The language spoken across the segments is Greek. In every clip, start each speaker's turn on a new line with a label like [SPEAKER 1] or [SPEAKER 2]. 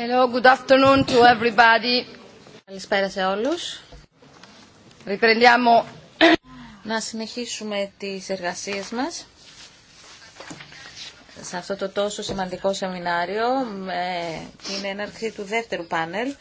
[SPEAKER 1] Hello, good afternoon to everybody. Καλησπέρα σε όλους. Ριπρεντιάμο. Να συνεχίσουμε τις εργασίες μας σε αυτό το τόσο σημαντικό σεμινάριο με την έναρξη του δεύτερου πάνελ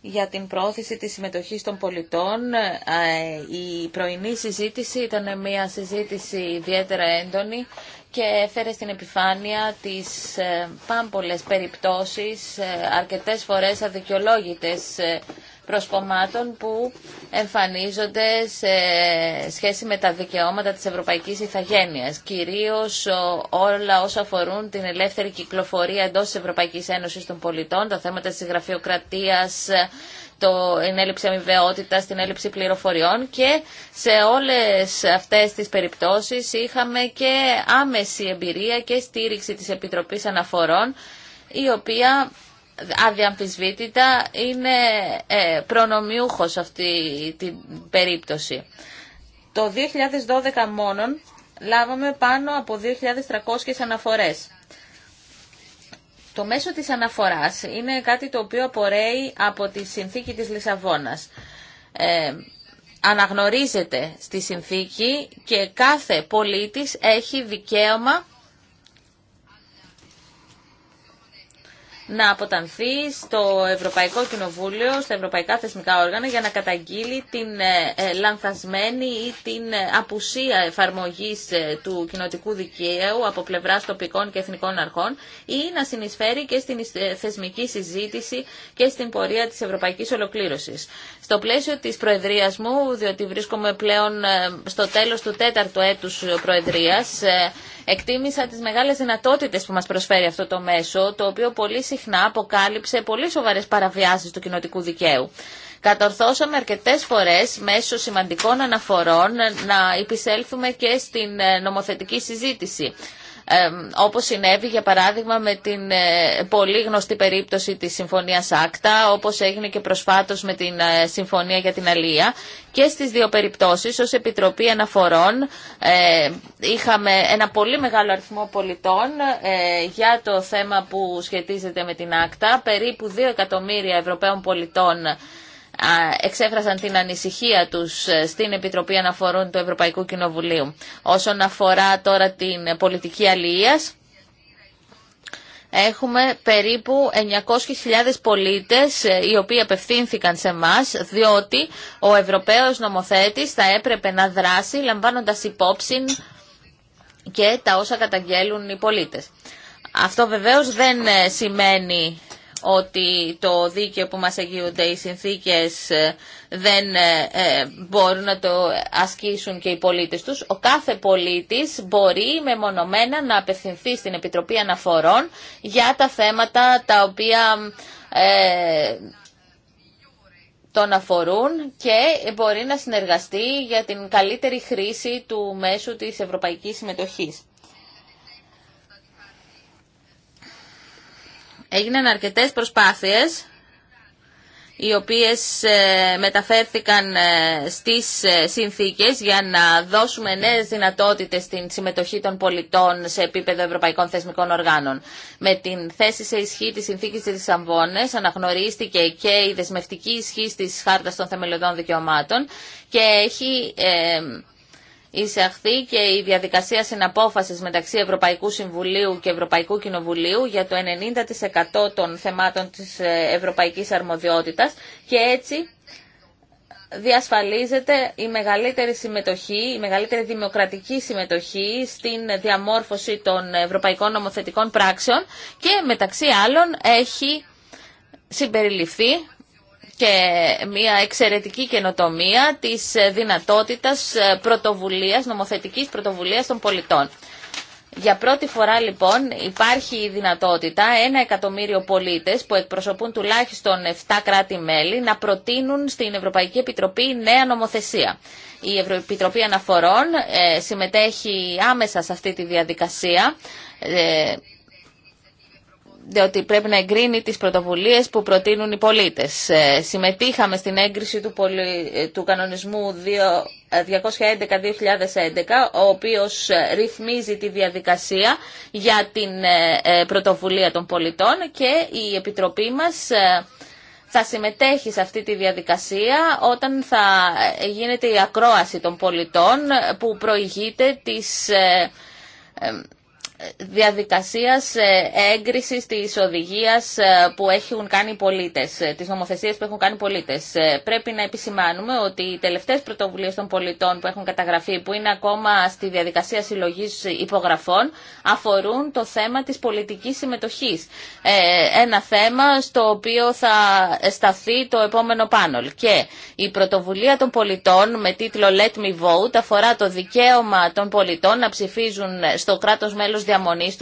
[SPEAKER 1] για την πρόθεση της συμμετοχής των πολιτών. Ε, η πρωινή συζήτηση ήταν μια συζήτηση ιδιαίτερα έντονη και έφερε στην επιφάνεια τις ε, πάμπολες περιπτώσεις, ε, αρκετές φορές αδικαιολόγητες ε, προσκομμάτων που εμφανίζονται σε σχέση με τα δικαιώματα της Ευρωπαϊκής Ιθαγένειας. Κυρίως όλα όσα αφορούν την ελεύθερη κυκλοφορία εντός της Ευρωπαϊκής Ένωσης των πολιτών, τα θέματα της γραφειοκρατίας, το, την έλλειψη αμοιβαιότητα, την έλλειψη πληροφοριών και σε όλες αυτές τις περιπτώσεις είχαμε και άμεση εμπειρία και στήριξη της Επιτροπής Αναφορών η οποία αδιαμφισβήτητα είναι ε, προνομιούχος αυτή την περίπτωση. Το 2012 μόνον λάβαμε πάνω από 2.300 αναφορές. Το μέσο της αναφοράς είναι κάτι το οποίο απορρέει από τη συνθήκη της Λισαβόνας. Ε, αναγνωρίζεται στη συνθήκη και κάθε πολίτης έχει δικαίωμα να αποτανθεί στο Ευρωπαϊκό Κοινοβούλιο, στα ευρωπαϊκά θεσμικά όργανα για να καταγγείλει την ε, ε, λανθασμένη ή την ε, απουσία εφαρμογής του κοινοτικού δικαίου από πλευράς τοπικών και εθνικών αρχών ή να συνεισφέρει και στην θεσμική συζήτηση και στην πορεία της ευρωπαϊκής ολοκλήρωσης. Στο πλαίσιο της Προεδρίας μου, διότι βρίσκομαι πλέον στο τέλος του τέταρτου έτους Προεδρίας, εκτίμησα τις μεγάλες δυνατότητες που μας προσφέρει αυτό το μέσο, το οποίο πολύ συχνά αποκάλυψε πολύ σοβαρές παραβιάσεις του κοινοτικού δικαίου. Κατορθώσαμε αρκετές φορές μέσω σημαντικών αναφορών να επισέλθουμε και στην ε, νομοθετική συζήτηση όπως συνέβη για παράδειγμα με την ε, πολύ γνωστή περίπτωση της Συμφωνίας Άκτα, όπως έγινε και προσφάτως με την ε, Συμφωνία για την Αλία. Και στις δύο περιπτώσεις ως Επιτροπή Αναφορών ε, είχαμε ένα πολύ μεγάλο αριθμό πολιτών για το θέμα που σχετίζεται με την Άκτα, περίπου 2 εκατομμύρια Ευρωπαίων πολιτών εξέφρασαν την ανησυχία τους ε, στην Επιτροπή Αναφορών του Ευρωπαϊκού Κοινοβουλίου. Όσον αφορά τώρα την πολιτική αλληλείας, έχουμε περίπου 900.000 πολίτες ε, οι οποίοι απευθύνθηκαν σε μας διότι ο Ευρωπαίος νομοθέτης θα έπρεπε να δράσει λαμβάνοντας υπόψη και τα όσα καταγγέλουν οι πολίτες. Αυτό βεβαίως δεν ε, σημαίνει ότι το δίκαιο που μας εγγυούνται οι συνθήκες ε, δεν ε, ε, μπορούν να το ασκήσουν και οι πολίτες τους. Ο κάθε πολίτης μπορεί μεμονωμένα να απευθυνθεί στην Επιτροπή Αναφορών για τα θέματα τα οποία τον αφορούν και μπορεί να συνεργαστεί για την καλύτερη χρήση του μέσου της ευρωπαϊκής συμμετοχής. Έγιναν αρκετές προσπάθειες οι οποίες ε, μεταφέρθηκαν ε, στις ε, συνθήκες για να δώσουμε νέες δυνατότητες στην συμμετοχή των πολιτών σε επίπεδο ευρωπαϊκών θεσμικών οργάνων. Με την θέση σε ισχύ της συνθήκης της Αμβώνες αναγνωρίστηκε και η δεσμευτική ισχύ της Χάρτας των Θεμελιωδών Δικαιωμάτων και έχει εισαχθεί και η διαδικασία συναπόφασης μεταξύ Ευρωπαϊκού Συμβουλίου και Ευρωπαϊκού Κοινοβουλίου για το 90% των θεμάτων της ε, ευρωπαϊκής αρμοδιότητας και έτσι διασφαλίζεται η μεγαλύτερη συμμετοχή, η μεγαλύτερη δημοκρατική συμμετοχή στην διαμόρφωση των ευρωπαϊκών νομοθετικών πράξεων και μεταξύ άλλων έχει συμπεριληφθεί και μια εξαιρετική καινοτομία της δυνατότητας πρωτοβουλίας, νομοθετικής πρωτοβουλίας των πολιτών. Για πρώτη φορά λοιπόν υπάρχει η δυνατότητα ένα εκατομμύριο πολίτες που εκπροσωπούν τουλάχιστον 7 κράτη-μέλη να προτείνουν στην Ευρωπαϊκή Επιτροπή νέα νομοθεσία. Η Επιτροπή Αναφορών ε, συμμετέχει άμεσα σε αυτή τη διαδικασία ε, διότι πρέπει να εγκρίνει τις πρωτοβουλίες που προτείνουν οι πολίτες. Ε, συμμετείχαμε στην έγκριση του, ε, του κανονισμού 211-2011, ε, ο οποίος ρυθμίζει τη διαδικασία για την πρωτοβουλία των πολιτών και η Επιτροπή μας θα συμμετέχει σε αυτή τη διαδικασία όταν θα γίνεται η ακρόαση των πολιτών που προηγείται της διαδικασίας ε, έγκρισης της οδηγίας ε, που έχουν κάνει οι πολίτες, ε, τις νομοθεσίες που έχουν κάνει οι πολίτες. Πρέπει να επισημάνουμε ότι οι τελευταίες πρωτοβουλίες των πολιτών που έχουν καταγραφεί, που είναι ακόμα στη διαδικασία συλλογής υπογραφών, αφορούν το θέμα της πολιτικής συμμετοχής. Ένα θέμα στο οποίο θα σταθεί το επόμενο πάνελ. Και η πρωτοβουλία των πολιτών με τίτλο Let Me Vote αφορά το δικαίωμα των πολιτών να ψηφίζουν στο κράτος μέλος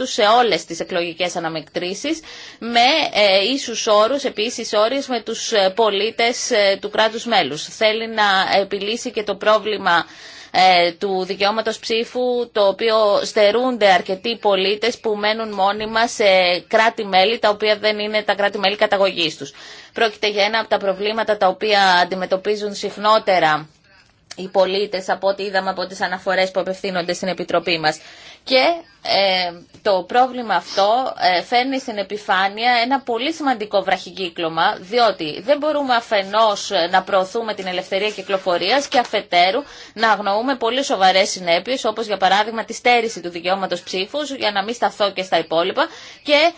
[SPEAKER 1] σε όλε τι εκλογικέ αναμεκτρήσεις με ε, ίσους όρου, επίση όρους με τους ε, πολίτες ε, του κράτου μέλου. Θέλει να επιλύσει και το πρόβλημα του δικαιώματος ψήφου το οποίο στερούνται αρκετοί πολίτες που μένουν μόνιμα σε κράτη-μέλη τα οποία δεν είναι τα κράτη-μέλη καταγωγής τους. Πρόκειται για ένα από τα προβλήματα τα οποία αντιμετωπίζουν συχνότερα οι πολίτες από ό,τι είδαμε από τις αναφορές που απευθύνονται στην Επιτροπή μας. Και ε, το πρόβλημα αυτό ε, φέρνει στην επιφάνεια ένα πολύ σημαντικό βραχικύκλωμα, διότι δεν μπορούμε αφενός ε, να προωθούμε την ελευθερία κυκλοφορίας και αφετέρου να αγνοούμε πολύ σοβαρές συνέπειες, όπως για παράδειγμα τη στέρηση του δικαιώματος ψήφους, για να μην σταθώ και στα υπόλοιπα, και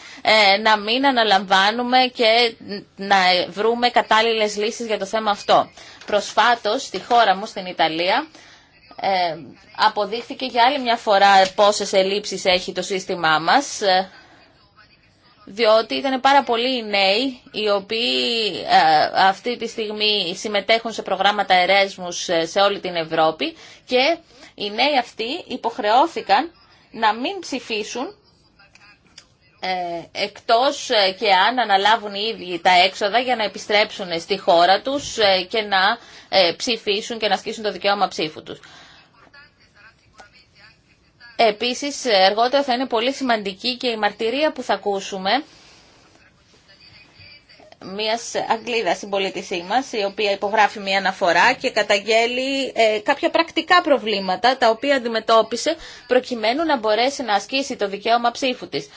[SPEAKER 1] ε, να μην αναλαμβάνουμε και να βρούμε κατάλληλες λύσεις για το θέμα αυτό. Προσφάτως, στη χώρα μου, στην Ιταλία, ε, αποδείχθηκε για άλλη μια φορά πόσες ελλείψεις έχει το σύστημά μας ε, διότι ήταν πάρα πολλοί οι νέοι οι οποίοι ε, αυτή τη στιγμή συμμετέχουν σε προγράμματα ερέσμους σε όλη την Ευρώπη και οι νέοι αυτοί υποχρεώθηκαν να μην ψηφίσουν εκτός και αν αναλάβουν οι ίδιοι τα έξοδα για να επιστρέψουν στη χώρα τους και να ψηφίσουν και να ασκήσουν το δικαίωμα ψήφου τους. Επίσης, αργότερα θα είναι πολύ σημαντική και η μαρτυρία που θα ακούσουμε μιας Αγγλίδας συμπολίτησή μας, η οποία υπογράφει μια αναφορά και καταγγέλει ε, κάποια πρακτικά προβλήματα τα οποία αντιμετώπισε προκειμένου να μπορέσει να ασκήσει το δικαίωμα ψήφου της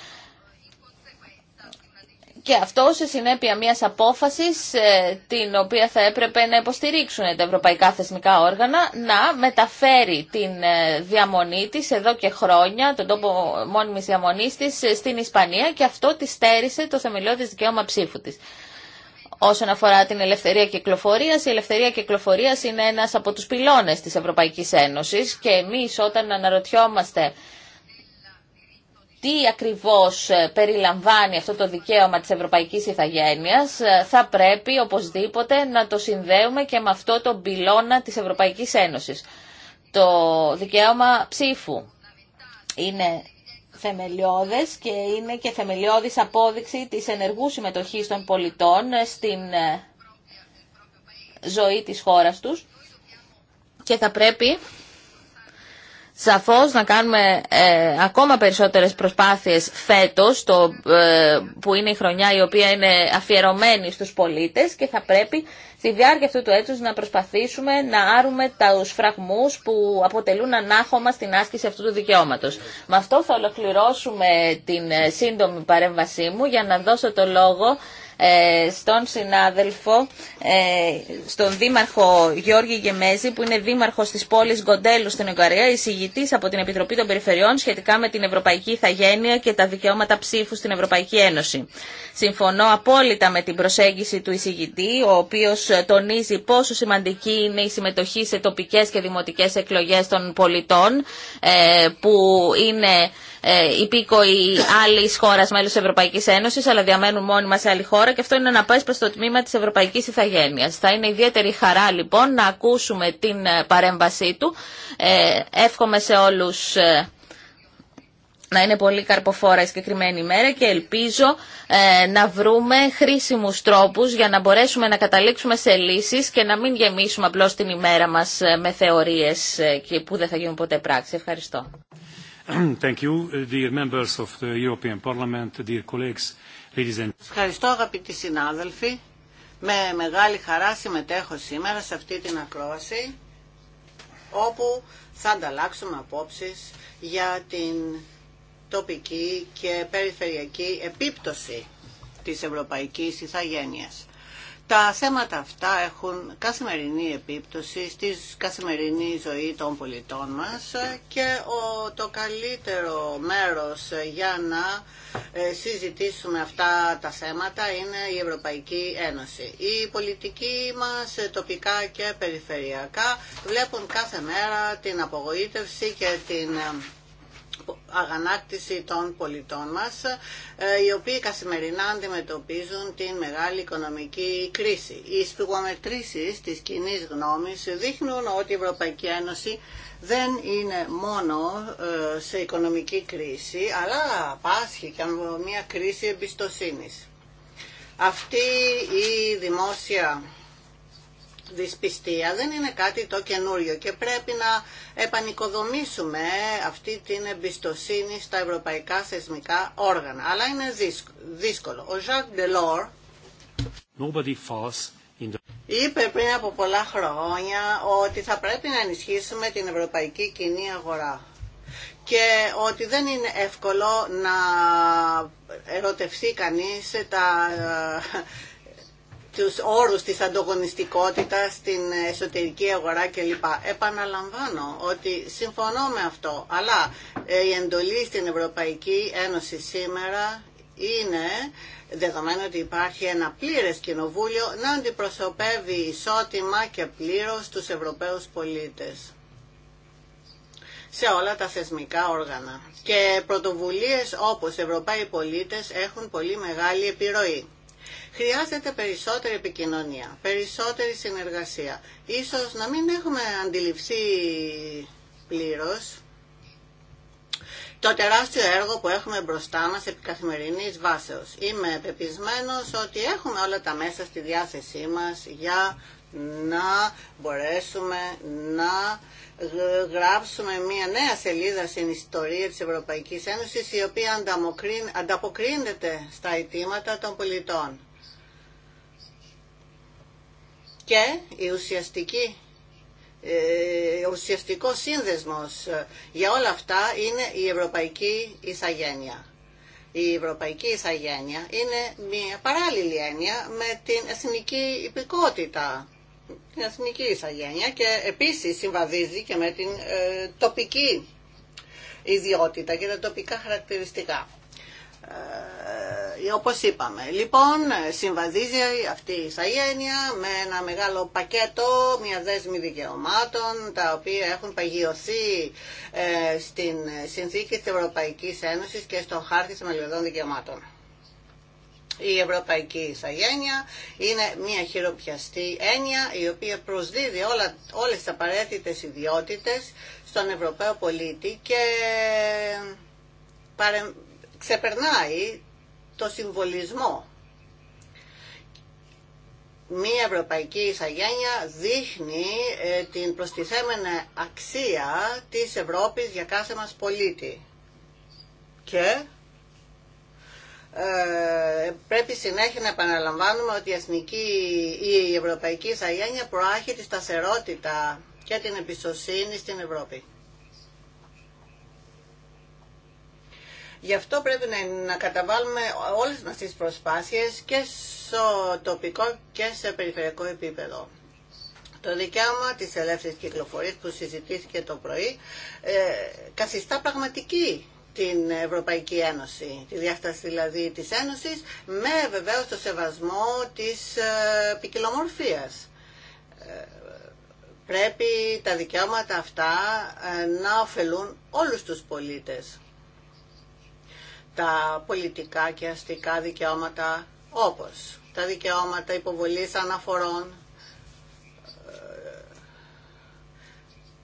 [SPEAKER 1] και αυτό σε συνέπεια μιας απόφασης ε, την οποία θα έπρεπε να υποστηρίξουν τα ευρωπαϊκά θεσμικά όργανα να μεταφέρει την ε, διαμονή της εδώ και χρόνια, τον τόπο μόνιμης διαμονής της ε, στην Ισπανία και αυτό τη στέρισε το θεμελιώδης δικαίωμα ψήφου της. Όσον αφορά την ελευθερία κυκλοφορίας, η ελευθερία κυκλοφορίας είναι ένας από τους πυλώνες της Ευρωπαϊκής Ένωσης και εμείς όταν αναρωτιόμαστε τι ακριβώς ε, περιλαμβάνει αυτό το δικαίωμα της Ευρωπαϊκής Ιθαγένειας, ε, θα πρέπει οπωσδήποτε να το συνδέουμε και με αυτό το πυλώνα της Ευρωπαϊκής Ένωσης. Το δικαίωμα ψήφου είναι θεμελιώδες και είναι και θεμελιώδης απόδειξη της ενεργού συμμετοχής των πολιτών ε, στην ζωή της χώρας τους και θα πρέπει σαφώς να κάνουμε ε, ακόμα περισσότερες προσπάθειες φέτος το, ε, που είναι η χρονιά η οποία είναι αφιερωμένη στους πολίτες και θα πρέπει στη διάρκεια αυτού του έτους να προσπαθήσουμε να άρουμε τα φραγμούς που αποτελούν ανάχωμα στην άσκηση αυτού του δικαιώματος. Με αυτό θα ολοκληρώσουμε την ε, σύντομη παρέμβασή μου για να δώσω το λόγο ε, στον συνάδελφο, ε, στον δήμαρχο Γιώργη Γεμέζη, που είναι δήμαρχος της πόλης Γκοντέλου στην Ουγγαρία, εισηγητής από την Επιτροπή των Περιφερειών σχετικά με την Ευρωπαϊκή Ιθαγένεια και τα δικαιώματα ψήφου στην Ευρωπαϊκή Ένωση. Συμφωνώ απόλυτα με την προσέγγιση του εισηγητή, ο οποίος τονίζει πόσο σημαντική είναι η συμμετοχή σε τοπικές και δημοτικές εκλογές των πολιτών, ε, που είναι ε, υπήκοοι άλλη χώρα μέλου τη Ευρωπαϊκή Ένωση, αλλά διαμένουν μόνιμα σε άλλη χώρα και αυτό είναι να πάει προ το τμήμα τη Ευρωπαϊκή Ιθαγένεια. Θα είναι ιδιαίτερη χαρά λοιπόν να ακούσουμε την ε, παρέμβασή του. Ε, εύχομαι σε όλου να είναι πολύ καρποφόρα η συγκεκριμένη ημέρα και ελπίζω να βρούμε χρήσιμους τρόπους για να μπορέσουμε να καταλήξουμε σε λύσεις και να μην γεμίσουμε απλώς την ημέρα μας με θεωρίες που δεν θα γίνουν ποτέ πράξη. Ευχαριστώ. Thank Ευχαριστώ
[SPEAKER 2] αγαπητοί συνάδελφοι. Με μεγάλη χαρά συμμετέχω σήμερα σε αυτή την ακρόαση όπου θα ανταλλάξουμε απόψεις για την τοπική και περιφερειακή επίπτωση της ευρωπαϊκής ηθαγένειας. Τα θέματα αυτά έχουν καθημερινή επίπτωση στη καθημερινή ζωή των πολιτών μας και ο, το καλύτερο μέρος για να ε, συζητήσουμε αυτά τα θέματα είναι η Ευρωπαϊκή Ένωση. Οι πολιτικοί μας ε, τοπικά και περιφερειακά βλέπουν κάθε μέρα την απογοήτευση και την ε, αγανάκτηση των πολιτών μας, ε, οι οποίοι καθημερινά αντιμετωπίζουν την μεγάλη οικονομική κρίση. Οι σπιγομετρήσεις της κοινή γνώμης δείχνουν ότι η Ευρωπαϊκή Ένωση δεν είναι μόνο ε, σε οικονομική κρίση, αλλά πάσχει και από μια κρίση εμπιστοσύνης. Αυτή η δημόσια δυσπιστία δεν είναι κάτι το καινούριο και πρέπει να επανικοδομήσουμε ε, αυτή την εμπιστοσύνη στα ευρωπαϊκά θεσμικά όργανα. Αλλά είναι δύσκολο. Ο Ζακ Ντελόρ είπε πριν από πολλά χρόνια ότι θα πρέπει να ενισχύσουμε την ευρωπαϊκή κοινή αγορά και ότι δεν είναι εύκολο να ερωτευθεί κανείς τα τους όρους της ανταγωνιστικότητας στην εσωτερική αγορά κλπ. Επαναλαμβάνω ότι συμφωνώ με αυτό, αλλά ε, η εντολή στην Ευρωπαϊκή Ένωση σήμερα είναι δεδομένου ότι υπάρχει ένα πλήρες κοινοβούλιο να αντιπροσωπεύει ισότιμα και πλήρως τους Ευρωπαίους πολίτες σε όλα τα θεσμικά όργανα. Και πρωτοβουλίες όπως Ευρωπαίοι πολίτες έχουν πολύ μεγάλη επιρροή. Χρειάζεται περισσότερη επικοινωνία, περισσότερη συνεργασία. Ίσως να μην έχουμε αντιληφθεί πλήρως το τεράστιο έργο που έχουμε μπροστά μας επί καθημερινής βάσεως. Είμαι πεπισμένος ότι έχουμε όλα τα μέσα στη διάθεσή μας για να μπορέσουμε να γράψουμε μια νέα σελίδα στην ιστορία της Ευρωπαϊκής Ένωσης η οποία ανταποκρίνεται στα αιτήματα των πολιτών και ουσιαστική ε, ο ουσιαστικός σύνδεσμος ε, για όλα αυτά είναι η Ευρωπαϊκή εισαγένεια. Η Ευρωπαϊκή Ισαγένεια είναι μια παράλληλη έννοια με την εθνική υπηκότητα, την εθνική Ισαγένεια και επίσης συμβαδίζει και με την ε, τοπική ιδιότητα και τα τοπικά χαρακτηριστικά. Ε, ε, όπως είπαμε. Λοιπόν, συμβαδίζει αυτή η σαγένεια με ένα μεγάλο πακέτο, μια δέσμη δικαιωμάτων, τα οποία έχουν παγιωθεί ε, στην συνθήκη της Ευρωπαϊκής Ένωσης και στο χάρτη θεμελιωδών δικαιωμάτων. Η Ευρωπαϊκή Ισαγένεια είναι μια χειροπιαστή έννοια η οποία προσδίδει όλα, όλες τις απαραίτητες ιδιότητες στον Ευρωπαίο πολίτη και ξεπερνάει το συμβολισμό. Μία ευρωπαϊκή εισαγένεια δείχνει ε, την προστιθέμενη αξία της Ευρώπης για κάθε μας πολίτη. Και ε, πρέπει συνέχεια να επαναλαμβάνουμε ότι η, εθνική, η ευρωπαϊκή εισαγένεια προάχει τη σταθερότητα και την εμπιστοσύνη στην Ευρώπη. Γι' αυτό πρέπει να καταβάλουμε όλες μας τις προσπάθειες και στο τοπικό και σε περιφερειακό επίπεδο. Το δικαίωμα της ελεύθερης κυκλοφορίας που συζητήθηκε το πρωί ε, καθιστά πραγματική την Ευρωπαϊκή Ένωση, τη διάσταση δηλαδή της Ένωσης, με βεβαίως το σεβασμό της ε, ποικιλομορφίας. Ε, πρέπει τα δικαιώματα αυτά ε, να ωφελούν όλους τους πολίτες τα πολιτικά και αστικά δικαιώματα όπως τα δικαιώματα υποβολής αναφορών. Ε,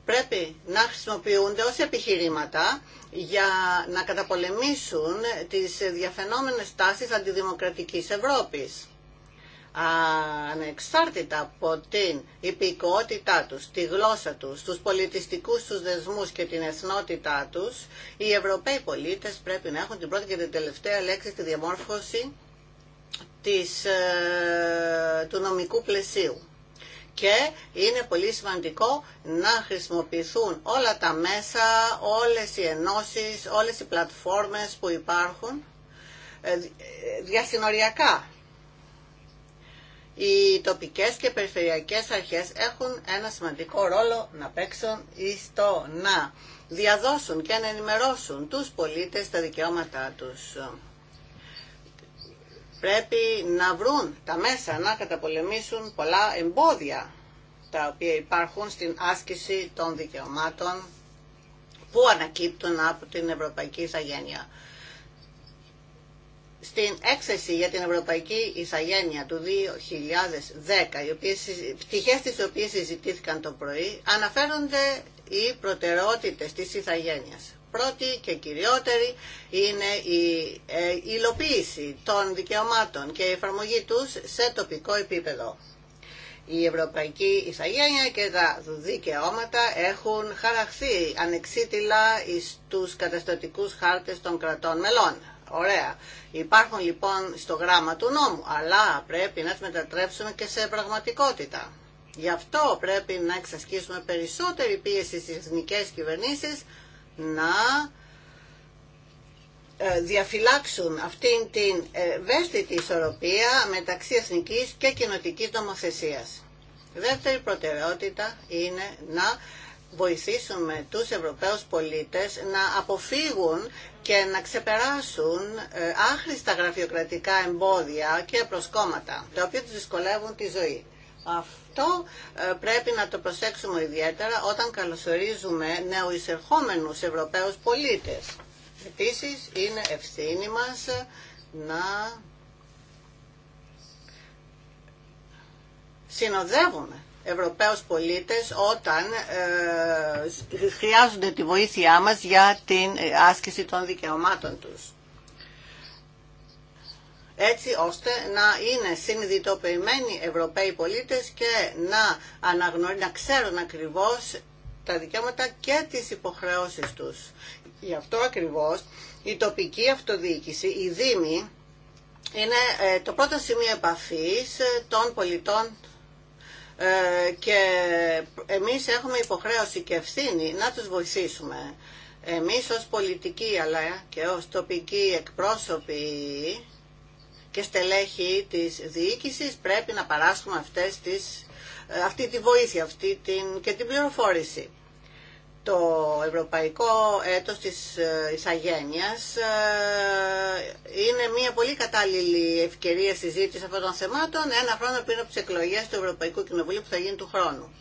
[SPEAKER 2] πρέπει να χρησιμοποιούνται ως επιχειρήματα για να καταπολεμήσουν τις διαφαινόμενες τάσεις αντιδημοκρατικής Ευρώπης ανεξάρτητα από την υπηκότητά τους, τη γλώσσα τους, τους πολιτιστικούς τους δεσμούς και την εθνότητά τους, οι Ευρωπαίοι πολίτες πρέπει να έχουν την πρώτη και την τελευταία λέξη στη διαμόρφωση της, ε, του νομικού πλαισίου. Και είναι πολύ σημαντικό να χρησιμοποιηθούν όλα τα μέσα, όλες οι ενώσεις, όλες οι πλατφόρμες που υπάρχουν ε, διασυνοριακά οι τοπικές και περιφερειακές αρχές έχουν ένα σημαντικό ρόλο να παίξουν στο να διαδώσουν και να ενημερώσουν τους πολίτες τα δικαιώματά τους. Πρέπει να βρουν τα μέσα να καταπολεμήσουν πολλά εμπόδια τα οποία υπάρχουν στην άσκηση των δικαιωμάτων που ανακύπτουν από την Ευρωπαϊκή Ιθαγένεια στην έκθεση για την Ευρωπαϊκή Ιθαγένεια του 2010, οι οποίες, πτυχές τις οποίες συζητήθηκαν το πρωί, αναφέρονται οι προτεραιότητες της Ιθαγένειας. Πρώτη και κυριότερη είναι η ε, υλοποίηση των δικαιωμάτων και η εφαρμογή τους σε τοπικό επίπεδο. Η Ευρωπαϊκή Ιθαγένεια και τα δικαιώματα έχουν χαραχθεί ανεξίτηλα στους καταστατικούς χάρτες των κρατών μελών. Ωραία. Υπάρχουν λοιπόν στο γράμμα του νόμου, αλλά πρέπει να τις μετατρέψουμε και σε πραγματικότητα. Γι' αυτό πρέπει να εξασκήσουμε περισσότερη πίεση στις εθνικές κυβερνήσεις να ε, διαφυλάξουν αυτήν την ε, ευαίσθητη ισορροπία μεταξύ εθνικής και κοινοτικής νομοθεσίας. Δεύτερη προτεραιότητα είναι να βοηθήσουμε τους Ευρωπαίους πολίτες να αποφύγουν και να ξεπεράσουν ε, άχρηστα γραφειοκρατικά εμπόδια και προσκόμματα, τα οποία τους δυσκολεύουν τη ζωή. Αυτό ε, πρέπει να το προσέξουμε ιδιαίτερα όταν καλωσορίζουμε νεοεισερχόμενους Ευρωπαίους πολίτες. Επίση, είναι ευθύνη μας να συνοδεύουμε Ευρωπαίους πολίτες όταν ε, χρειάζονται τη βοήθειά μας για την άσκηση των δικαιωμάτων τους. Έτσι ώστε να είναι συνειδητοποιημένοι Ευρωπαίοι πολίτες και να αναγνωρίζουν, να ξέρουν ακριβώς τα δικαιώματα και τις υποχρεώσεις τους. Γι' αυτό ακριβώς η τοπική αυτοδιοίκηση, η Δήμη, είναι ε, το πρώτο σημείο επαφής των πολιτών ε, και εμείς έχουμε υποχρέωση και ευθύνη να τους βοηθήσουμε. Εμείς ως πολιτικοί αλλά και ως τοπικοί εκπρόσωποι και στελέχοι της διοίκησης πρέπει να παράσχουμε αυτές τις, ε, αυτή τη βοήθεια αυτή την, και την πληροφόρηση το Ευρωπαϊκό Έτος της εισαγένειας ε, είναι μια πολύ κατάλληλη ευκαιρία συζήτηση αυτών των θεμάτων ένα χρόνο πριν από τις εκλογές του Ευρωπαϊκού Κοινοβουλίου που θα γίνει του χρόνου.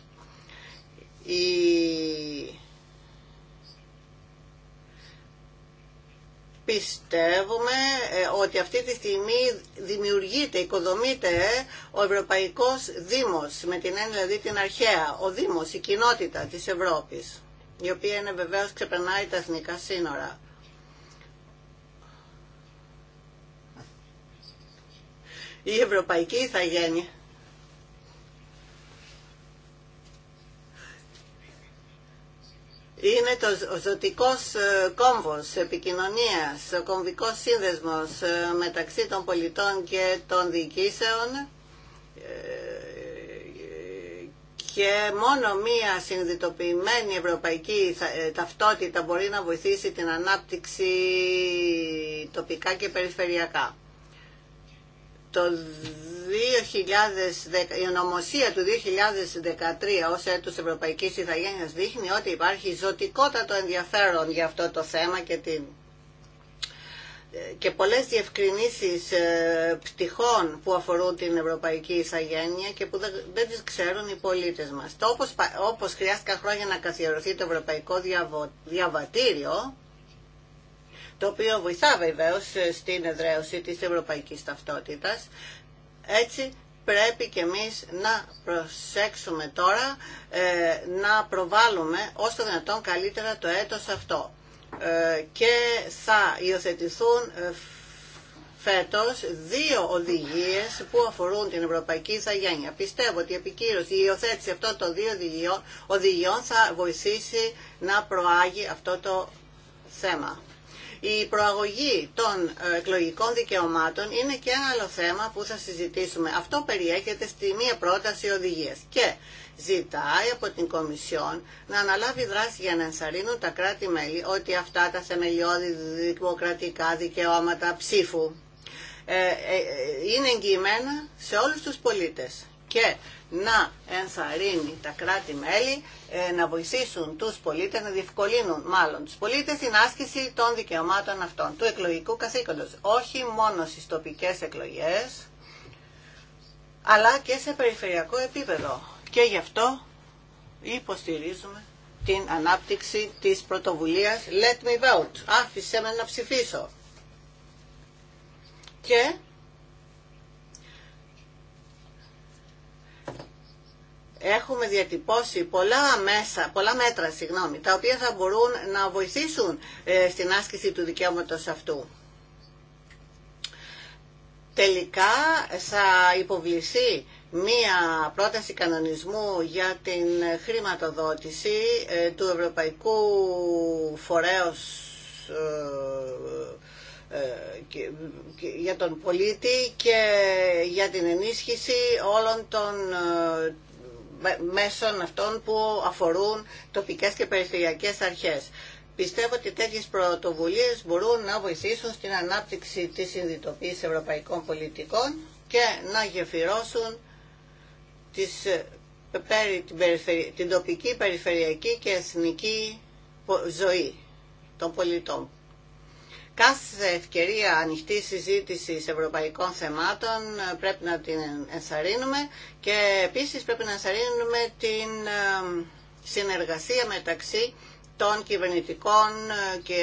[SPEAKER 2] Πιστεύουμε ε, ότι αυτή τη στιγμή δημιουργείται, οικοδομείται ε, ο Ευρωπαϊκός Δήμος, με την έννοια δηλαδή την αρχαία, ο Δήμος, η κοινότητα της Ευρώπης η οποία είναι βεβαίως ξεπερνάει τα εθνικά σύνορα. Η ευρωπαϊκή γίνει. Είναι το ζωτικός ε, κόμβος επικοινωνίας, ο κομβικός σύνδεσμος ε, μεταξύ των πολιτών και των διοικήσεων ε, και μόνο μία συνειδητοποιημένη ευρωπαϊκή ε, ταυτότητα μπορεί να βοηθήσει την ανάπτυξη τοπικά και περιφερειακά. Το 2010, η ονομοσία του 2013 ως έτους Ευρωπαϊκής Ιθαγένειας δείχνει ότι υπάρχει ζωτικότατο ενδιαφέρον για αυτό το θέμα και την και πολλές διευκρινήσεις ε, πτυχών που αφορούν την Ευρωπαϊκή Ισαγένεια και που δεν τις ξέρουν οι πολίτες μας. Το όπως, όπως χρειάστηκαν χρόνια να καθιερωθεί το Ευρωπαϊκό Διαβατήριο, το οποίο βοηθά βεβαίω ε, στην εδραίωση της ευρωπαϊκής ταυτότητας, έτσι πρέπει και εμείς να προσέξουμε τώρα ε, να προβάλλουμε όσο δυνατόν καλύτερα το έτος αυτό. Ε, και θα υιοθετηθούν ε, φέτος δύο οδηγίες που αφορούν την Ευρωπαϊκή Ιθαγένεια. Πιστεύω ότι η επικύρωση, η υιοθέτηση αυτών των δύο οδηγιών θα βοηθήσει να προάγει αυτό το θέμα. Η προαγωγή των ε, εκλογικών δικαιωμάτων είναι και ένα άλλο θέμα που θα συζητήσουμε. Αυτό περιέχεται στη μία πρόταση οδηγίας και ζητάει από την Κομισιόν να αναλάβει δράση για να ενσαρρύνουν τα κράτη-μέλη ότι αυτά τα θεμελιώδη δημοκρατικά δικαιώματα ψήφου ε, ε, είναι εγγυημένα σε όλους τους πολίτες. Και να ενθαρρύνει τα κράτη-μέλη ε, να βοηθήσουν τους πολίτες, να διευκολύνουν μάλλον τους πολίτες την άσκηση των δικαιωμάτων αυτών, του εκλογικού καθήκοντος. Όχι μόνο στις τοπικές εκλογές, αλλά και σε περιφερειακό επίπεδο. Και γι' αυτό υποστηρίζουμε την ανάπτυξη της πρωτοβουλίας Let Me Vote. Άφησε με να ψηφίσω. Και έχουμε διατυπώσει πολλά, μέσα, πολλά μέτρα συγγνώμη, τα οποία θα μπορούν να βοηθήσουν ε, στην άσκηση του δικαιώματος αυτού. Τελικά θα υποβληθεί μία πρόταση κανονισμού για την χρηματοδότηση ε, του Ευρωπαϊκού Φορέως ε, για τον πολίτη και για την ενίσχυση όλων των, μέσων αυτών που αφορούν τοπικές και περιφερειακές αρχές. Πιστεύω ότι τέτοιες πρωτοβουλίες μπορούν να βοηθήσουν στην ανάπτυξη της συνδυτοποίησης ευρωπαϊκών πολιτικών και να γεφυρώσουν τις, ε, την τοπική, περιφερειακή και εθνική ζωή των πολιτών κάθε ευκαιρία ανοιχτή συζήτηση ευρωπαϊκών θεμάτων πρέπει να την ενθαρρύνουμε και επίσης πρέπει να ενθαρρύνουμε την ε, συνεργασία μεταξύ των κυβερνητικών και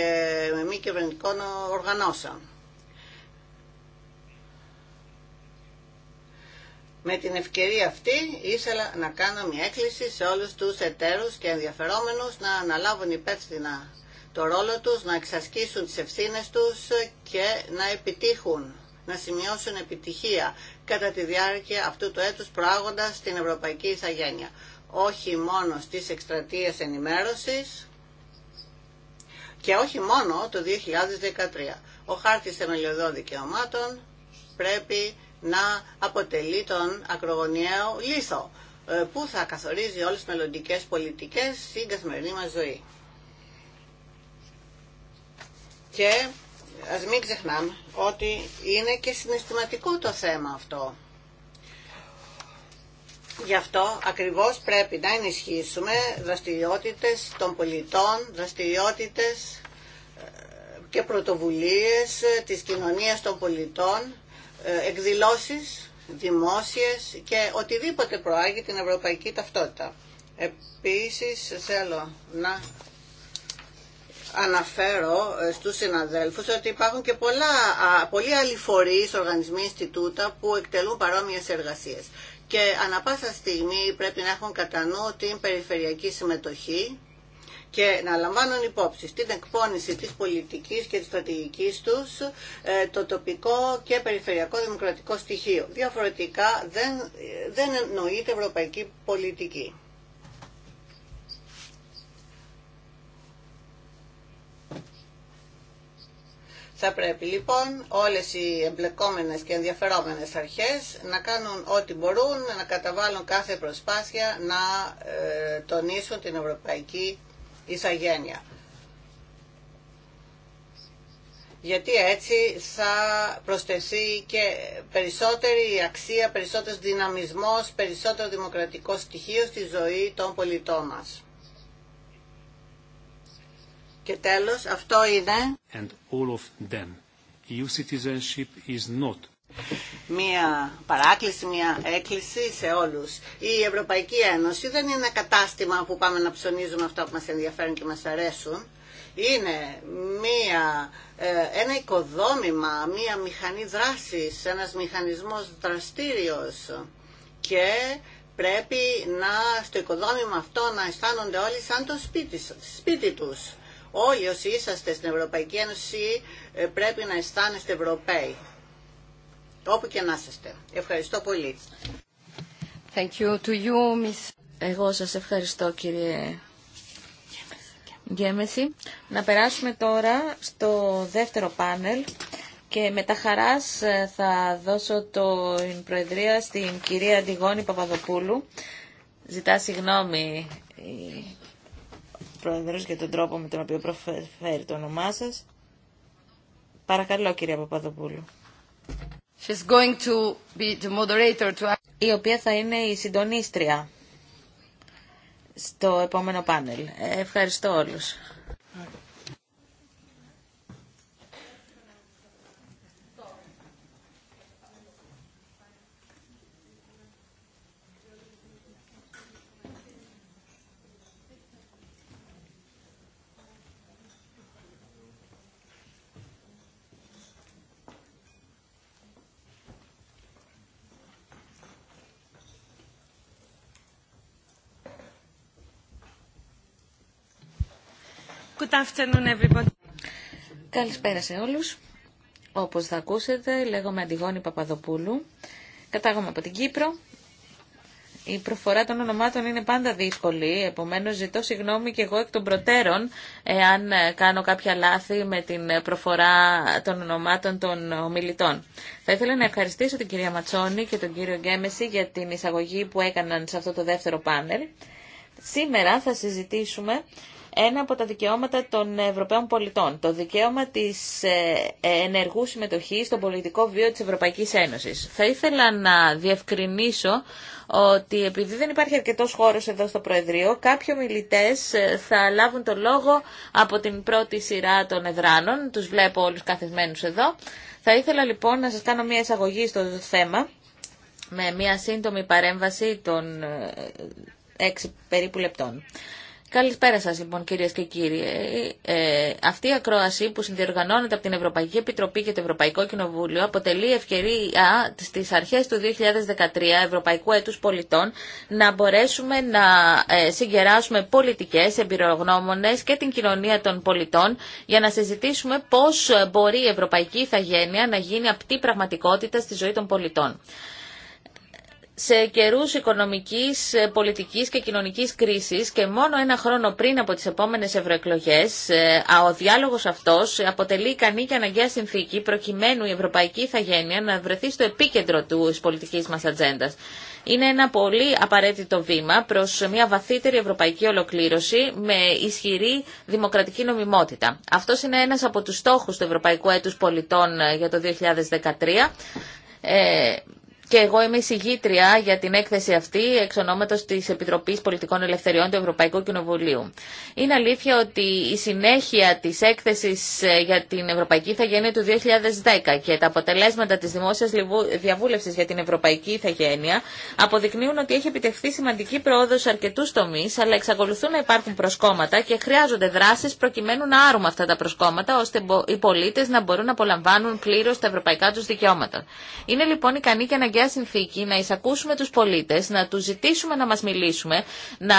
[SPEAKER 2] μη κυβερνητικών οργανώσεων. Με την ευκαιρία αυτή ήθελα να κάνω μια έκκληση σε όλους τους εταίρους και ενδιαφερόμενους να αναλάβουν υπεύθυνα το ρόλο τους, να εξασκήσουν τις ευθύνες τους και να επιτύχουν, να σημειώσουν επιτυχία κατά τη διάρκεια αυτού του έτους προάγοντας την Ευρωπαϊκή Ιθαγένεια. Όχι μόνο στις εκστρατείες ενημέρωσης και όχι μόνο το 2013. Ο χάρτης θεμελιωδών δικαιωμάτων πρέπει να αποτελεί τον ακρογωνιαίο λίθο ε, που θα καθορίζει όλες τις μελλοντικές πολιτικές στην καθημερινή μας ζωή. Και ας μην ξεχνάμε ότι είναι και συναισθηματικό το θέμα αυτό. Γι' αυτό ακριβώς πρέπει να ενισχύσουμε δραστηριότητες των πολιτών, δραστηριότητες ε, και πρωτοβουλίες ε, της κοινωνίας των πολιτών, ε, εκδηλώσεις δημόσιες και οτιδήποτε προάγει την ευρωπαϊκή ταυτότητα. Επίσης θέλω να αναφέρω ε, στους συναδέλφους ότι υπάρχουν και πολλά, πολλοί άλλοι φορείς, οργανισμοί, Ινστιτούτα που εκτελούν παρόμοιες εργασίες. Και ανα πάσα στιγμή πρέπει να έχουν κατά νου την περιφερειακή συμμετοχή και να λαμβάνουν υπόψη στην εκπώνηση της πολιτικής και της στρατηγικής τους ε, το τοπικό και περιφερειακό δημοκρατικό στοιχείο. Διαφορετικά δεν, ε, δεν εννοείται ευρωπαϊκή πολιτική. Θα πρέπει λοιπόν όλες οι εμπλεκόμενες και ενδιαφερόμενες αρχές να κάνουν ό,τι μπορούν, να καταβάλουν κάθε προσπάθεια να ε, τονίσουν την ευρωπαϊκή εισαγένεια. Γιατί έτσι θα προσθεθεί και περισσότερη αξία, περισσότερος δυναμισμός, περισσότερο δημοκρατικό στοιχείο στη ζωή των πολιτών μας. Και τέλος, αυτό είναι...
[SPEAKER 3] And
[SPEAKER 4] all of them. EU is not
[SPEAKER 2] μία παράκληση, μία έκκληση σε όλους. Η Ευρωπαϊκή Ένωση δεν είναι ένα κατάστημα που πάμε να ψωνίζουμε αυτά που μας ενδιαφέρουν και μας αρέσουν. Είναι μία, ε, ένα οικοδόμημα, μία μηχανή δράσης, ένας μηχανισμός δραστήριος και πρέπει να, στο οικοδόμημα αυτό να αισθάνονται όλοι σαν το σπίτι, σπίτι τους. Όλοι όσοι είσαστε στην Ευρωπαϊκή Ένωση ε, πρέπει να αισθάνεστε Ευρωπαίοι. Όπου και να είστε. Ευχαριστώ πολύ.
[SPEAKER 1] Thank you to you, miss. Εγώ σας ευχαριστώ κύριε Γκέμεση. Να περάσουμε τώρα στο δεύτερο πάνελ και με τα χαράς ε, θα δώσω το προεδρία στην κυρία Αντιγόνη Παπαδοπούλου. Ζητά συγγνώμη Πρόεδρος για τον τρόπο με τον οποίο προφέρει το όνομά σας. Παρακαλώ κυρία Παπαδοπούλου. She's going to be the moderator to... Η οποία θα είναι η συντονίστρια στο επόμενο πάνελ. Ε, ευχαριστώ όλους. Καλησπέρα σε όλους. Όπως θα ακούσετε, λέγομαι Αντιγόνη Παπαδοπούλου. Κατάγομαι από την Κύπρο. Η προφορά των ονομάτων είναι πάντα δύσκολη, επομένως ζητώ συγγνώμη και εγώ εκ των προτέρων εάν κάνω κάποια λάθη με την προφορά των ονομάτων των ομιλητών. Θα ήθελα να ευχαριστήσω την κυρία Ματσόνη και τον κύριο Γκέμεση για την εισαγωγή που έκαναν σε αυτό το δεύτερο πάνελ. Σήμερα θα συζητήσουμε ένα από τα δικαιώματα των Ευρωπαίων πολιτών, το δικαίωμα της ε, ε, ενεργού συμμετοχής στον πολιτικό βίο της Ευρωπαϊκής Ένωσης. Θα ήθελα να διευκρινίσω ότι επειδή δεν υπάρχει αρκετός χώρος εδώ στο Προεδρείο, κάποιοι ομιλητές ε, θα λάβουν το λόγο από την πρώτη σειρά των εδράνων. Τους βλέπω όλους καθισμένους εδώ. Θα ήθελα λοιπόν να σας κάνω μια εισαγωγή στο θέμα με μια σύντομη παρέμβαση των έξι περίπου λεπτών. Καλησπέρα σας λοιπόν κυρίες και κύριοι. Ε, αυτή η ακρόαση που συνδιοργανώνεται από την Ευρωπαϊκή Επιτροπή και το Ευρωπαϊκό Κοινοβούλιο αποτελεί ευκαιρία στις αρχές του 2013 Ευρωπαϊκού Έτους Πολιτών να μπορέσουμε να ε, συγκεράσουμε πολιτικές, εμπειρογνώμονες και την κοινωνία των πολιτών για να συζητήσουμε πώς μπορεί η Ευρωπαϊκή Ιθαγένεια να γίνει απτή πραγματικότητα στη ζωή των πολιτών σε καιρούς οικονομικής, ε, πολιτικής και κοινωνικής κρίσης και μόνο ένα χρόνο πριν από τις επόμενες ευρωεκλογέ, ε, ο διάλογος αυτός αποτελεί ικανή και αναγκαία συνθήκη προκειμένου η ευρωπαϊκή ηθαγένεια να βρεθεί στο επίκεντρο της πολιτικής μας ατζέντα. Είναι ένα πολύ απαραίτητο βήμα προς μια βαθύτερη ευρωπαϊκή ολοκλήρωση με ισχυρή δημοκρατική νομιμότητα. Αυτό είναι ένας από τους στόχους του Ευρωπαϊκού Έτους Πολιτών ε, για το 2013 και εγώ είμαι συγγήτρια για την έκθεση αυτή εξ ονόματο τη Επιτροπή Πολιτικών Ελευθεριών του Ευρωπαϊκού Κοινοβουλίου. Είναι αλήθεια ότι η συνέχεια τη έκθεση ε, για την Ευρωπαϊκή Ιθαγένεια του 2010 και τα αποτελέσματα τη δημόσια διαβούλευση για την Ευρωπαϊκή Ιθαγένεια αποδεικνύουν ότι έχει επιτευχθεί σημαντική πρόοδο σε αρκετού τομεί, αλλά εξακολουθούν να υπάρχουν προσκόμματα και χρειάζονται δράσει προκειμένου να άρουμε αυτά τα προσκόμματα, ώστε οι πολίτε να μπορούν να απολαμβάνουν πλήρω τα ευρωπαϊκά του δικαιώματα. Είναι λοιπόν ικανή και να εισακούσουμε τους πολίτες, να τους ζητήσουμε να μας μιλήσουμε, να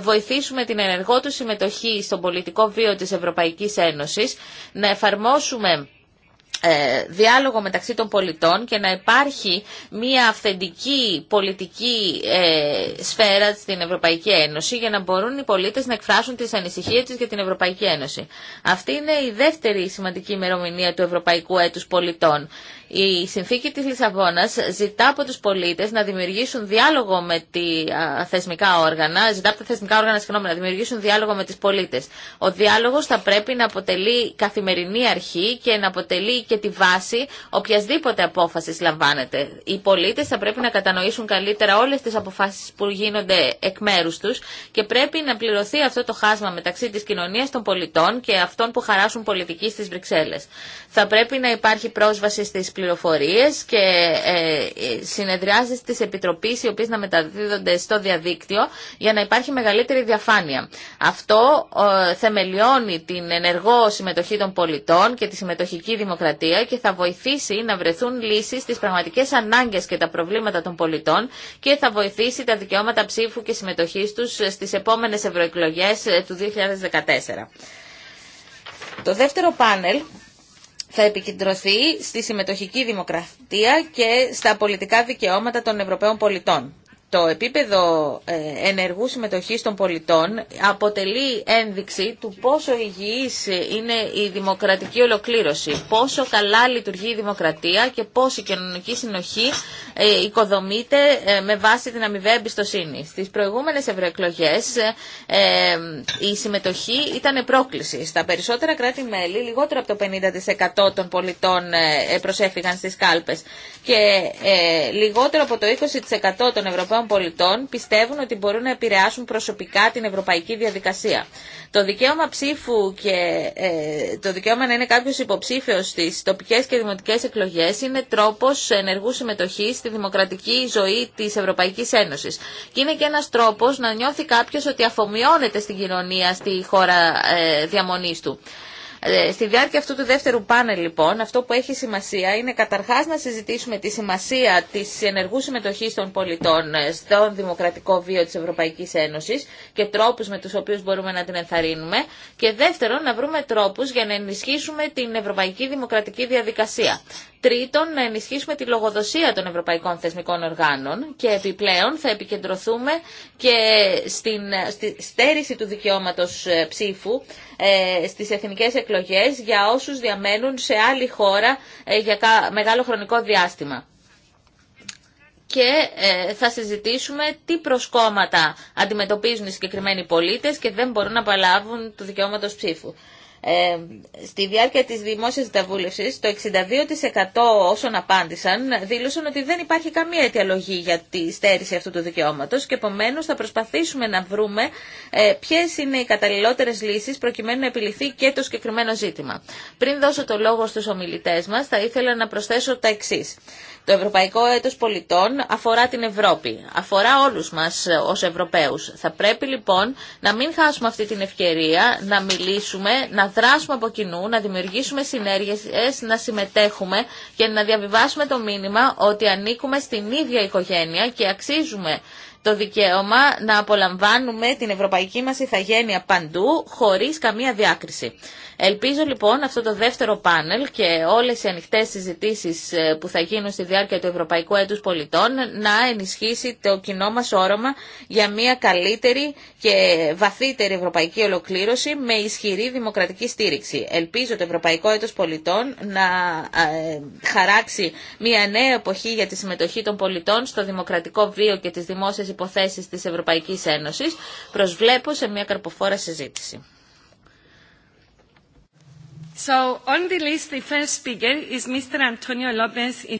[SPEAKER 1] βοηθήσουμε την ενεργό του συμμετοχή στον πολιτικό βίο της Ευρωπαϊκής Ένωσης, να εφαρμόσουμε ε, διάλογο μεταξύ των πολιτών και να υπάρχει μια αυθεντική πολιτική ε, σφαίρα στην Ευρωπαϊκή Ένωση για να μπορούν οι πολίτες να εκφράσουν τις ανησυχίες τους για την Ευρωπαϊκή Ένωση. Αυτή είναι η δεύτερη σημαντική ημερομηνία του Ευρωπαϊκού Έτους Πολιτών η συνθήκη της Λισαβόνας ζητά από τους πολίτες να δημιουργήσουν διάλογο με τη θεσμικά όργανα, ζητά από τα θεσμικά όργανα συγγνώμη, να δημιουργήσουν διάλογο με τις πολίτες. Ο διάλογος θα πρέπει να αποτελεί καθημερινή αρχή και να αποτελεί και τη βάση οποιασδήποτε απόφαση λαμβάνεται. Οι πολίτες θα πρέπει να κατανοήσουν καλύτερα όλες τις αποφάσεις που γίνονται εκ μέρου τους και πρέπει να πληρωθεί αυτό το χάσμα μεταξύ της κοινωνίας των πολιτών και αυτών που χαράσουν πολιτική στις Βρυξέλλες. Θα πρέπει να υπάρχει πρόσβαση στις πληροφορίες και ε, ε, συνεδριάσεις της Επιτροπής οι οποίες να μεταδίδονται στο διαδίκτυο για να υπάρχει μεγαλύτερη διαφάνεια. Αυτό ε, θεμελιώνει την ενεργό συμμετοχή των πολιτών και τη συμμετοχική δημοκρατία και θα βοηθήσει να βρεθούν λύσεις στις πραγματικές ανάγκες και τα προβλήματα των πολιτών και θα βοηθήσει τα δικαιώματα ψήφου και συμμετοχής τους στις επόμενες ευρωεκλογές του 2014. Το δεύτερο πάνελ θα επικεντρωθεί στη συμμετοχική δημοκρατία και στα πολιτικά δικαιώματα των Ευρωπαίων πολιτών. Το επίπεδο ε, ενεργού συμμετοχής των πολιτών αποτελεί ένδειξη του πόσο υγιής είναι η δημοκρατική ολοκλήρωση, πόσο καλά λειτουργεί η δημοκρατία και πώς η κοινωνική συνοχή ε, οικοδομείται ε, με βάση την αμοιβαία εμπιστοσύνη. Στις προηγούμενες ευρωεκλογές η συμμετοχή ήταν πρόκληση. Στα περισσότερα κράτη-μέλη λιγότερο από το 50% των πολιτών προσέφηγαν στις κάλπες και λιγότερο από το 20% των Ευρωπαίων πολιτών πιστεύουν ότι μπορούν να επηρεάσουν προσωπικά την ευρωπαϊκή διαδικασία. Το δικαίωμα ψήφου και ε, το δικαίωμα να είναι κάποιο υποψήφιο στι τοπικέ και δημοτικέ εκλογέ είναι τρόπο ενεργού συμμετοχή στη δημοκρατική ζωή τη Ευρωπαϊκή Ένωση. Και είναι και ένα τρόπο να νιώθει κάποιο ότι αφομοιώνεται στην κοινωνία, στη χώρα ε, διαμονή του. Ε, στη διάρκεια αυτού του δεύτερου πάνελ λοιπόν, αυτό που έχει σημασία είναι καταρχάς να συζητήσουμε τη σημασία της ενεργού συμμετοχή των πολιτών ε, στον δημοκρατικό βίο της Ευρωπαϊκής Ένωσης και τρόπους με τους οποίους μπορούμε να την ενθαρρύνουμε και δεύτερον να βρούμε τρόπους για να ενισχύσουμε την ευρωπαϊκή δημοκρατική διαδικασία. Τρίτον, να ενισχύσουμε τη λογοδοσία των ευρωπαϊκών θεσμικών οργάνων και επιπλέον θα επικεντρωθούμε και στην, στη στέρηση του δικαιώματος ε, ψήφου ε, στις εθνικές εκλογές για όσους διαμένουν σε άλλη χώρα ε, για μεγάλο χρονικό διάστημα και ε, θα συζητήσουμε τι προσκόμματα αντιμετωπίζουν οι συγκεκριμένοι πολίτες και δεν μπορούν να παλάβουν του δικαιώματος ψήφου. Ε, στη διάρκεια της δημόσιας διαβούλευσης το 62% όσων απάντησαν δήλωσαν ότι δεν υπάρχει καμία αιτιαλογή για τη στέρηση αυτού του δικαιώματος και επομένως θα προσπαθήσουμε να βρούμε ε, ποιες είναι οι καταλληλότερες λύσεις προκειμένου να επιληθεί και το συγκεκριμένο ζήτημα. Πριν δώσω το λόγο στους ομιλητές μας θα ήθελα να προσθέσω τα εξής. Το Ευρωπαϊκό Έτος Πολιτών αφορά την Ευρώπη, αφορά όλους μας ως Ευρωπαίους. Θα πρέπει λοιπόν να μην χάσουμε αυτή την ευκαιρία, να μιλήσουμε, να δράσουμε από κοινού, να δημιουργήσουμε συνέργειες, να συμμετέχουμε και να διαβιβάσουμε το μήνυμα ότι ανήκουμε στην ίδια οικογένεια και αξίζουμε το δικαίωμα να απολαμβάνουμε την ευρωπαϊκή μας ηθαγένεια παντού χωρίς καμία διάκριση. Ελπίζω λοιπόν αυτό το δεύτερο πάνελ και όλες οι ανοιχτές συζητήσεις ε, που θα γίνουν στη διάρκεια του Ευρωπαϊκού Έτους Πολιτών να ενισχύσει το κοινό μας όρομα για μια καλύτερη και βαθύτερη ευρωπαϊκή ολοκλήρωση με ισχυρή δημοκρατική στήριξη. Ελπίζω το Ευρωπαϊκό Έτος Πολιτών να ε, χαράξει μια νέα εποχή για τη συμμετοχή των πολιτών στο δημοκρατικό βίο και τις δημόσιες υποθέσεις της Ευρωπαϊκής Ένωσης. Προσβλέπω σε μια
[SPEAKER 3] καρποφόρα συζήτηση.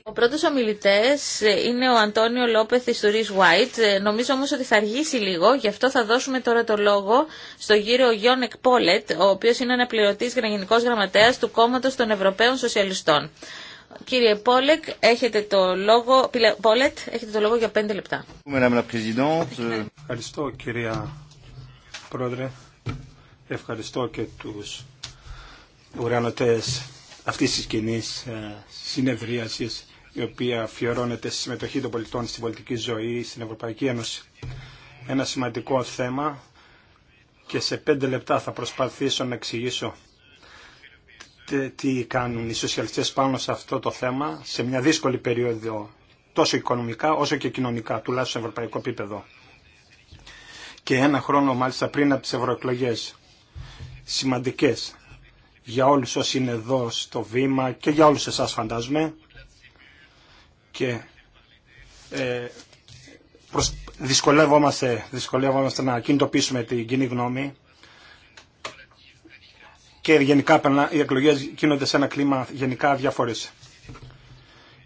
[SPEAKER 3] Ο πρώτος
[SPEAKER 1] ομιλητές ε, είναι ο Αντώνιο Λόπεθ Ρις Βουάιτ. Νομίζω όμως ότι θα αργήσει λίγο, γι' αυτό θα δώσουμε τώρα το λόγο στο γύρο Γιώνεκ Πόλετ, ο οποίος είναι αναπληρωτής γενικός γραμματέας του κόμματος των Ευρωπαίων Σοσιαλιστών. Κύριε Πόλεκ, έχετε το λόγο, Πόλετ, έχετε το λόγο για πέντε λεπτά.
[SPEAKER 4] Ευχαριστώ κυρία Πρόεδρε. Ευχαριστώ και τους Ουρανωτές αυτής της κοινή ε, συνεδρίασης η οποία αφιερώνεται στη συμμετοχή των πολιτών στην πολιτική ζωή στην Ευρωπαϊκή Ένωση. Ένα σημαντικό θέμα και σε πέντε λεπτά θα προσπαθήσω να εξηγήσω τι κάνουν οι σοσιαλιστές πάνω σε αυτό το θέμα σε μια δύσκολη περίοδο τόσο οικονομικά όσο και κοινωνικά, τουλάχιστον σε ευρωπαϊκό επίπεδο. Και ένα χρόνο μάλιστα πριν από τις ευρωεκλογέ. Σημαντικές για όλους όσοι είναι εδώ στο βήμα και για όλους εσάς φαντάζομαι και ε, δυσκολεύομαστε, δυσκολεύομαστε να κινητοποιήσουμε την κοινή γνώμη και γενικά οι εκλογές κίνονται σε ένα κλίμα γενικά διαφορές.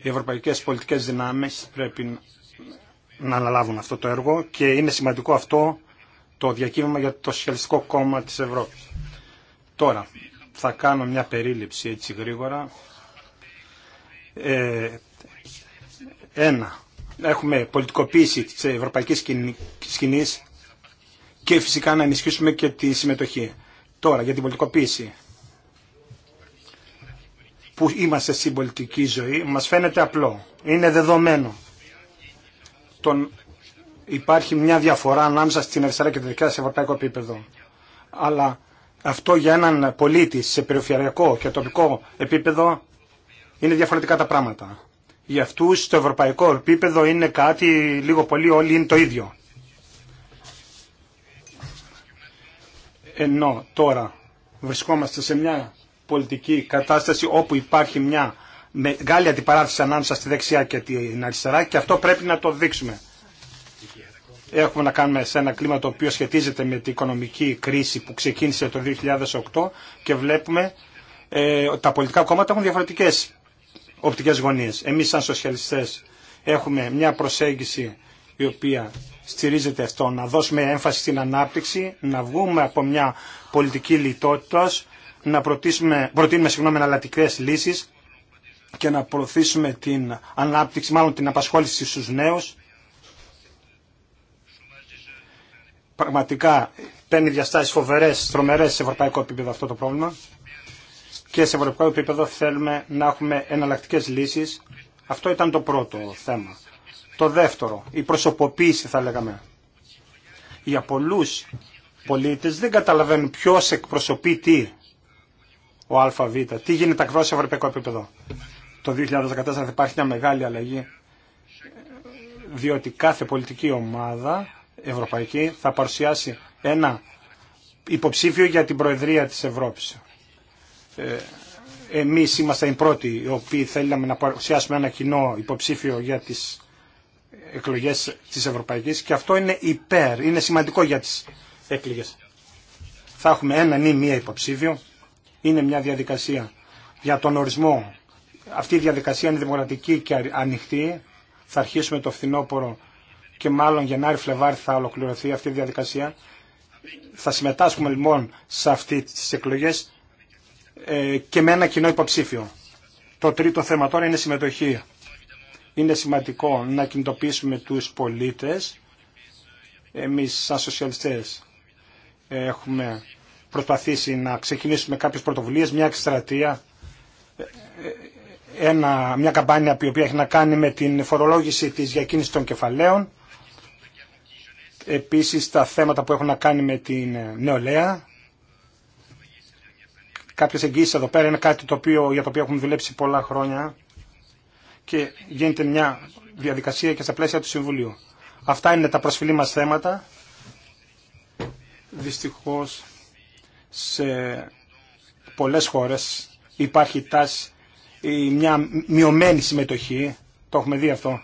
[SPEAKER 4] Οι ευρωπαϊκές πολιτικές δυνάμεις πρέπει να αναλάβουν αυτό το έργο και είναι σημαντικό αυτό το διακύβημα για το Σοσιαλιστικό Κόμμα της Ευρώπης. Τώρα, θα κάνω μια περίληψη έτσι γρήγορα. Ε, ένα, έχουμε πολιτικοποίηση της ευρωπαϊκής σκηνής και φυσικά να ενισχύσουμε και τη συμμετοχή. Τώρα, για την πολιτικοποίηση που είμαστε στην πολιτική ζωή, μας φαίνεται απλό. Είναι δεδομένο. Τον... Υπάρχει μια διαφορά ανάμεσα στην αριστερά και τη δεξιά σε ευρωπαϊκό επίπεδο. Αλλά αυτό για έναν πολίτη σε περιφερειακό και τοπικό επίπεδο είναι διαφορετικά τα πράγματα. Για αυτούς στο ευρωπαϊκό επίπεδο είναι κάτι λίγο πολύ όλοι είναι το ίδιο. Ενώ τώρα βρισκόμαστε σε μια πολιτική κατάσταση όπου υπάρχει μια μεγάλη αντιπαράθεση ανάμεσα στη δεξιά και την αριστερά και αυτό πρέπει να το δείξουμε έχουμε να κάνουμε σε ένα κλίμα το οποίο σχετίζεται με την οικονομική κρίση που ξεκίνησε το 2008 και βλέπουμε ε, τα πολιτικά κόμματα έχουν διαφορετικές οπτικές γωνίες. Εμείς σαν σοσιαλιστές έχουμε μια προσέγγιση η οποία στηρίζεται αυτό να δώσουμε έμφαση στην ανάπτυξη, να βγούμε από μια πολιτική λιτότητα, να προτείνουμε, συγγνώμη, λύσεις και να προωθήσουμε την ανάπτυξη, μάλλον την απασχόληση στους νέους πραγματικά παίρνει διαστάσεις φοβερές, τρομερές σε ευρωπαϊκό επίπεδο αυτό το πρόβλημα και σε ευρωπαϊκό επίπεδο θέλουμε να έχουμε εναλλακτικέ λύσει. Αυτό ήταν το πρώτο θέμα. Το δεύτερο, η προσωποποίηση θα λέγαμε. Για πολλού πολίτε δεν καταλαβαίνουν ποιο εκπροσωπεί τι ο ΑΒ, τι γίνεται ακριβώ σε ευρωπαϊκό επίπεδο. Το 2014 θα υπάρχει μια μεγάλη αλλαγή διότι κάθε πολιτική ομάδα Ευρωπαϊκή θα παρουσιάσει ένα υποψήφιο για την Προεδρία της Ευρώπης. Ε, εμείς είμαστε οι πρώτοι οι οποίοι θέλαμε να παρουσιάσουμε ένα κοινό υποψήφιο για τις εκλογές της Ευρωπαϊκής και αυτό είναι υπέρ, είναι σημαντικό για τις εκλογές. Θα έχουμε έναν ή μία υποψήφιο, είναι μια διαδικασία για τον ορισμό. Αυτή η διαδικασία είναι δημοκρατική και ανοιχτή. Θα αρχίσουμε το φθινόπωρο και μάλλον Γενάρη-Φλεβάρη θα ολοκληρωθεί αυτή η διαδικασία. Θα συμμετάσχουμε λοιπόν σε αυτή τις εκλογές ε, και με ένα κοινό υποψήφιο. Το τρίτο θέμα τώρα είναι συμμετοχή. Είναι σημαντικό να κινητοποιήσουμε τους πολίτες. Εμείς σαν σοσιαλιστές έχουμε προσπαθήσει να ξεκινήσουμε κάποιες πρωτοβουλίες, μια εκστρατεία, ε, ε, μια καμπάνια που έχει να κάνει με την φορολόγηση της διακίνησης των κεφαλαίων Επίσης τα θέματα που έχουν να κάνει με την νεολαία. Κάποιες εγγύσεις εδώ πέρα είναι κάτι το οποίο, για το οποίο έχουμε δουλέψει πολλά χρόνια και γίνεται μια διαδικασία και στα πλαίσια του Συμβουλίου. Αυτά είναι τα προσφυλή μας θέματα. Δυστυχώς σε πολλές χώρες υπάρχει τάση μια μειωμένη συμμετοχή. Το έχουμε δει αυτό.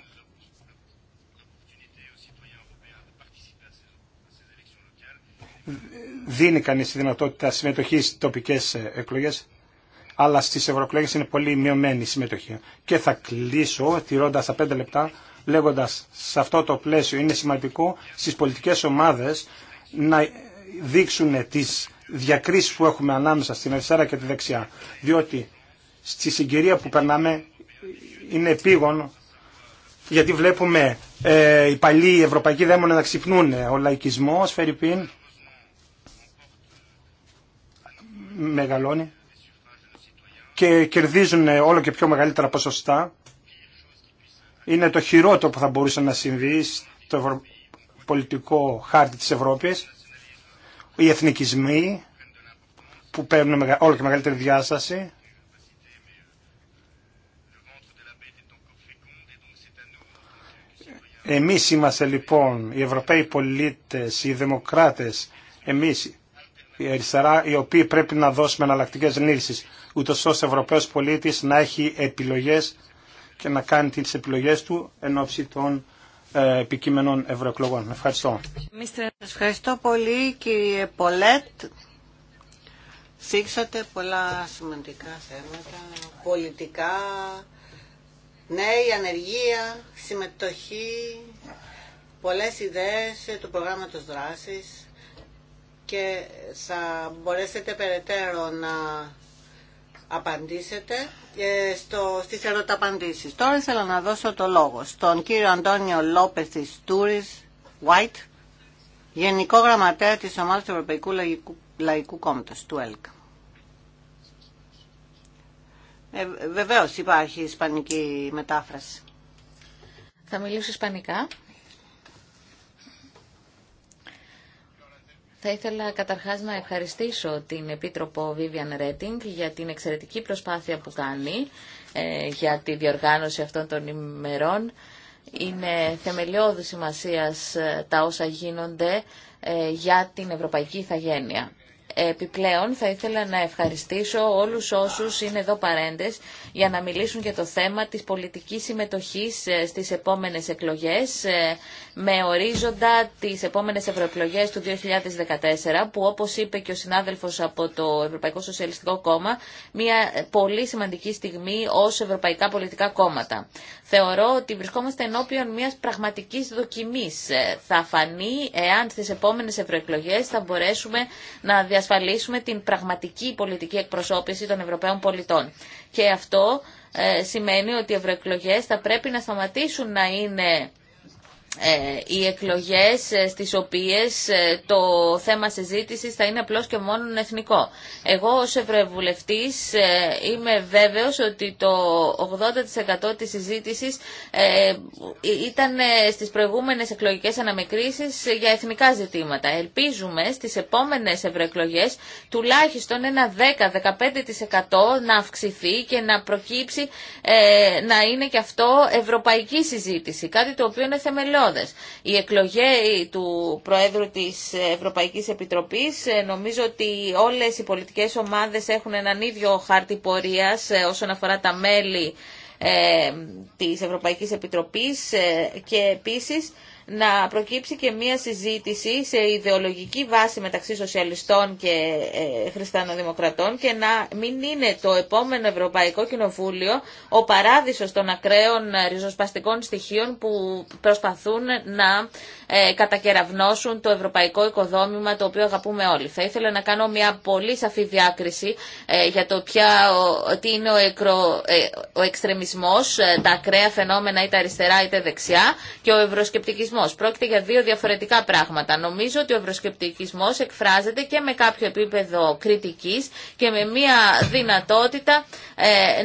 [SPEAKER 4] δίνει κανείς τη δυνατότητα συμμετοχής στις τοπικές εκλογές, αλλά στις ευρωεκλογές είναι πολύ μειωμένη η συμμετοχή. Και θα κλείσω, τηρώντας τα πέντε λεπτά, λέγοντας σε αυτό το πλαίσιο είναι σημαντικό στις πολιτικές ομάδες να δείξουν τις διακρίσεις που έχουμε ανάμεσα στην αριστερά και τη δεξιά. Διότι στη συγκυρία που περνάμε είναι επίγον γιατί βλέπουμε ε, οι παλιοί ευρωπαϊκοί δαίμονες να ξυπνούν. Ο λαϊκισμός, Φερρυπίν, μεγαλώνει και κερδίζουν όλο και πιο μεγαλύτερα ποσοστά. Είναι το χειρότερο που θα μπορούσε να συμβεί στο πολιτικό χάρτη της Ευρώπης. Οι εθνικισμοί που παίρνουν όλο και μεγαλύτερη διάσταση. Εμείς είμαστε λοιπόν οι Ευρωπαίοι πολίτες, οι δημοκράτες, εμείς η οι οποίοι πρέπει να δώσουμε εναλλακτικέ λύσεις, ούτω ώστε ο Ευρωπαίο πολίτη να έχει επιλογέ και να κάνει τι επιλογέ του εν ώψη των ε, επικείμενων ευρωεκλογών. Ευχαριστώ.
[SPEAKER 2] Ευχαριστώ πολύ κύριε Πολέτ. Σήξατε πολλά σημαντικά θέματα, πολιτικά, νέη ανεργία, συμμετοχή, πολλές ιδέες του προγράμματος δράσης και θα μπορέσετε περαιτέρω να απαντήσετε ε, στο, στις ερωταπαντήσεις. Τώρα ήθελα να δώσω το λόγο στον κύριο Αντώνιο Λόπεθ της Τούρις Γενικό Γραμματέα της Ομάδας του Ευρωπαϊκού Λαϊκού, Λαϊκού Κόμματος, του ΕΛΚ. Ε, βεβαίως υπάρχει ισπανική μετάφραση.
[SPEAKER 1] Θα μιλήσω ισπανικά. Θα ήθελα καταρχάς να ευχαριστήσω την Επίτροπο Vivian Redding για την εξαιρετική προσπάθεια που κάνει ε, για τη διοργάνωση αυτών των ημερών. Είναι θεμελιώδη σημασίας ε, τα όσα γίνονται ε, για την Ευρωπαϊκή ηθαγένεια. Επιπλέον θα ήθελα να ευχαριστήσω όλους όσους είναι εδώ παρέντες για να μιλήσουν για το θέμα της πολιτικής συμμετοχής ε, στις επόμενες εκλογές ε, με ορίζοντα τις επόμενες ευρωεκλογές του 2014 που όπως είπε και ο συνάδελφος από το Ευρωπαϊκό Σοσιαλιστικό Κόμμα μια πολύ σημαντική στιγμή ως ευρωπαϊκά πολιτικά κόμματα. Θεωρώ ότι βρισκόμαστε ενώπιον μιας πραγματικής δοκιμής. Ε, θα φανεί εάν στις επόμενες ευρωεκλογές θα μπορέσουμε να διασφαλίσουμε την πραγματική πολιτική εκπροσώπηση των Ευρωπαίων πολιτών. Και αυτό ε, σημαίνει ότι οι ευρωεκλογέ θα πρέπει να σταματήσουν να είναι ε, οι εκλογές ε, στις οποίες ε, το θέμα συζήτησης θα είναι απλώς και μόνο εθνικό. Εγώ ως Ευρωβουλευτής είμαι βέβαιος ότι το 80% της συζήτησης ήταν στις προηγούμενες εκλογικές ε, για εθνικά ζητήματα. Ελπίζουμε στις επόμενες ευρωεκλογέ τουλάχιστον ένα 10-15% να αυξηθεί και να προκύψει να είναι και αυτό ευρωπαϊκή συζήτηση, κάτι το οποίο είναι θεμελό η εκλογή του Προέδρου της Ευρωπαϊκής Επιτροπής, ε, νομίζω ότι όλες οι πολιτικές ομάδες έχουν έναν ίδιο χάρτη πορείας ε, όσον αφορά τα μέλη ε, της Ευρωπαϊκής Επιτροπής και επίσης να προκύψει και μία συζήτηση σε ιδεολογική βάση μεταξύ σοσιαλιστών και ε, χριστιανοδημοκρατών και να μην είναι το επόμενο Ευρωπαϊκό Κοινοβούλιο ο παράδεισος των ακραίων ριζοσπαστικών στοιχείων που προσπαθούν να ε, κατακεραυνώσουν το ευρωπαϊκό οικοδόμημα το οποίο αγαπούμε όλοι. Θα ήθελα να κάνω μια πολύ σαφή διάκριση ε, για το ποια, ο, τι είναι ο, εκρο, ε, ο εξτρεμισμός, ε, τα ακραία φαινόμενα είτε αριστερά είτε δεξιά και ο ευρωσκεπτικισμός. Πρόκειται για δύο διαφορετικά πράγματα. Νομίζω ότι ο ευρωσκεπτικισμός εκφράζεται και με κάποιο επίπεδο κριτικής και με μια δυνατότητα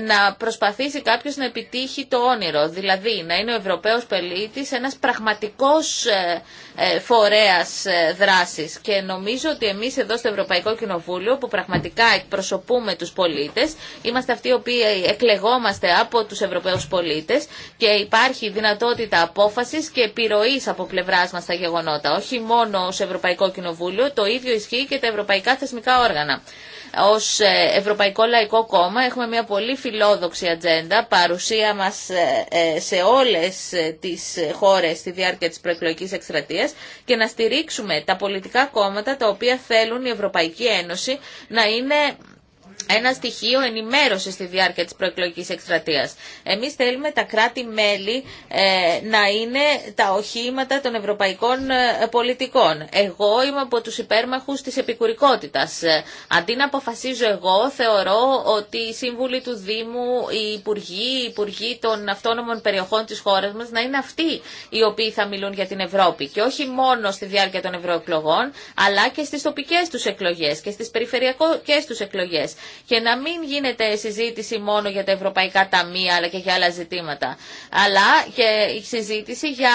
[SPEAKER 1] να προσπαθήσει κάποιος να επιτύχει το όνειρο. Δηλαδή να είναι ο Ευρωπαίος πελίτης ένας πραγματικός ε, φορέας ε, δράσης. Και νομίζω ότι εμείς εδώ στο Ευρωπαϊκό Κοινοβούλιο που πραγματικά εκπροσωπούμε τους πολίτες, είμαστε αυτοί οι οποίοι εκλεγόμαστε από τους Ευρωπαίους πολίτες και υπάρχει δυνατότητα απόφασης και επιρροής από πλευράς μας στα γεγονότα. Όχι μόνο ως Ευρωπαϊκό Κοινοβούλιο, το ίδιο ισχύει και τα ευρωπαϊκά θεσμικά όργανα ως ε, Ευρωπαϊκό Λαϊκό Κόμμα έχουμε μια πολύ φιλόδοξη ατζέντα, παρουσία μας ε, ε, σε όλες τις χώρες στη διάρκεια της προεκλογικής εκστρατεία και να στηρίξουμε τα πολιτικά κόμματα τα οποία θέλουν η Ευρωπαϊκή Ένωση να είναι ένα στοιχείο ενημέρωση στη διάρκεια τη προεκλογική εκστρατεία. Εμεί θέλουμε τα κράτη-μέλη ε, να είναι τα οχήματα των ευρωπαϊκών ε, πολιτικών. Εγώ είμαι από τους υπέρμαχους της επικουρικότητας. Ε, αντί να αποφασίζω εγώ, θεωρώ ότι οι σύμβουλοι του Δήμου, οι υπουργοί, οι υπουργοί των αυτόνομων περιοχών τη χώρα μα, να είναι αυτοί οι οποίοι θα μιλούν για την Ευρώπη. Και όχι μόνο στη διάρκεια των ευρωεκλογών, αλλά και στι τοπικέ του εκλογέ και στις περιφερειακέ του εκλογέ και να μην γίνεται συζήτηση μόνο για τα ευρωπαϊκά ταμεία αλλά και για άλλα ζητήματα. Αλλά και η συζήτηση για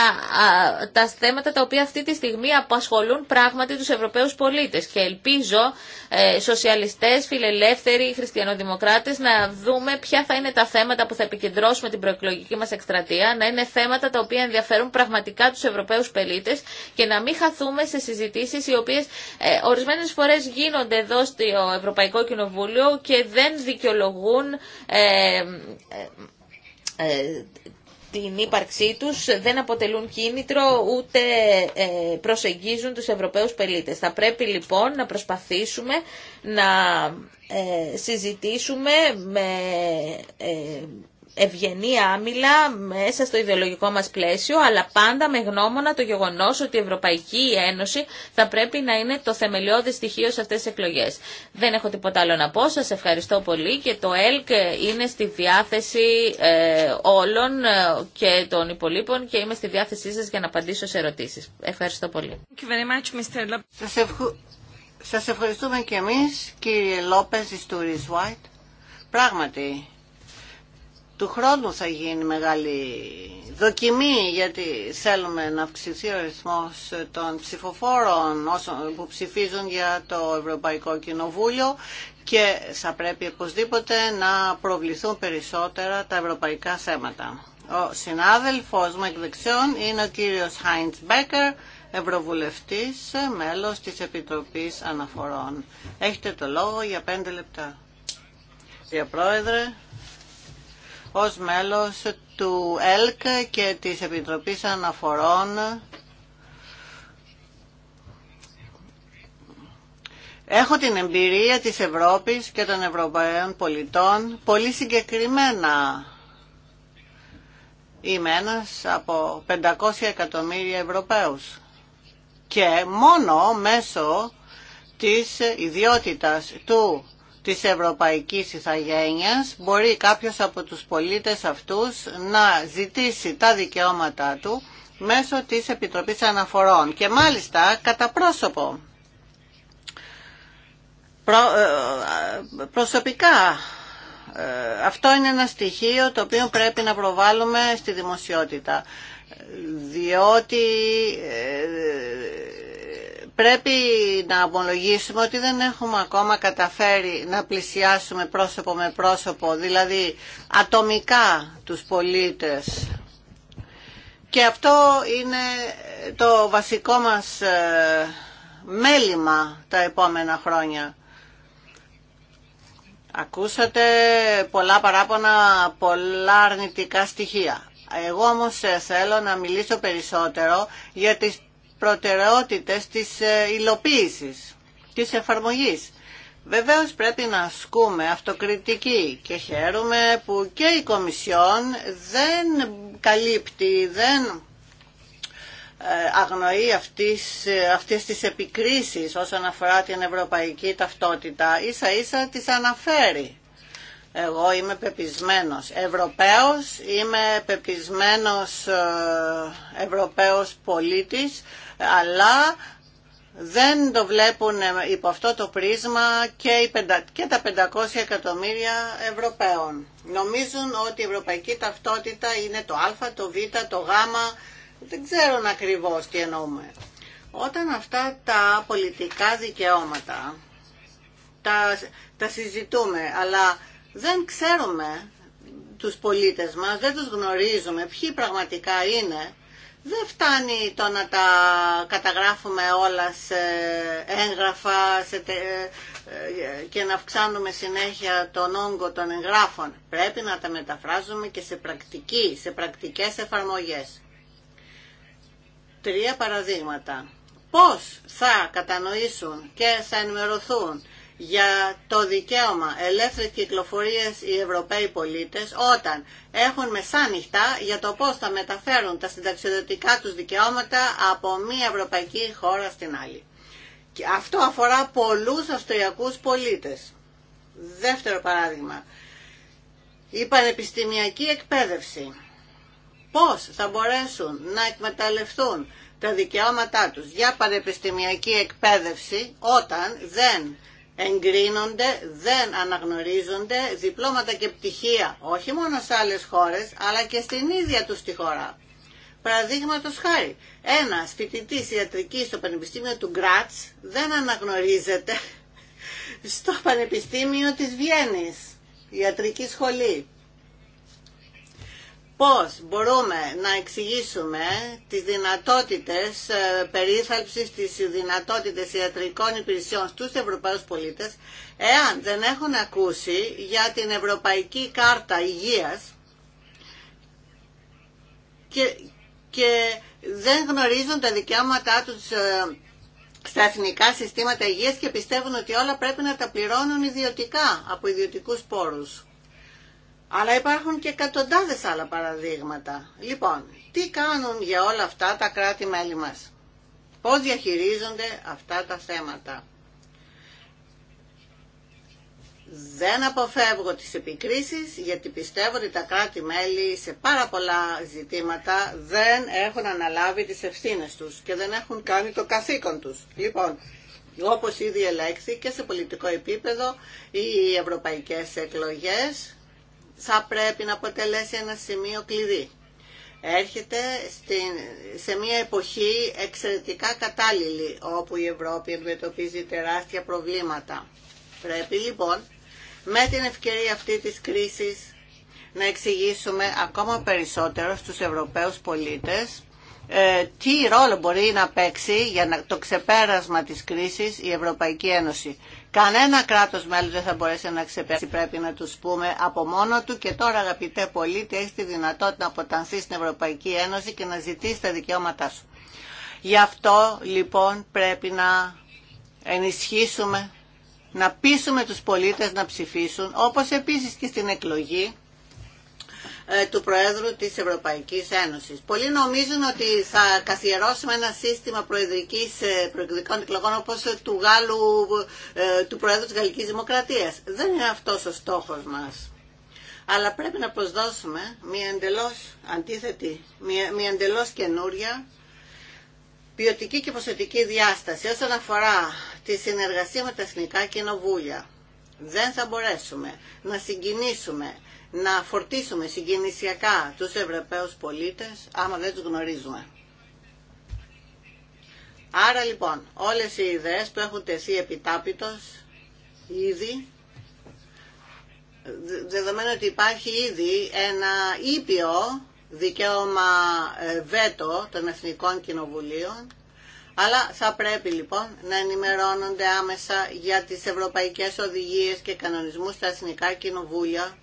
[SPEAKER 1] τα θέματα τα οποία αυτή τη στιγμή απασχολούν πράγματι τους Ευρωπαίους πολίτες και ελπίζω ε, σοσιαλιστές, φιλελεύθεροι, χριστιανοδημοκράτες να δούμε ποια θα είναι τα θέματα που θα επικεντρώσουμε την προεκλογική μας εκστρατεία, να είναι θέματα τα οποία ενδιαφέρουν πραγματικά τους Ευρωπαίους πολίτες και να μην χαθούμε σε συζητήσεις οι οποίες ε, ορισμένες φορές γίνονται εδώ στο Ευρωπαϊκό Κοινοβούλιο και δεν δικαιολογούν ε, ε, ε, την ύπαρξή τους, δεν αποτελούν κίνητρο ούτε ε, προσεγγίζουν τους Ευρωπαίους πελίτες. Θα πρέπει λοιπόν να προσπαθήσουμε να συζητήσουμε με ευγενή άμυλα μέσα στο ιδεολογικό μας πλαίσιο, αλλά πάντα με γνώμονα το γεγονός ότι η Ευρωπαϊκή Ένωση θα πρέπει να είναι το θεμελιώδη στοιχείο σε αυτές τις εκλογές. Δεν έχω τίποτα άλλο να πω, σας ευχαριστώ πολύ και το ΕΛΚ είναι στη διάθεση ε, όλων ε, και των υπολείπων και είμαι στη διάθεσή σας για να απαντήσω σε ερωτήσεις. Ευχαριστώ πολύ.
[SPEAKER 3] Σας,
[SPEAKER 2] ευχαριστούμε και εμείς κύριε Λόπεζ,
[SPEAKER 1] Ιστούρις White. Πράγματι,
[SPEAKER 2] του χρόνου θα γίνει μεγάλη δοκιμή γιατί θέλουμε να αυξηθεί ο αριθμός των ψηφοφόρων που ψηφίζουν για το Ευρωπαϊκό Κοινοβούλιο και θα πρέπει οπωσδήποτε να προβληθούν περισσότερα τα ευρωπαϊκά θέματα. Ο συνάδελφός μου εκ δεξιών είναι ο κύριος Χάιντς Μπέκερ, Ευρωβουλευτής, μέλος της Επιτροπής Αναφορών. Έχετε το λόγο για πέντε λεπτά. Κύριε Πρόεδρε, ως μέλος του ΕΛΚ και της Επιτροπής Αναφορών Έχω την εμπειρία της Ευρώπης και των Ευρωπαίων πολιτών πολύ συγκεκριμένα. Είμαι από 500 εκατομμύρια Ευρωπαίους και μόνο μέσω της ιδιότητας του της ευρωπαϊκής Ιθαγένειας μπορεί κάποιος από τους πολίτες αυτούς να ζητήσει τα δικαιώματά του μέσω της Επιτροπής Αναφορών και μάλιστα κατά πρόσωπο ε, προσωπικά ε, αυτό είναι ένα στοιχείο το οποίο πρέπει να προβάλλουμε στη δημοσιότητα διότι ε, πρέπει να απολογίσουμε ότι δεν έχουμε ακόμα καταφέρει να πλησιάσουμε πρόσωπο με πρόσωπο, δηλαδή ατομικά τους πολίτες. Και αυτό είναι το βασικό μας ε, μέλημα τα επόμενα χρόνια. Ακούσατε πολλά παράπονα, πολλά αρνητικά στοιχεία. Εγώ όμως ε, θέλω να μιλήσω περισσότερο για τις προτεραιότητες της ε, υλοποίησης, της εφαρμογής. Βεβαίως πρέπει να ασκούμε αυτοκριτική και χαίρομαι που και η Κομισιόν δεν καλύπτει, δεν ε, αγνοεί αυτής, αυτές της επικρίσεις όσον αφορά την ευρωπαϊκή ταυτότητα. Ίσα ίσα τις αναφέρει. Εγώ είμαι πεπισμένος Ευρωπαίος, είμαι πεπισμένος ε, Ευρωπαίος πολίτης, αλλά δεν το βλέπουν υπό αυτό το πρίσμα και, τα 500 εκατομμύρια Ευρωπαίων. Νομίζουν ότι η ευρωπαϊκή ταυτότητα είναι το α, το β, το γ, δεν ξέρουν ακριβώς τι εννοούμε. Όταν αυτά τα πολιτικά δικαιώματα τα, τα συζητούμε, αλλά δεν ξέρουμε τους πολίτες μας, δεν τους γνωρίζουμε ποιοι πραγματικά είναι. Δεν φτάνει το να τα καταγράφουμε όλα σε έγγραφα ε, ε, και να αυξάνουμε συνέχεια τον όγκο των εγγράφων. Πρέπει να τα μεταφράζουμε και σε πρακτική, σε πρακτικές εφαρμογές. Τρία παραδείγματα. Πώς θα κατανοήσουν και θα ενημερωθούν για το δικαίωμα ελεύθερης κυκλοφορίας οι Ευρωπαίοι πολίτες όταν έχουν μεσάνυχτα για το πώς θα μεταφέρουν τα συνταξιοδοτικά τους δικαιώματα από μία ευρωπαϊκή χώρα στην άλλη. Και αυτό αφορά πολλούς Αυστριακούς πολίτες. Δεύτερο παράδειγμα, η πανεπιστημιακή εκπαίδευση. Πώς θα μπορέσουν να εκμεταλλευτούν τα δικαιώματά τους για πανεπιστημιακή εκπαίδευση όταν δεν εγκρίνονται, δεν αναγνωρίζονται διπλώματα και πτυχία, όχι μόνο σε άλλες χώρες, αλλά και στην ίδια τους τη χώρα. Παραδείγματο χάρη, ένα φοιτητή ιατρική στο Πανεπιστήμιο του Γκράτ δεν αναγνωρίζεται στο Πανεπιστήμιο της Βιέννη, ιατρική σχολή πώς μπορούμε να εξηγήσουμε τις δυνατότητες ε, περίθαλψης, τις δυνατότητες ιατρικών υπηρεσιών στους Ευρωπαίους πολίτες, εάν δεν έχουν ακούσει για την Ευρωπαϊκή Κάρτα Υγείας και, δεν γνωρίζουν τα δικαιώματά τους ε, στα εθνικά συστήματα υγείας και πιστεύουν ότι όλα πρέπει να τα πληρώνουν ιδιωτικά, από ιδιωτικούς πόρους. Αλλά υπάρχουν και εκατοντάδες άλλα παραδείγματα. Λοιπόν, τι κάνουν για όλα αυτά τα κράτη-μέλη μας. Πώς διαχειρίζονται αυτά τα θέματα. Δεν αποφεύγω τις επικρίσεις γιατί πιστεύω ότι τα κράτη-μέλη σε πάρα πολλά ζητήματα δεν έχουν αναλάβει τις ευθύνες τους και δεν έχουν κάνει το καθήκον τους. Λοιπόν, όπως ήδη ελέγχθη και σε πολιτικό επίπεδο οι ευρωπαϊκές εκλογές θα πρέπει να αποτελέσει ένα σημείο κλειδί. Έρχεται στην, σε μια εποχή εξαιρετικά κατάλληλη όπου η Ευρώπη αντιμετωπίζει τεράστια προβλήματα. Πρέπει λοιπόν με την ευκαιρία αυτή της κρίσης να εξηγήσουμε ακόμα περισσότερο στους Ευρωπαίους πολίτες ε, τι ρόλο μπορεί να παίξει για το ξεπέρασμα της κρίσης η Ευρωπαϊκή Ένωση. Κανένα κράτος μέλος δεν θα μπορέσει να ξεπεράσει. Πρέπει να τους πούμε από μόνο του και τώρα αγαπητέ πολίτη έχει τη δυνατότητα να αποτανθεί στην Ευρωπαϊκή Ένωση και να ζητήσει τα δικαιώματά σου. Γι' αυτό λοιπόν πρέπει να ενισχύσουμε, να πείσουμε τους πολίτες να ψηφίσουν όπως επίσης και στην εκλογή ε, του Προέδρου της Ευρωπαϊκής Ένωσης. Πολλοί νομίζουν ότι θα καθιερώσουμε ένα σύστημα προεδρικής, ε, προεδρικών εκλογών όπως ε, του, Γάλλου, του Προέδρου της Γαλλικής Δημοκρατίας. Δεν είναι αυτός ο στόχος μας. Αλλά πρέπει να προσδώσουμε μια εντελώς αντίθετη, μια, μια εντελώς καινούρια ποιοτική και ποσοτική διάσταση όσον αφορά τη συνεργασία με τα εθνικά κοινοβούλια δεν θα μπορέσουμε να συγκινήσουμε, να φορτίσουμε συγκινησιακά τους Ευρωπαίους πολίτες άμα δεν τους γνωρίζουμε. Άρα λοιπόν όλες οι ιδέες που έχουν τεθεί επιτάπητος ήδη δεδομένου ότι υπάρχει ήδη ένα ήπιο δικαίωμα ε, βέτο των Εθνικών Κοινοβουλίων αλλά θα πρέπει λοιπόν να ενημερώνονται άμεσα για τις ευρωπαϊκές οδηγίες και κανονισμούς στα εθνικά κοινοβούλια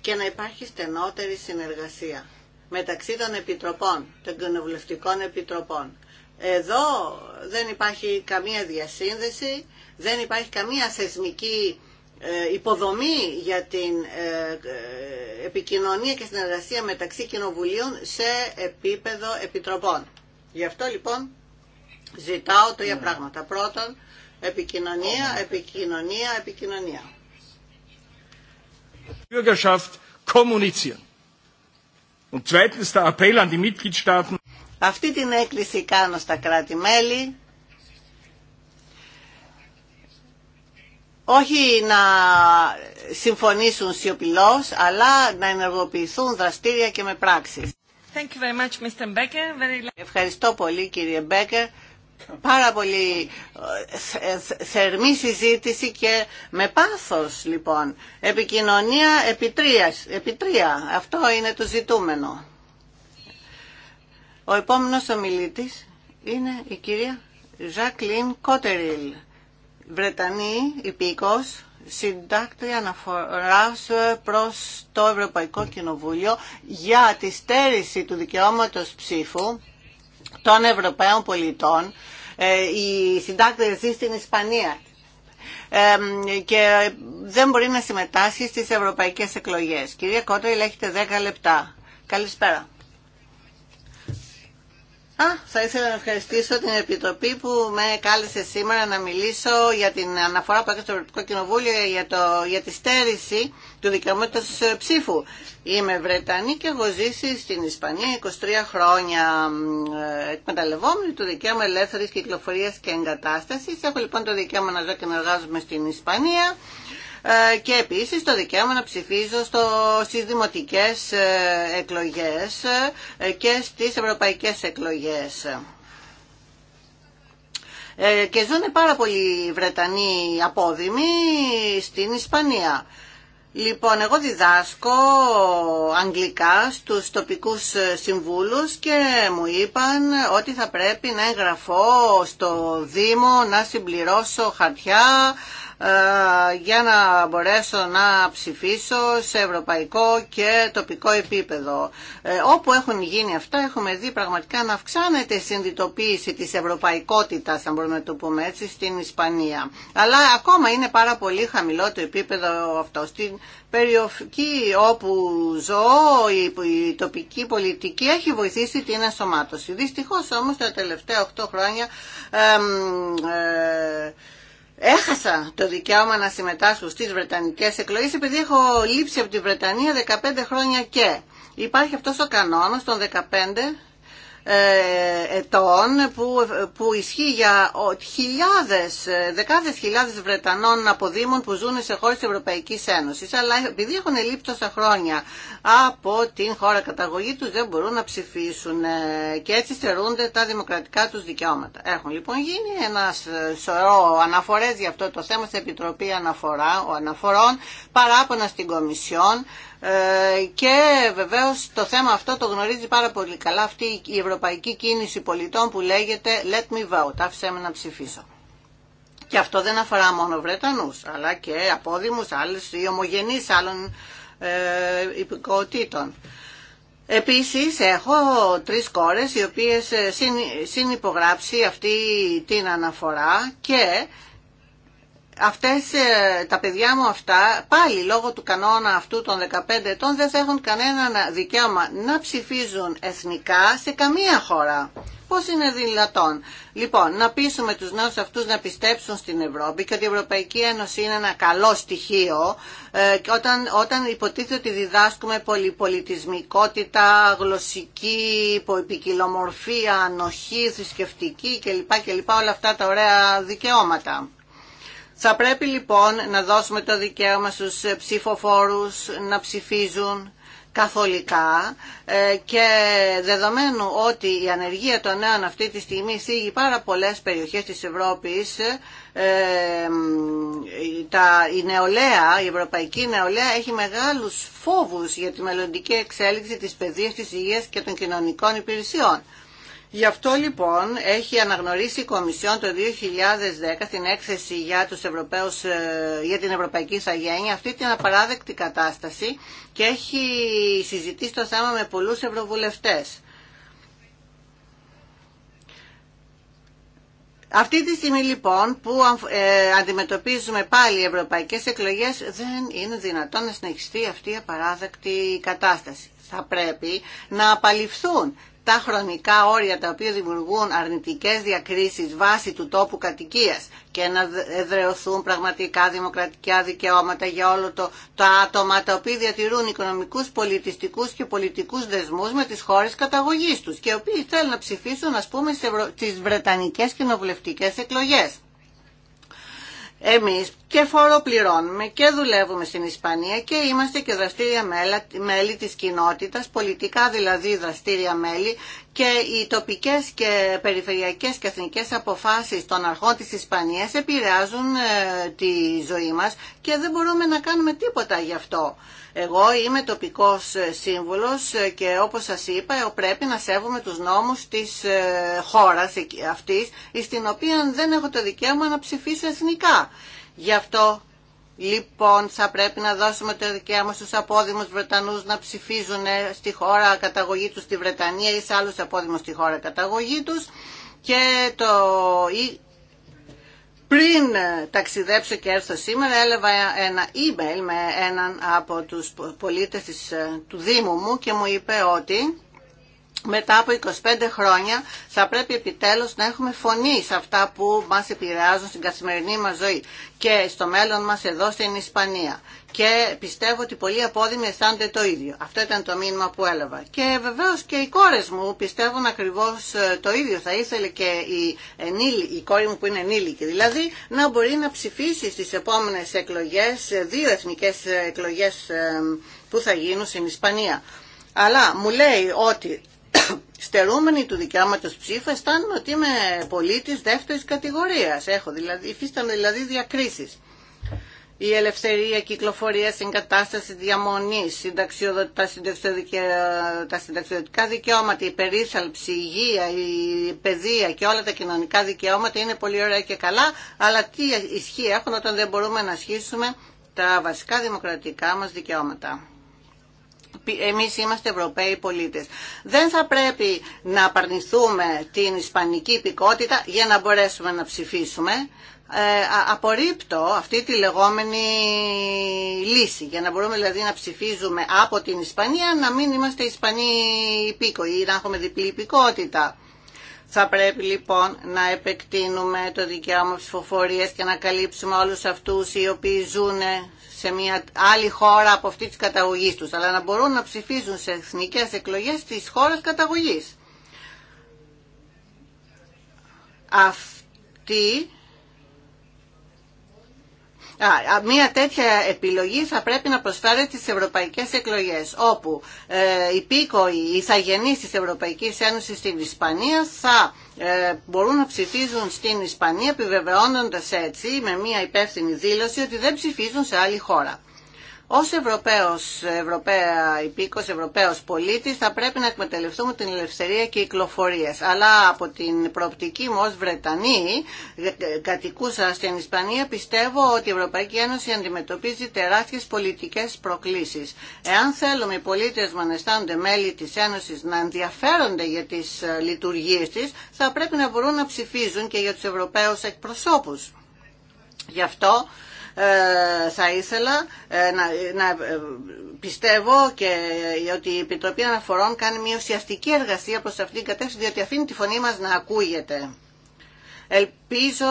[SPEAKER 2] και να υπάρχει στενότερη συνεργασία μεταξύ των επιτροπών, των κοινοβουλευτικών επιτροπών. Εδώ δεν υπάρχει καμία διασύνδεση, δεν υπάρχει καμία θεσμική ε, υποδομή για την ε, ε, επικοινωνία και συνεργασία μεταξύ κοινοβουλίων σε επίπεδο επιτροπών. Γι' αυτό λοιπόν ζητάω τρία πράγματα. Πρώτον, επικοινωνία, επικοινωνία, επικοινωνία. Αυτή την έκκληση κάνω στα κράτη-μέλη. Όχι να συμφωνήσουν σιωπηλώς, αλλά να ενεργοποιηθούν δραστήρια και με πράξεις. Ευχαριστώ πολύ κύριε Μπέκερ. Πάρα πολύ ε, ε, θερμή συζήτηση και με πάθος λοιπόν. Επικοινωνία επιτρίας, επιτρία. Αυτό είναι το ζητούμενο. Ο επόμενος ομιλητής είναι η κυρία Ζακλίν Κότεριλ, Βρετανή υπήκος συντάκτρια αναφοράς προς το Ευρωπαϊκό Κοινοβούλιο για τη στέρηση του δικαιώματος ψήφου των Ευρωπαίων πολιτών. Ε, η συντάκτρια ζει στην Ισπανία ε, και δεν μπορεί να συμμετάσχει στις ευρωπαϊκές εκλογές. Κυρία Κότρελ, έχετε 10 λεπτά. Καλησπέρα. Α, θα ήθελα να ευχαριστήσω την Επιτροπή που με κάλεσε σήμερα να μιλήσω για την αναφορά που έκανε στο Ευρωπαϊκό Κοινοβούλιο για, το, για τη στέρηση του δικαιωμάτου ψήφου. Είμαι Βρετανή και έχω ζήσει στην Ισπανία 23 χρόνια ε, εκμεταλλευόμενη του δικαίωμα ελεύθερη κυκλοφορία και εγκατάσταση. Έχω λοιπόν το δικαίωμα να ζω και να εργάζομαι στην Ισπανία. Ε, και επίσης το δικαίωμα να ψηφίζω στο, στις δημοτικές ε, εκλογές ε, και στις ευρωπαϊκές εκλογές. Και ζουν πάρα πολλοί Βρετανοί απόδημοι στην Ισπανία. Λοιπόν, εγώ διδάσκω αγγλικά στους τοπικούς συμβούλους και μου είπαν ότι θα πρέπει να εγγραφώ στο Δήμο, να συμπληρώσω χαρτιά, ε, για να μπορέσω να ψηφίσω σε ευρωπαϊκό και τοπικό επίπεδο. Ε, όπου έχουν γίνει αυτά έχουμε δει πραγματικά να αυξάνεται η συνδυτοποίηση της ευρωπαϊκότητας, αν μπορούμε να το πούμε έτσι, στην Ισπανία. Αλλά ακόμα είναι πάρα πολύ χαμηλό το επίπεδο αυτό. Στην περιοχή όπου ζω η τοπική πολιτική έχει βοηθήσει την ενσωμάτωση. Δυστυχώς όμως τα τελευταία 8 χρόνια... Ε, έχασα το δικαίωμα να συμμετάσχω στις Βρετανικές εκλογές επειδή έχω λείψει από τη Βρετανία 15 χρόνια και υπάρχει αυτός ο κανόνας των 15 ε, ετών που, που ισχύει για χιλιάδες, ε, δεκάδες χιλιάδες Βρετανών αποδήμων που ζουν σε χώρες της Ευρωπαϊκής Ένωσης αλλά επειδή έχουν λείπει τόσα χρόνια από την χώρα καταγωγή τους δεν μπορούν να ψηφίσουν ε, και έτσι στερούνται τα δημοκρατικά τους δικαιώματα. Έχουν λοιπόν γίνει ένα σωρό αναφορές για αυτό το θέμα στην Επιτροπή Αναφορά, ο Αναφορών, παράπονα στην Κομισιόν ε, και βεβαίως το θέμα αυτό το γνωρίζει πάρα πολύ καλά αυτή η ευρωπαϊκή κίνηση πολιτών που λέγεται Let me vote, άφησέ με να ψηφίσω. Και αυτό δεν αφορά μόνο Βρετανούς, αλλά και απόδημους άλλες ή ομογενείς άλλων ε, υπηκοτήτων. Επίσης έχω τρεις κόρες οι οποίες ε, συνυπογράψει αυτή την αναφορά και αυτές, ε, τα παιδιά μου αυτά, πάλι λόγω του κανόνα αυτού των 15 ετών, δεν θα έχουν κανένα δικαίωμα να ψηφίζουν εθνικά σε καμία χώρα. Πώς είναι δυνατόν. Λοιπόν, να πείσουμε τους νέους αυτούς να πιστέψουν στην Ευρώπη και ότι η Ευρωπαϊκή Ένωση είναι ένα καλό στοιχείο ε, και όταν, όταν υποτίθεται ότι διδάσκουμε πολυπολιτισμικότητα, γλωσσική, υποεπικυλομορφία, ανοχή, θρησκευτική κλπ. Όλα αυτά τα ωραία δικαιώματα. Θα πρέπει λοιπόν να δώσουμε το δικαίωμα στους ε, ψηφοφόρους να ψηφίζουν καθολικά ε, και δεδομένου ότι η ανεργία των νέων αυτή τη στιγμή θίγει πάρα πολλές περιοχές της Ευρώπης ε, τα, η νεολαία, η ευρωπαϊκή νεολαία έχει μεγάλους φόβους για τη μελλοντική εξέλιξη της παιδείας, της υγείας και των κοινωνικών υπηρεσιών. Γι' αυτό λοιπόν έχει αναγνωρίσει η Κομισιόν το 2010 στην έκθεση για, τους Ευρωπαίους, ε, για την Ευρωπαϊκή Σαγένεια. αυτή την απαράδεκτη κατάσταση και έχει συζητήσει το θέμα με πολλούς ευρωβουλευτές. Αυτή τη στιγμή λοιπόν που ε, αντιμετωπίζουμε πάλι οι ευρωπαϊκές εκλογές δεν είναι δυνατόν να συνεχιστεί αυτή η απαράδεκτη κατάσταση. Θα πρέπει να απαλληφθούν τα χρονικά όρια τα οποία δημιουργούν αρνητικές διακρίσεις βάσει του τόπου κατοικίας και να εδρεωθούν πραγματικά δημοκρατικά δικαιώματα για όλο το, τα άτομα τα οποία διατηρούν οικονομικούς, πολιτιστικούς και πολιτικούς δεσμούς με τις χώρες καταγωγής τους και οι οποίοι θέλουν να ψηφίσουν ας πούμε στις βρετανικές κοινοβουλευτικέ εκλογές. Εμείς και φοροπληρώνουμε και δουλεύουμε στην Ισπανία και είμαστε και δραστήρια μέλη της κοινότητας, πολιτικά δηλαδή δραστήρια μέλη και οι τοπικές και περιφερειακές και εθνικές αποφάσεις των αρχών της Ισπανίας επηρεάζουν ε, τη ζωή μας και δεν μπορούμε να κάνουμε τίποτα γι' αυτό. Εγώ είμαι τοπικός ε, σύμβουλος ε, και όπως σας είπα πρέπει να σέβομαι τους νόμους της χώρας αυτής στην οποία δεν έχω το δικαίωμα να ψηφίσω εθνικά. Γι' αυτό λοιπόν θα πρέπει να δώσουμε το δικαίωμα στους απόδημους Βρετανούς να ψηφίζουν ε, στη χώρα καταγωγή τους στη Βρετανία ή σε άλλους απόδημους στη χώρα καταγωγή τους και το... Πριν ε, ταξιδέψω και έρθω σήμερα έλαβα ένα email με έναν από τους πολίτες ε, του Δήμου μου και μου είπε ότι μετά από 25 χρόνια θα πρέπει επιτέλους να έχουμε φωνή σε αυτά που μας επηρεάζουν στην καθημερινή μας ζωή και στο μέλλον μας εδώ στην Ισπανία. Και πιστεύω ότι πολλοί απόδημοι αισθάνονται το ίδιο. Αυτό ήταν το μήνυμα που έλαβα. Και βεβαίως και οι κόρες μου πιστεύουν ακριβώς ε, το ίδιο. Θα ήθελε και η, η κόρη μου που είναι ενήλικη δηλαδή να μπορεί να ψηφίσει στις επόμενες εκλογές, ε, δύο εθνικές ε, εκλογές που θα γίνουν στην Ισπανία. Αλλά μου λέει ότι στερούμενοι του δικαιώματο ψήφου αισθάνομαι ότι είμαι πολίτης δεύτερης κατηγορίας. Έχω δηλαδή, υφίσταμαι δηλαδή διακρίσεις. Η ελευθερία κυκλοφορία, εγκατάσταση διαμονή, τα συνταξιοδοτικά δικαιώματα, η περίθαλψη, η υγεία, η παιδεία και όλα τα κοινωνικά δικαιώματα είναι πολύ ωραία και καλά, αλλά τι ισχύ έχουν όταν δεν μπορούμε να ασχίσουμε τα βασικά δημοκρατικά μας δικαιώματα εμείς είμαστε Ευρωπαίοι πολίτες. Δεν θα πρέπει να απαρνηθούμε την ισπανική υπηκότητα για να μπορέσουμε να ψηφίσουμε. Ε, απορρίπτω αυτή τη λεγόμενη λύση για να μπορούμε δηλαδή να ψηφίζουμε από την Ισπανία να μην είμαστε Ισπανοί υπήκοοι ή να έχουμε διπλή υπηκότητα. Θα πρέπει λοιπόν να επεκτείνουμε το δικαίωμα ψηφοφορία και να καλύψουμε όλους αυτούς οι οποίοι ζουν σε μια άλλη χώρα από αυτή τη καταγωγή του. αλλά να μπορούν να ψηφίζουν σε εθνικέ εκλογές τη χώρα καταγωγής. Αυτή Μία τέτοια επιλογή θα πρέπει να προσφέρει τις ευρωπαϊκές εκλογές, όπου ε, οι πίκοοι, οι θαγενείς της Ευρωπαϊκής Ένωσης στην Ισπανία θα ε, μπορούν να ψηφίζουν στην Ισπανία, επιβεβαιώνοντας έτσι με μία υπεύθυνη δήλωση ότι δεν ψηφίζουν σε άλλη χώρα. Ως Ευρωπαίος, Ευρωπαία υπήκος, Ευρωπαίος πολίτης θα πρέπει να εκμεταλλευτούμε την ελευθερία και κυκλοφορίας. Αλλά από την προοπτική μου ως Βρετανή, ε, ε, κατοικούσα στην Ισπανία, πιστεύω ότι η Ευρωπαϊκή Ένωση αντιμετωπίζει τεράστιες πολιτικές προκλήσεις. Εάν θέλουμε οι πολίτες να αισθάνονται μέλη της Ένωσης να ενδιαφέρονται για τις ε, λειτουργίες της, θα πρέπει να μπορούν να ψηφίζουν και για τους Ευρωπαίους εκπροσώπους. Γι' αυτό ε, θα ήθελα ε, να, ε, πιστεύω και ότι η Επιτροπή Αναφορών κάνει μια ουσιαστική εργασία προς αυτήν την κατεύθυνση διότι αφήνει τη φωνή μας να ακούγεται. Ελπίζω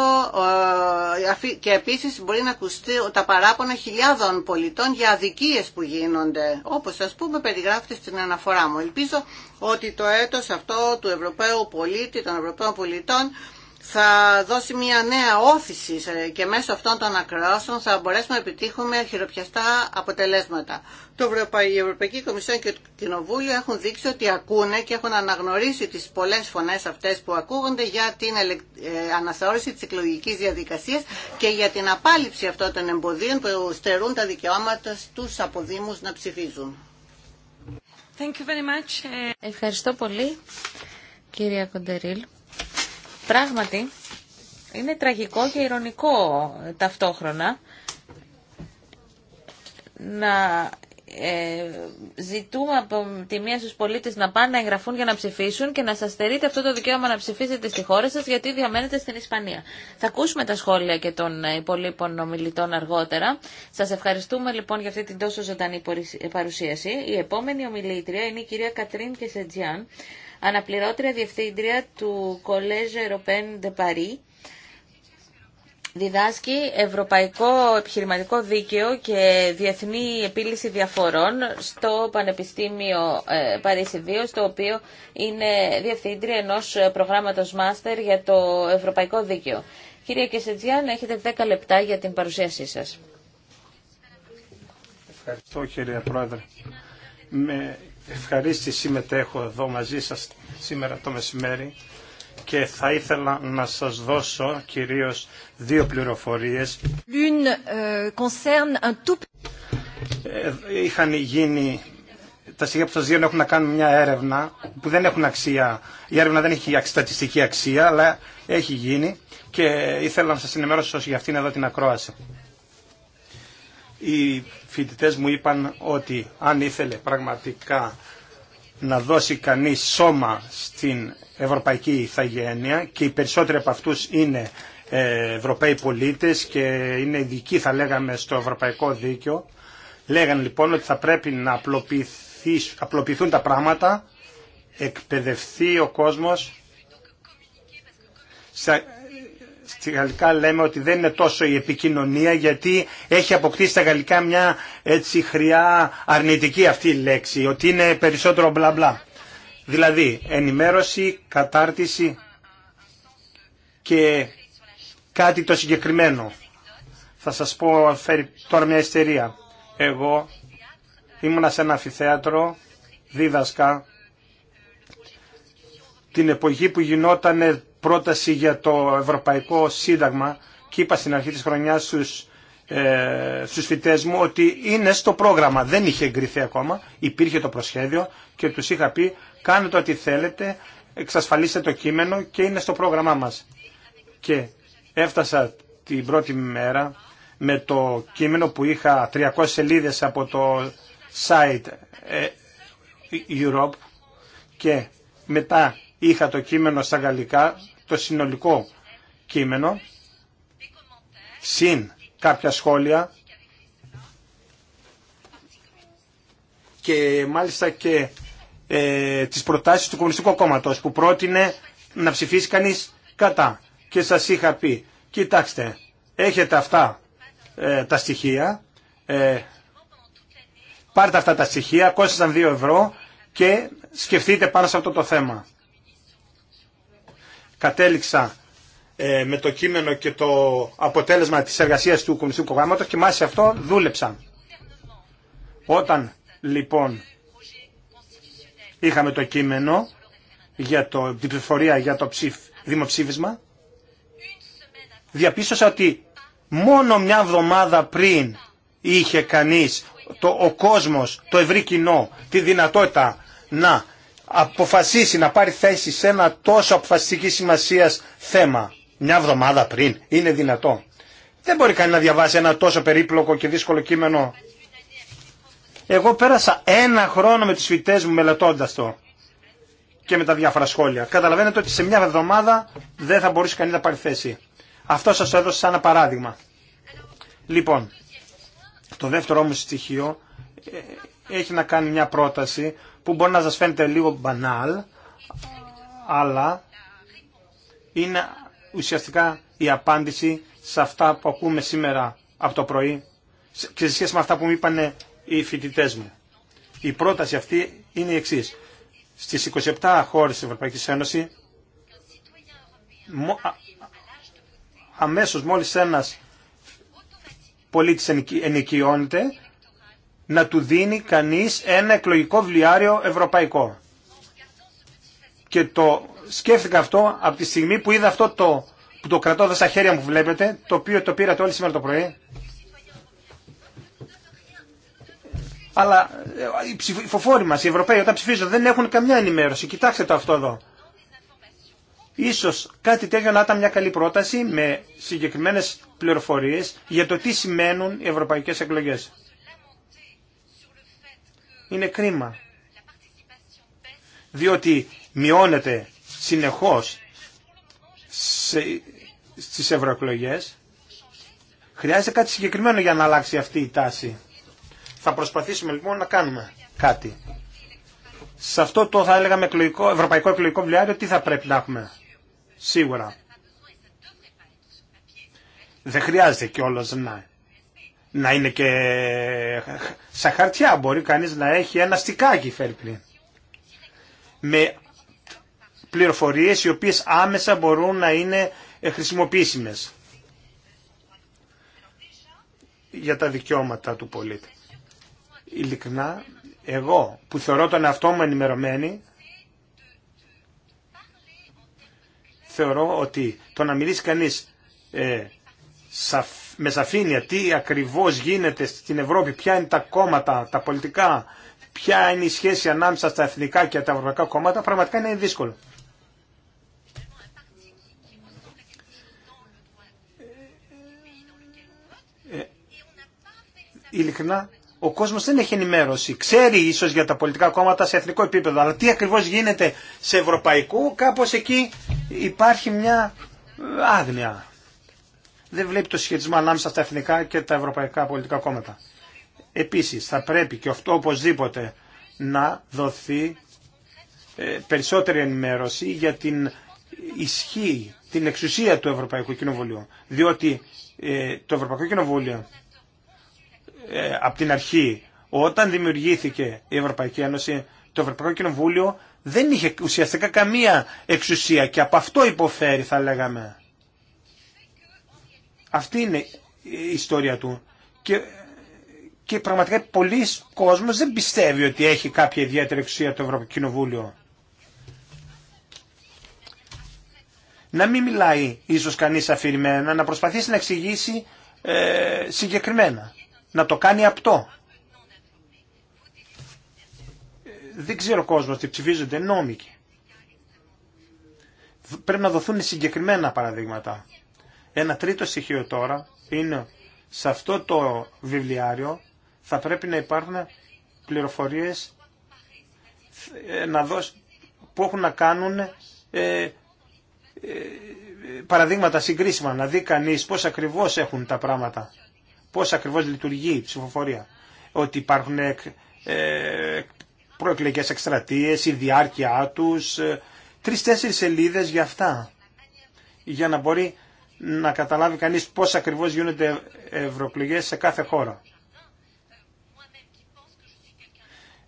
[SPEAKER 2] και επίσης μπορεί να ακουστεί τα παράπονα χιλιάδων πολιτών για αδικίες που γίνονται, όπως σας πούμε περιγράφεται στην αναφορά μου. Ελπίζω ότι το έτος αυτό του Ευρωπαίου πολίτη, των Ευρωπαίων πολιτών, θα δώσει μια νέα όθηση και μέσω αυτών των ακροάσεων θα μπορέσουμε να επιτύχουμε χειροπιαστά αποτελέσματα. Το η Ευρωπαϊκή Κομισιόν και το Κοινοβούλιο έχουν δείξει ότι ακούνε και έχουν αναγνωρίσει τις πολλές φωνές αυτές που ακούγονται για την ε, αναθεώρηση της εκλογικής διαδικασίας και για την απάλληψη αυτών των εμποδίων που στερούν τα δικαιώματα στους αποδήμους να ψηφίζουν.
[SPEAKER 3] Ευχαριστώ πολύ, κυρία
[SPEAKER 1] Κοντερίλ. Πράγματι, είναι τραγικό και ηρωνικό ταυτόχρονα να ε, ζητούμε από τη μία στους πολίτες να πάνε να εγγραφούν για να ψηφίσουν και να σας στερείτε αυτό το δικαίωμα να ψηφίσετε στη χώρα σας γιατί διαμένετε στην Ισπανία. Θα ακούσουμε τα σχόλια και των υπολείπων ομιλητών αργότερα. Σας ευχαριστούμε λοιπόν για αυτή την τόσο ζωντανή παρουσίαση. Η επόμενη ομιλήτρια είναι η κυρία Κατρίν Κεσετζιάν αναπληρώτρια διευθύντρια του Collège Européen de Paris. Διδάσκει Ευρωπαϊκό Επιχειρηματικό Δίκαιο και Διεθνή Επίλυση Διαφορών στο Πανεπιστήμιο ε, Παρίσι 2, στο οποίο είναι διευθύντρια ενός προγράμματος μάστερ για το Ευρωπαϊκό Δίκαιο. Κυρία Κεσετζιάν, έχετε 10 λεπτά για την παρουσίασή σας.
[SPEAKER 4] Ευχαριστώ κύριε Πρόεδρε. Με ευχαρίστη συμμετέχω εδώ μαζί σας σήμερα το μεσημέρι και θα ήθελα να σας δώσω κυρίως δύο πληροφορίες. Euh, ε, είχαν γίνει τα στοιχεία που σας δίνουν έχουν να κάνουν μια έρευνα που δεν έχουν αξία. Η έρευνα δεν έχει στατιστική αξία, αλλά έχει γίνει και ήθελα να σας ενημερώσω για αυτήν εδώ την ακρόαση. Οι φοιτητές μου είπαν ότι αν ήθελε πραγματικά να δώσει κανείς σώμα στην ευρωπαϊκή ηθαγένεια και οι περισσότεροι από αυτούς είναι ε, Ευρωπαίοι πολίτες και είναι ειδικοί θα λέγαμε στο ευρωπαϊκό δίκαιο. Λέγαν λοιπόν ότι θα πρέπει να απλοποιηθούν τα πράγματα, εκπαιδευτεί ο κόσμος στη γαλλικά λέμε ότι δεν είναι τόσο η επικοινωνία γιατί έχει αποκτήσει στα γαλλικά μια έτσι χρειά αρνητική αυτή η λέξη, ότι είναι περισσότερο μπλα μπλα. Δηλαδή ενημέρωση, κατάρτιση και κάτι το συγκεκριμένο. Θα σας πω φέρει τώρα μια ιστερία. Εγώ ήμουνα σε ένα αφιθέατρο, δίδασκα την εποχή που γινόταν πρόταση για το Ευρωπαϊκό Σύνταγμα και είπα στην αρχή της χρονιάς στους, ε, φοιτές μου ότι είναι στο πρόγραμμα, δεν είχε εγκριθεί ακόμα, υπήρχε το προσχέδιο και τους είχα πει κάνετε ό,τι θέλετε, εξασφαλίστε το κείμενο και είναι στο πρόγραμμά μας. Και έφτασα την πρώτη μέρα με το κείμενο που είχα 300 σελίδες από το site ε, Europe και μετά είχα το κείμενο στα γαλλικά, το συνολικό κείμενο, συν κάποια σχόλια και μάλιστα και ε, τις προτάσεις του Κομμουνιστικού Κόμματος που πρότεινε να ψηφίσει κανείς κατά. Και σας είχα πει, κοιτάξτε, έχετε αυτά ε, τα στοιχεία, ε, πάρτε αυτά τα στοιχεία, κόστησαν 2 ευρώ και σκεφτείτε πάνω σε αυτό το θέμα κατέληξα ε, με το κείμενο και το αποτέλεσμα της εργασίας του Κομμουνιστικού Κόμματος και μάση αυτό δούλεψα. Όταν λοιπόν είχαμε το κείμενο για το, την πληροφορία για το ψηφ, δημοψήφισμα, διαπίστωσα ότι μόνο μια εβδομάδα πριν είχε κανείς το, ο κόσμος, το ευρύ κοινό, τη δυνατότητα να αποφασίσει να πάρει θέση σε ένα τόσο αποφασιστική σημασία θέμα μια εβδομάδα πριν. Είναι δυνατό. Δεν μπορεί κανεί να διαβάσει ένα τόσο περίπλοκο και δύσκολο κείμενο. Εγώ πέρασα ένα χρόνο με τις φοιτές μου μελετώντας το και με τα διάφορα σχόλια. Καταλαβαίνετε ότι σε μια εβδομάδα δεν θα μπορούσε κανεί να πάρει θέση. Αυτό σας το έδωσα σαν ένα παράδειγμα. Λοιπόν, το δεύτερο όμως στοιχείο ε, έχει να κάνει μια πρόταση που μπορεί να σας φαίνεται λίγο μπανάλ, αλλά είναι ουσιαστικά η απάντηση σε αυτά που ακούμε σήμερα από το πρωί και σε σχέση με αυτά που μου είπαν οι φοιτητέ μου. Η πρόταση αυτή είναι η εξή. Στις 27 χώρες της Ευρωπαϊκής Ένωσης αμέσως μόλις ένας πολίτης ενοικιώνεται να του δίνει κανείς ένα εκλογικό βιβλιάριο ευρωπαϊκό. Και το σκέφτηκα αυτό από τη στιγμή που είδα αυτό το, που το κρατώ στα χέρια μου βλέπετε, το οποίο το πήρατε όλοι σήμερα το πρωί. Αλλά ε, οι ψηφοφόροι μας, οι Ευρωπαίοι όταν ψηφίζουν δεν έχουν καμιά ενημέρωση. Κοιτάξτε το αυτό εδώ. Ίσως κάτι τέτοιο να ήταν μια καλή πρόταση με συγκεκριμένες πληροφορίες για το τι σημαίνουν οι ευρωπαϊκές εκλογές είναι κρίμα. Διότι μειώνεται συνεχώς σε, στις Χρειάζεται κάτι συγκεκριμένο για να αλλάξει αυτή η τάση. Θα προσπαθήσουμε λοιπόν να κάνουμε κάτι. Σε αυτό το θα έλεγαμε εκλογικό, ευρωπαϊκό εκλογικό βιβλιάριο τι θα πρέπει να έχουμε. Σίγουρα. Δεν χρειάζεται κιόλας να να είναι και σαν χαρτιά. Μπορεί κανείς να έχει ένα στικάκι φέρπλη. Με πληροφορίες οι οποίες άμεσα μπορούν να είναι ε, χρησιμοποιήσιμες για τα δικαιώματα του πολίτη. Ειλικρινά, εγώ που θεωρώ τον εαυτό μου ενημερωμένη, θεωρώ ότι το να μιλήσει κανείς ε, με σαφήνεια τι ακριβώς γίνεται στην Ευρώπη, ποια είναι τα κόμματα, τα πολιτικά, ποια είναι η σχέση ανάμεσα στα εθνικά και τα ευρωπαϊκά κόμματα, πραγματικά είναι δύσκολο. Ε, ε, ειλικρινά, ο κόσμος δεν έχει ενημέρωση. Ξέρει ίσως για τα πολιτικά κόμματα σε εθνικό επίπεδο, αλλά τι ακριβώς γίνεται σε ευρωπαϊκό, κάπως εκεί υπάρχει μια άγνοια δεν βλέπει το σχετισμό ανάμεσα στα εθνικά και τα ευρωπαϊκά πολιτικά κόμματα. Επίσης θα πρέπει και αυτό οπωσδήποτε να δοθεί ε, περισσότερη ενημέρωση για την ισχύ, την εξουσία του Ευρωπαϊκού Κοινοβουλίου. Διότι ε, το Ευρωπαϊκό Κοινοβούλιο ε, από την αρχή, όταν δημιουργήθηκε η Ευρωπαϊκή Ένωση, το Ευρωπαϊκό Κοινοβούλιο δεν είχε ουσιαστικά καμία εξουσία και από αυτό υποφέρει θα λέγαμε. Αυτή είναι η ιστορία του. Και, και πραγματικά πολλοί κόσμος δεν πιστεύει ότι έχει κάποια ιδιαίτερη εξουσία το Ευρωπαϊκό Κοινοβούλιο. Να μην μιλάει ίσως κανείς αφηρημένα, να προσπαθήσει να εξηγήσει ε, συγκεκριμένα. Να το κάνει απτό. Δεν ξέρω ο κόσμος τι ψηφίζονται νόμικοι. Πρέπει να δοθούν συγκεκριμένα παραδείγματα. Ένα τρίτο στοιχείο τώρα είναι σε αυτό το βιβλιάριο θα πρέπει να υπάρχουν πληροφορίες ε, να που έχουν να κάνουν ε, ε, ε, παραδείγματα συγκρίσιμα, να δει κανείς πώς ακριβώς έχουν τα πράγματα, πώς ακριβώς λειτουργεί η ψηφοφορία. Ότι υπάρχουν ε, ε προεκλογικές εκστρατείες, η διάρκεια τους, τρεις-τέσσερις σελίδες για αυτά, για να μπορεί να καταλάβει κανείς πώς ακριβώς γίνονται ευρωπλογές σε κάθε χώρα.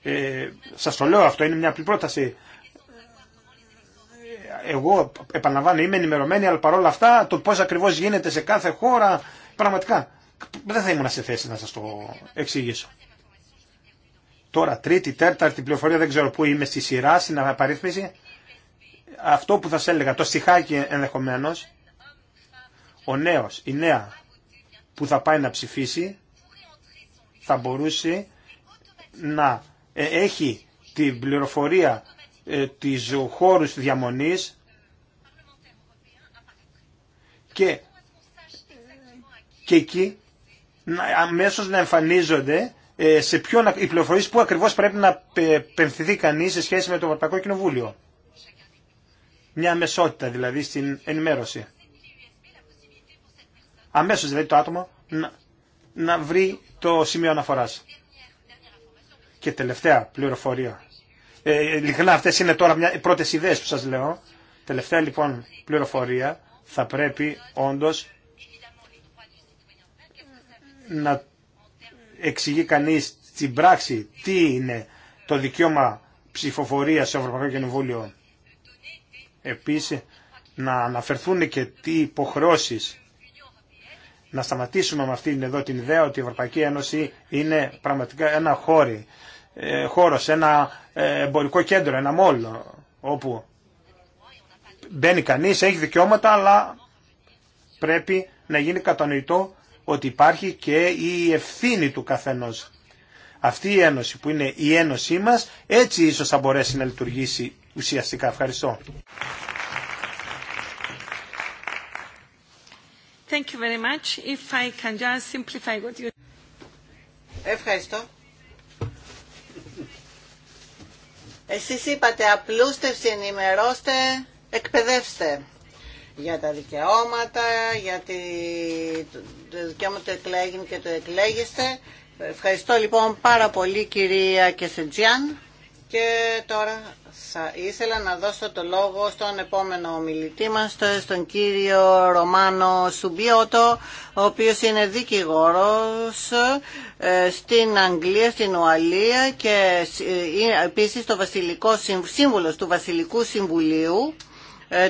[SPEAKER 4] Ε, σας το λέω αυτό, είναι μια απλή πρόταση. Εγώ επαναλαμβάνω είμαι ενημερωμένη, αλλά παρόλα αυτά το πώς ακριβώς γίνεται σε κάθε χώρα, πραγματικά δεν θα ήμουν σε θέση να σας το εξηγήσω. Τώρα τρίτη, τέταρτη πληροφορία, δεν ξέρω πού είμαι στη σειρά, στην απαρίθμηση. Αυτό που θα σας έλεγα, το στιχάκι ενδεχομένως, ο νέος, η νέα που θα πάει να ψηφίσει θα μπορούσε να ε, έχει την πληροφορία ε, της χώρου διαμονής και, και εκεί να, αμέσως να εμφανίζονται ε, σε ποιον, οι πληροφορίες που ακριβώς πρέπει να πενθυθεί κανείς σε σχέση με το Ευρωπαϊκό Κοινοβούλιο. Μια μεσότητα δηλαδή στην ενημέρωση αμέσως δηλαδή το άτομο να, βρει το σημείο αναφοράς. Και τελευταία πληροφορία. Ε, ειλικρινά αυτές είναι τώρα μια, οι πρώτες ιδέες που σας λέω. Τελευταία λοιπόν πληροφορία θα πρέπει όντως να εξηγεί κανείς στην πράξη τι είναι το δικαίωμα ψηφοφορίας στο Ευρωπαϊκό Κοινοβούλιο. Επίσης να αναφερθούν και τι υποχρεώσεις να σταματήσουμε με αυτήν εδώ την ιδέα ότι η Ευρωπαϊκή Ένωση είναι πραγματικά ένα χώρι, ε, χώρος, ένα ε, εμπορικό κέντρο, ένα μόλ όπου μπαίνει κανείς, έχει δικαιώματα αλλά πρέπει να γίνει κατανοητό ότι υπάρχει και η ευθύνη του καθενός. Αυτή η ένωση που είναι η ένωσή μας, έτσι ίσως θα μπορέσει να λειτουργήσει ουσιαστικά. Ευχαριστώ.
[SPEAKER 3] Thank you very much. If I can just simplify what you...
[SPEAKER 2] Ευχαριστώ. Εσείς είπατε απλούστευση, ενημερώστε, εκπαιδεύστε για τα δικαιώματα, για τη... το δικαίωμα του εκλέγην και το εκλέγεστε. Ευχαριστώ λοιπόν πάρα πολύ κυρία Κεσεντζιάν και τώρα θα ήθελα να δώσω το λόγο στον επόμενο ομιλητή μας, στον κύριο Ρωμάνο Σουμπιώτο, ο οποίος είναι δικηγόρος ε, στην Αγγλία, στην Ουαλία και ε, ε, επίσης το βασιλικό σύμβουλος του Βασιλικού Συμβουλίου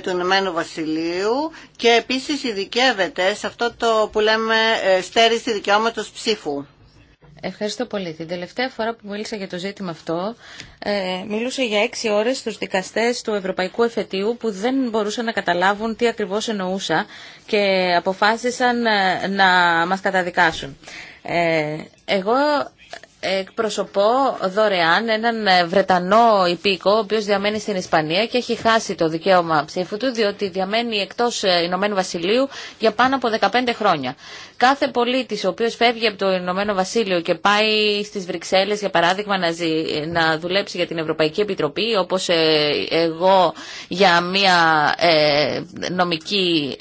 [SPEAKER 2] του Ηνωμένου Βασιλείου και επίσης ειδικεύεται σε αυτό το που λέμε
[SPEAKER 1] στέρηση δικαιώματος ψήφου. Ευχαριστώ πολύ. Την τελευταία φορά που μίλησα για το ζήτημα αυτό, ε, μίλουσα για έξι ώρες στους δικαστές του Ευρωπαϊκού Εφετείου που δεν μπορούσαν να καταλάβουν τι ακριβώς εννοούσα και αποφάσισαν ε, να μας καταδικάσουν. Ε, εγώ εκπροσωπώ δωρεάν έναν ε, Βρετανό υπήκο, ο οποίος διαμένει στην Ισπανία και έχει χάσει το δικαίωμα ψήφου του, διότι διαμένει εκτός ε, Ηνωμένου Βασιλείου για πάνω από 15 χρόνια. Κάθε πολίτης ο οποίος φεύγει από το Ηνωμένο Βασίλειο και πάει στις Βρυξέλλες, για παράδειγμα, να, να δουλέψει για την Ευρωπαϊκή Επιτροπή, όπως ε, εγώ για μια νομική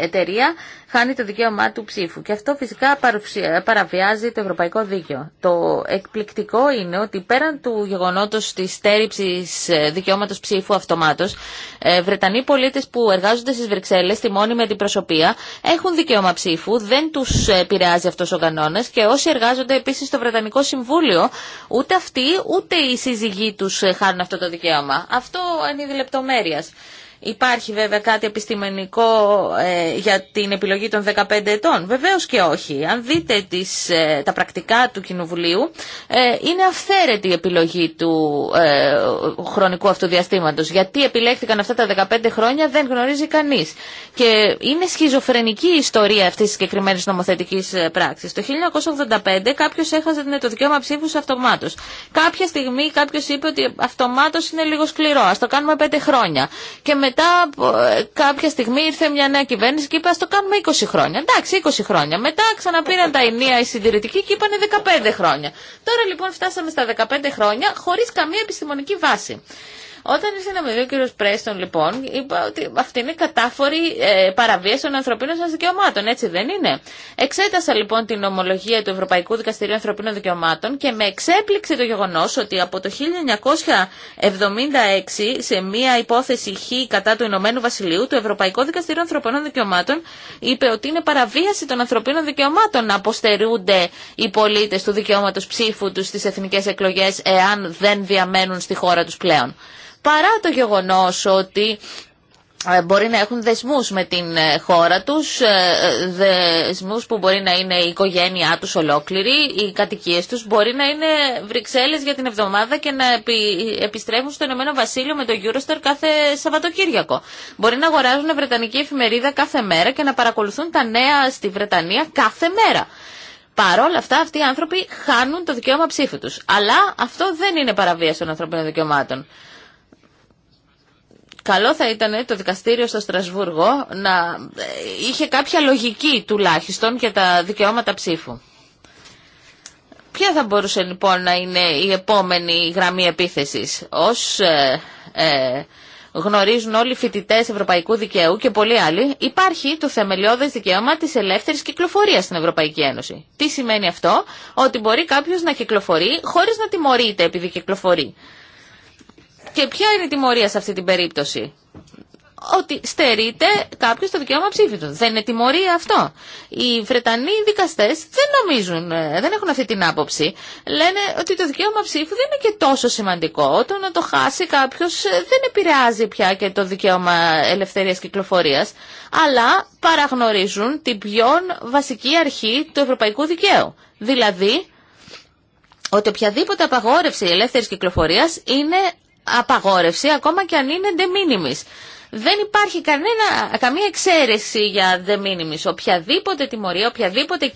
[SPEAKER 1] εταιρεία, χάνει το δικαίωμά του ψήφου. Και αυτό φυσικά παραβιάζει το ευρωπαϊκό δίκαιο. Το εκπληκτικό είναι ότι πέραν του γεγονότος της στέρυψης ε, δικαιώματος ψήφου αυτομάτως, ε, Βρετανοί πολίτες που εργάζονται στις Βρυξέλλες, στη μόνιμη αντιπροσωπεία, έχουν δικαίωμα ψήφου, δεν τους επηρεάζει αυτός ο κανόνας και όσοι εργάζονται επίσης στο Βρετανικό Συμβούλιο, ούτε αυτοί ούτε οι σύζυγοί τους ε, χάνουν αυτό το δικαίωμα. Αυτό είναι η Υπάρχει βέβαια κάτι επιστημονικό ε, για την επιλογή των 15 ετών. Βεβαίως και όχι. Αν δείτε τις, ε, τα πρακτικά του Κοινοβουλίου, ε, είναι αυθαίρετη η επιλογή του χρονικού αυτού Γιατί επιλέχθηκαν αυτά τα 15 χρόνια δεν γνωρίζει κανείς. Και είναι σχιζοφρενική η ιστορία αυτής της συγκεκριμένη νομοθετική πράξη. Το 1985 κάποιο έχασε το δικαίωμα ψήφου αυτομάτω. Κάποια στιγμή κάποιο είπε ότι αυτομάτω είναι λίγο σκληρό, α το κάνουμε 5 χρόνια. Και μετά ε, κάποια στιγμή ήρθε μια νέα κυβέρνηση και είπε ας το κάνουμε 20 χρόνια. Εντάξει 20 χρόνια. Μετά ξαναπήραν τα ενία οι συντηρητικοί και είπανε 15 χρόνια. Τώρα λοιπόν φτάσαμε στα 15 χρόνια χωρίς καμία επιστημονική βάση. Όταν ήρθε να με δει ο κύριο Πρέστον, λοιπόν, είπα ότι αυτή είναι κατάφορη ε, παραβίαση των ανθρωπίνων σα δικαιωμάτων, έτσι δεν είναι. Εξέτασα λοιπόν την ομολογία του Ευρωπαϊκού Δικαστηρίου Ανθρωπίνων Δικαιωμάτων και με εξέπληξε το γεγονό ότι από το 1976 σε μία υπόθεση Χ κατά του Ηνωμένου Βασιλείου, το Ευρωπαϊκό Δικαστήριο Ανθρωπίνων Δικαιωμάτων είπε ότι είναι παραβίαση των ανθρωπίνων δικαιωμάτων να αποστερούνται οι πολίτε του δικαιώματο ψήφου του στι εθνικέ εκλογέ εάν δεν διαμένουν στη χώρα του πλέον παρά το γεγονός ότι ε, μπορεί να έχουν δεσμούς με την ε, χώρα τους, ε, δεσμούς που μπορεί να είναι η οικογένειά τους ολόκληρη, οι κατοικίες τους, μπορεί να είναι Βρυξέλλες για την εβδομάδα και να επιστρέφουν στον Ηνωμένο Βασίλειο με το Eurostar κάθε Σαββατοκύριακο. Μπορεί να αγοράζουν Βρετανική εφημερίδα κάθε μέρα και να παρακολουθούν τα νέα στη Βρετανία κάθε μέρα. Παρόλα αυτά, αυτοί οι άνθρωποι χάνουν το δικαίωμα ψήφου τους. Αλλά αυτό δεν είναι παραβίαση των ανθρωπίνων δικαιωμάτων. Καλό θα ήταν το δικαστήριο στο Στρασβούργο να ε, είχε κάποια λογική τουλάχιστον για τα δικαιώματα ψήφου. Ποια θα μπορούσε λοιπόν να είναι η επόμενη γραμμή επίθεσης. Ως ε, ε, γνωρίζουν όλοι οι φοιτητέ ευρωπαϊκού δικαίου και πολλοί άλλοι, υπάρχει το θεμελιώδες δικαίωμα της ελεύθερης κυκλοφορίας στην Ευρωπαϊκή Ένωση. Τι σημαίνει αυτό, ότι μπορεί κάποιος να κυκλοφορεί χωρίς να τιμωρείται επειδή κυκλοφορεί. Και ποια είναι η τιμωρία σε αυτή την περίπτωση ότι στερείται κάποιο το δικαίωμα ψήφι του. Δεν είναι τιμωρία αυτό. Οι Βρετανοί δικαστέ δεν νομίζουν, ε, δεν έχουν αυτή την άποψη. Λένε ότι το δικαίωμα ψήφου δεν είναι και τόσο σημαντικό. Όταν να το χάσει κάποιο ε, δεν επηρεάζει πια και το δικαίωμα ελευθερία κυκλοφορία. Αλλά παραγνωρίζουν την πιο βασική αρχή του ευρωπαϊκού δικαίου. Δηλαδή ότι οποιαδήποτε απαγόρευση ελεύθερη κυκλοφορία είναι απαγόρευση ακόμα και αν είναι de Δεν υπάρχει κανένα, καμία εξαίρεση για de minimis. Οποιαδήποτε τιμωρία, οποιαδήποτε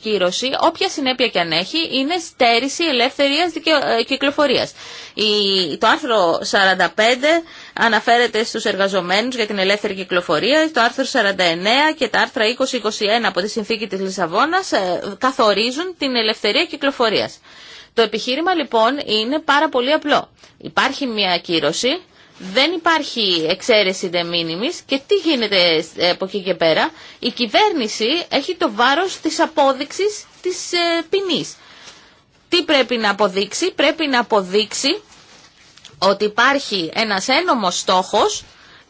[SPEAKER 1] κύρωση, όποια συνέπεια και αν έχει, είναι στέρηση ελεύθερης ε, κυκλοφορίας. Η, το άρθρο 45 αναφέρεται στους εργαζομένους για την ελεύθερη κυκλοφορία. Το άρθρο 49 και τα άρθρα 20-21 από τη Συνθήκη της Λισαβόνας ε, καθορίζουν την ελευθερία κυκλοφορίας. Το επιχείρημα λοιπόν είναι πάρα πολύ απλό. Υπάρχει μια ακύρωση, δεν υπάρχει εξαίρεση δε μήνυμης και τι γίνεται ε, από εκεί και πέρα. Η κυβέρνηση έχει το βάρος της απόδειξης της ε, ποινή. Τι πρέπει να αποδείξει, πρέπει να αποδείξει ότι υπάρχει ένας ένομος στόχος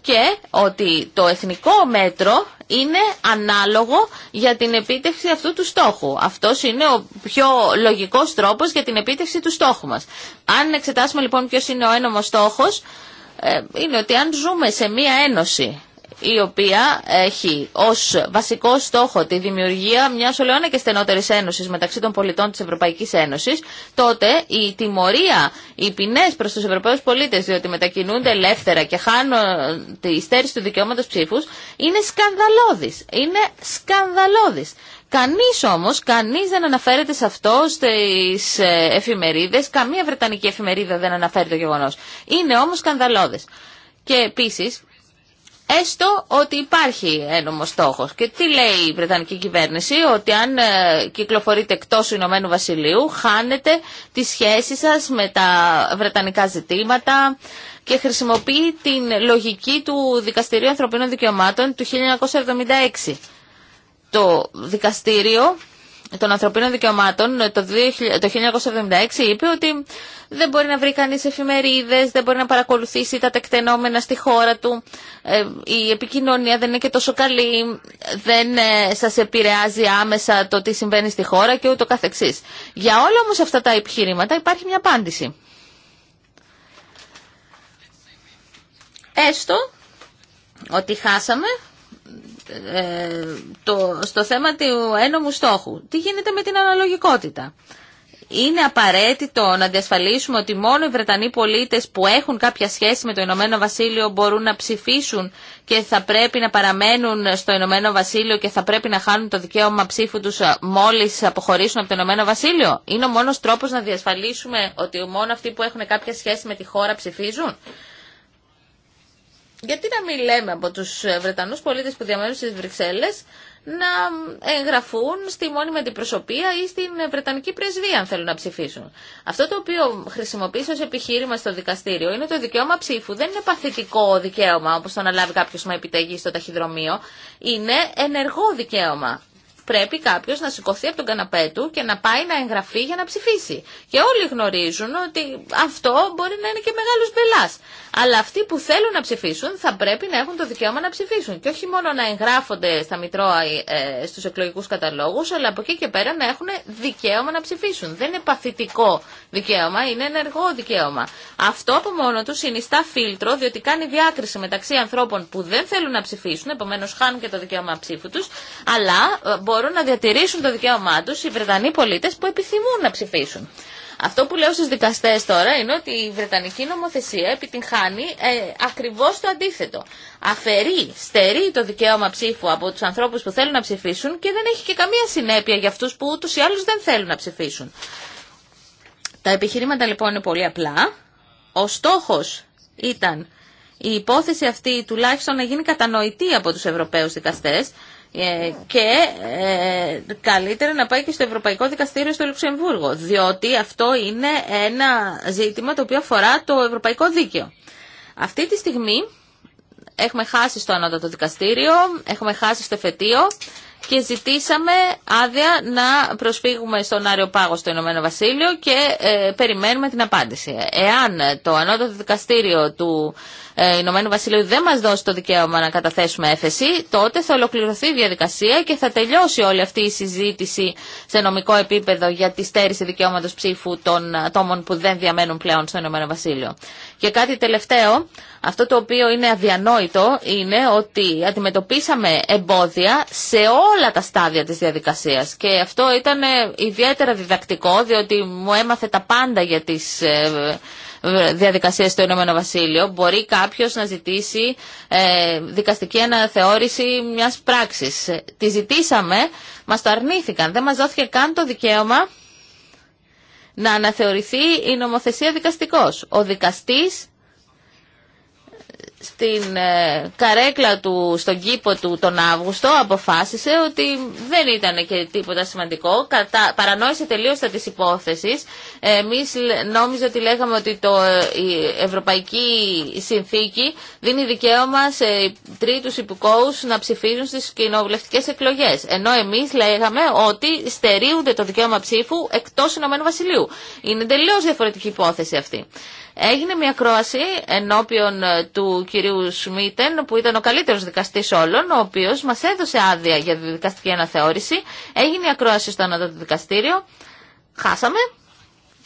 [SPEAKER 1] και ότι το εθνικό μέτρο είναι ανάλογο για την επίτευξη αυτού του στόχου. Αυτό είναι ο πιο λογικός τρόπος για την επίτευξη του στόχου μας. Αν εξετάσουμε λοιπόν ποιος είναι ο ένομος στόχος, ε, είναι ότι αν ζούμε σε μία ένωση η οποία έχει ως βασικό στόχο τη δημιουργία μιας ολαιόνα και στενότερης ένωσης μεταξύ των πολιτών της Ευρωπαϊκής Ένωσης, τότε η τιμωρία, οι ποινές προς τους Ευρωπαίους πολίτες, διότι μετακινούνται ελεύθερα και χάνουν τη στέρηση του δικαιώματος ψήφους, είναι σκανδαλώδης. Είναι σκανδαλώδης. Κανείς όμως, κανείς δεν αναφέρεται σε αυτό στις ε, εφημερίδες, καμία βρετανική εφημερίδα δεν αναφέρει το γεγονός. Είναι όμως σκανδαλώδες. Και επίσης, Έστω ότι υπάρχει ένομο στόχο. Και τι λέει η Βρετανική κυβέρνηση, ότι αν ε, κυκλοφορείτε εκτό Ηνωμένου Βασιλείου, χάνετε τη σχέση σα με τα βρετανικά ζητήματα και χρησιμοποιεί την λογική του Δικαστηρίου Ανθρωπίνων Δικαιωμάτων του 1976. Το δικαστήριο των ανθρωπίνων δικαιωμάτων ε, το 1976 είπε ότι δεν μπορεί να βρει κανείς εφημερίδες, δεν μπορεί να παρακολουθήσει τα τεκτενόμενα στη χώρα του, ε, η επικοινωνία δεν είναι και τόσο καλή, δεν ε, σας επηρεάζει άμεσα το τι συμβαίνει στη χώρα και ούτω καθεξής. Για όλα όμως αυτά τα επιχειρήματα υπάρχει μια απάντηση. Έστω ότι χάσαμε ε, το, στο θέμα του ένομου στόχου. Τι γίνεται με την αναλογικότητα. Είναι απαραίτητο να διασφαλίσουμε ότι μόνο οι Βρετανοί πολίτες που έχουν κάποια σχέση με το Ηνωμένο Βασίλειο μπορούν να ψηφίσουν και θα πρέπει να παραμένουν στο Ηνωμένο Βασίλειο και θα πρέπει να χάνουν το δικαίωμα ψήφου τους ε, μόλις αποχωρήσουν από το Ηνωμένο Βασίλειο. Είναι ο μόνος τρόπος να διασφαλίσουμε ότι μόνο αυτοί που έχουν κάποια σχέση με τη χώρα ψηφίζουν γιατί να μην λέμε από τους Βρετανούς πολίτες που διαμένουν στις Βρυξέλλες να εγγραφούν στη μόνιμη αντιπροσωπεία ή στην Βρετανική πρεσβεία αν θέλουν να ψηφίσουν. Αυτό το οποίο χρησιμοποιήσω ως επιχείρημα στο δικαστήριο είναι το δικαίωμα ψήφου. Δεν είναι παθητικό δικαίωμα όπως το να λάβει κάποιος με επιταγή στο ταχυδρομείο. Είναι ενεργό δικαίωμα πρέπει κάποιο να σηκωθεί από τον καναπέ του και να πάει να εγγραφεί για να ψηφίσει. Και όλοι γνωρίζουν ότι αυτό μπορεί να είναι και μεγάλο μπελά. Αλλά αυτοί που θέλουν να ψηφίσουν θα πρέπει να έχουν το δικαίωμα να ψηφίσουν. Και όχι μόνο να εγγράφονται στα Μητρώα ε, στου εκλογικού καταλόγου, αλλά από εκεί και πέρα να έχουν δικαίωμα να ψηφίσουν. Δεν είναι παθητικό δικαίωμα, είναι ενεργό δικαίωμα. Αυτό από μόνο του συνιστά φίλτρο, διότι κάνει διάκριση μεταξύ ανθρώπων που δεν θέλουν να ψηφίσουν, επομένω χάνουν και το δικαίωμα ψήφου του, αλλά ε, μπορούν να διατηρήσουν το δικαίωμά του, οι Βρετανοί πολίτε που επιθυμούν να ψηφίσουν. Αυτό που λέω στους δικαστές τώρα είναι ότι η Βρετανική νομοθεσία επιτυγχάνει ε, ακριβώς το αντίθετο. Αφαιρεί, στερεί το δικαίωμα ψήφου από τους ανθρώπους που θέλουν να ψηφίσουν και δεν έχει και καμία συνέπεια για αυτούς που ούτως ή άλλως δεν θέλουν να ψηφίσουν. Τα επιχειρήματα λοιπόν είναι πολύ απλά. Ο στόχος ήταν η υπόθεση αυτή τουλάχιστον να γίνει κατανοητή από τους Ευρωπαίους δικαστές ε, και ε, καλύτερα να πάει και στο Ευρωπαϊκό Δικαστήριο στο Λουξεμβούργο, διότι αυτό είναι ένα ζήτημα το οποίο αφορά το Ευρωπαϊκό Δίκαιο. Αυτή τη στιγμή έχουμε χάσει στο Ανώτατο Δικαστήριο, έχουμε χάσει στο εφετείο και ζητήσαμε άδεια να προσφύγουμε στον Άριο Πάγο στο Ηνωμένο Βασίλειο και ε, περιμένουμε την απάντηση. Εάν το Ανώτατο Δικαστήριο του ε, Ηνωμένου Βασιλείου δεν μας δώσει το δικαίωμα να καταθέσουμε έφεση, τότε θα ολοκληρωθεί η διαδικασία και θα τελειώσει όλη αυτή η συζήτηση σε νομικό επίπεδο για τη στέρηση δικαιώματος ψήφου των ατόμων που δεν διαμένουν πλέον στο Ηνωμένο Βασίλειο. Και κάτι τελευταίο, αυτό το οποίο είναι αδιανόητο είναι ότι αντιμετωπίσαμε εμπόδια σε όλα τα στάδια της διαδικασίας και αυτό ήταν ε, ιδιαίτερα διδακτικό διότι μου έμαθε τα πάντα για τις ε, διαδικασία στο Ηνωμένο Βασίλειο, μπορεί κάποιος να ζητήσει ε, δικαστική αναθεώρηση μιας πράξης. Τη ζητήσαμε, μας το αρνήθηκαν, δεν μας δόθηκε καν το δικαίωμα να αναθεωρηθεί η νομοθεσία δικαστικός. Ο δικαστής στην ε, καρέκλα του, στον κήπο του τον Αύγουστο αποφάσισε ότι δεν ήταν και τίποτα σημαντικό. Κατα... Παρανόησε τελείως τα της υπόθεσης. Εμείς νόμιζα ότι λέγαμε ότι το, ε, η Ευρωπαϊκή Συνθήκη δίνει δικαίωμα σε τρίτους υπηκόους να ψηφίζουν στις κοινοβουλευτικέ εκλογές. Ενώ εμείς λέγαμε ότι στερείονται το δικαίωμα ψήφου εκτός Ηνωμένου Βασιλείου. Είναι τελείως διαφορετική υπόθεση αυτή. Έγινε μια κρόαση ενώπιον ε, του κυρίου Σμίτεν, που ήταν ο καλύτερος δικαστής όλων, ο οποίος μας έδωσε άδεια για δικαστική αναθεώρηση. Έγινε η ακρόαση στο Ανώτατο Δικαστήριο. Χάσαμε.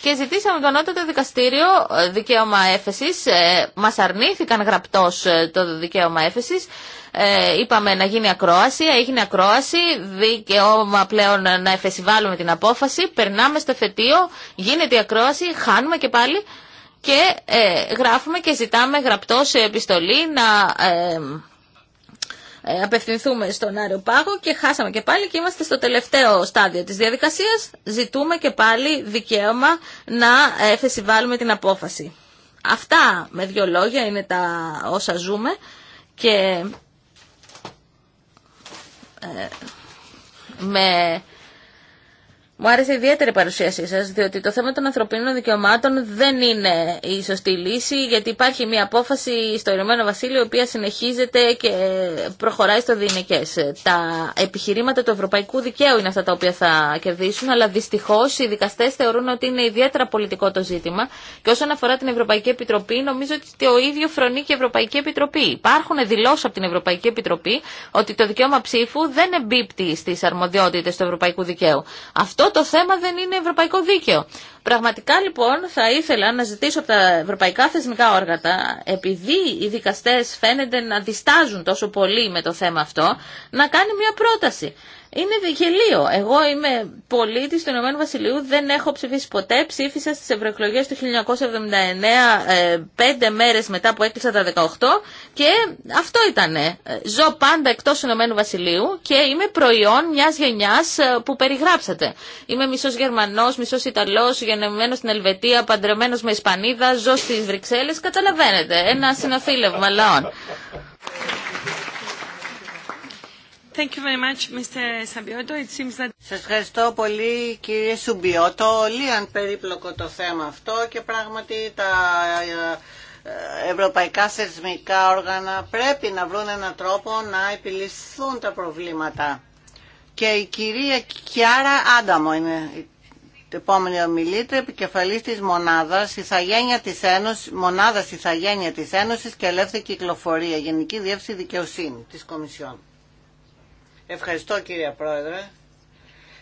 [SPEAKER 1] Και ζητήσαμε το Ανώτατο Δικαστήριο ε, δικαίωμα έφεσης. Ε, μας αρνήθηκαν γραπτός το δικαίωμα έφεσης. Είπαμε να γίνει ακρόαση, έγινε ακρόαση, δικαίωμα πλέον να εφεσιβάλλουμε την απόφαση. Περνάμε στο φετίο, γίνεται η ακρόαση, χάνουμε και πάλι και ε, γράφουμε και ζητάμε γραπτό σε επιστολή να ε, ε, απευθυνθούμε στον Άριο Πάγο και χάσαμε και πάλι και είμαστε στο τελευταίο στάδιο της διαδικασίας. Ζητούμε και πάλι δικαίωμα να εφεσιβάλουμε την απόφαση. Αυτά με δύο λόγια είναι τα όσα ζούμε και με μου άρεσε ιδιαίτερη η παρουσίασή σας, διότι το θέμα των ανθρωπίνων δικαιωμάτων δεν είναι η σωστή λύση, γιατί υπάρχει μια απόφαση στο Ηνωμένο Βασίλειο, η οποία συνεχίζεται και προχωράει στο διηνικές. Τα επιχειρήματα του ευρωπαϊκού δικαίου είναι αυτά τα οποία θα κερδίσουν, αλλά δυστυχώς οι δικαστές θεωρούν ότι είναι ιδιαίτερα πολιτικό το ζήτημα. Και όσον αφορά την Ευρωπαϊκή Επιτροπή, νομίζω ότι το ίδιο φρονεί και η Ευρωπαϊκή Επιτροπή. Υπάρχουν δηλώσει από την Ευρωπαϊκή Επιτροπή ότι το δικαίωμα ψήφου δεν εμπίπτει στι αρμοδιότητε του ευρωπαϊκού δικαίου. Αυτό το θέμα δεν είναι ευρωπαϊκό δίκαιο. Πραγματικά λοιπόν θα ήθελα να ζητήσω από τα ευρωπαϊκά θεσμικά όργατα, επειδή οι δικαστές φαίνεται να διστάζουν τόσο πολύ με το θέμα αυτό, να κάνει μια πρόταση. Είναι γελίο. Εγώ είμαι πολίτη του Ηνωμένου Βασιλείου, δεν έχω ψηφίσει ποτέ. Ψήφισα στι ευρωεκλογέ του 1979, ε, πέντε μέρε μετά που έκλεισα τα 18 και αυτό ήτανε. Ε, ζω πάντα εκτό του Ηνωμένου Βασιλείου και είμαι προϊόν μια γενιά ε, που περιγράψατε. Είμαι μισό Γερμανό, μισό Ιταλό, γεννημένο στην Ελβετία, παντρεμένο με Ισπανίδα, ζω στι Βρυξέλλε. Καταλαβαίνετε, ένα συναφίλευμα λαών.
[SPEAKER 3] Thank you very much, Mr. Sabioto.
[SPEAKER 2] It seems that... Σας ευχαριστώ πολύ κύριε Σουμπιώτο. Λίγαν περίπλοκο το θέμα αυτό και πράγματι τα ε, ευρωπαϊκά θεσμικά όργανα πρέπει να βρουν έναν τρόπο να επιληθούν τα προβλήματα. Και η κυρία Κιάρα Άνταμο είναι η επόμενη ομιλήτρια, επικεφαλής της μονάδας, Ιθαγένεια της Ένωσης, μονάδας Ιθαγένεια τη Ένωση και ελεύθερη κυκλοφορία, Γενική Διεύθυνση Δικαιοσύνη τη Κομισιόν. Ευχαριστώ κύριε Πρόεδρε.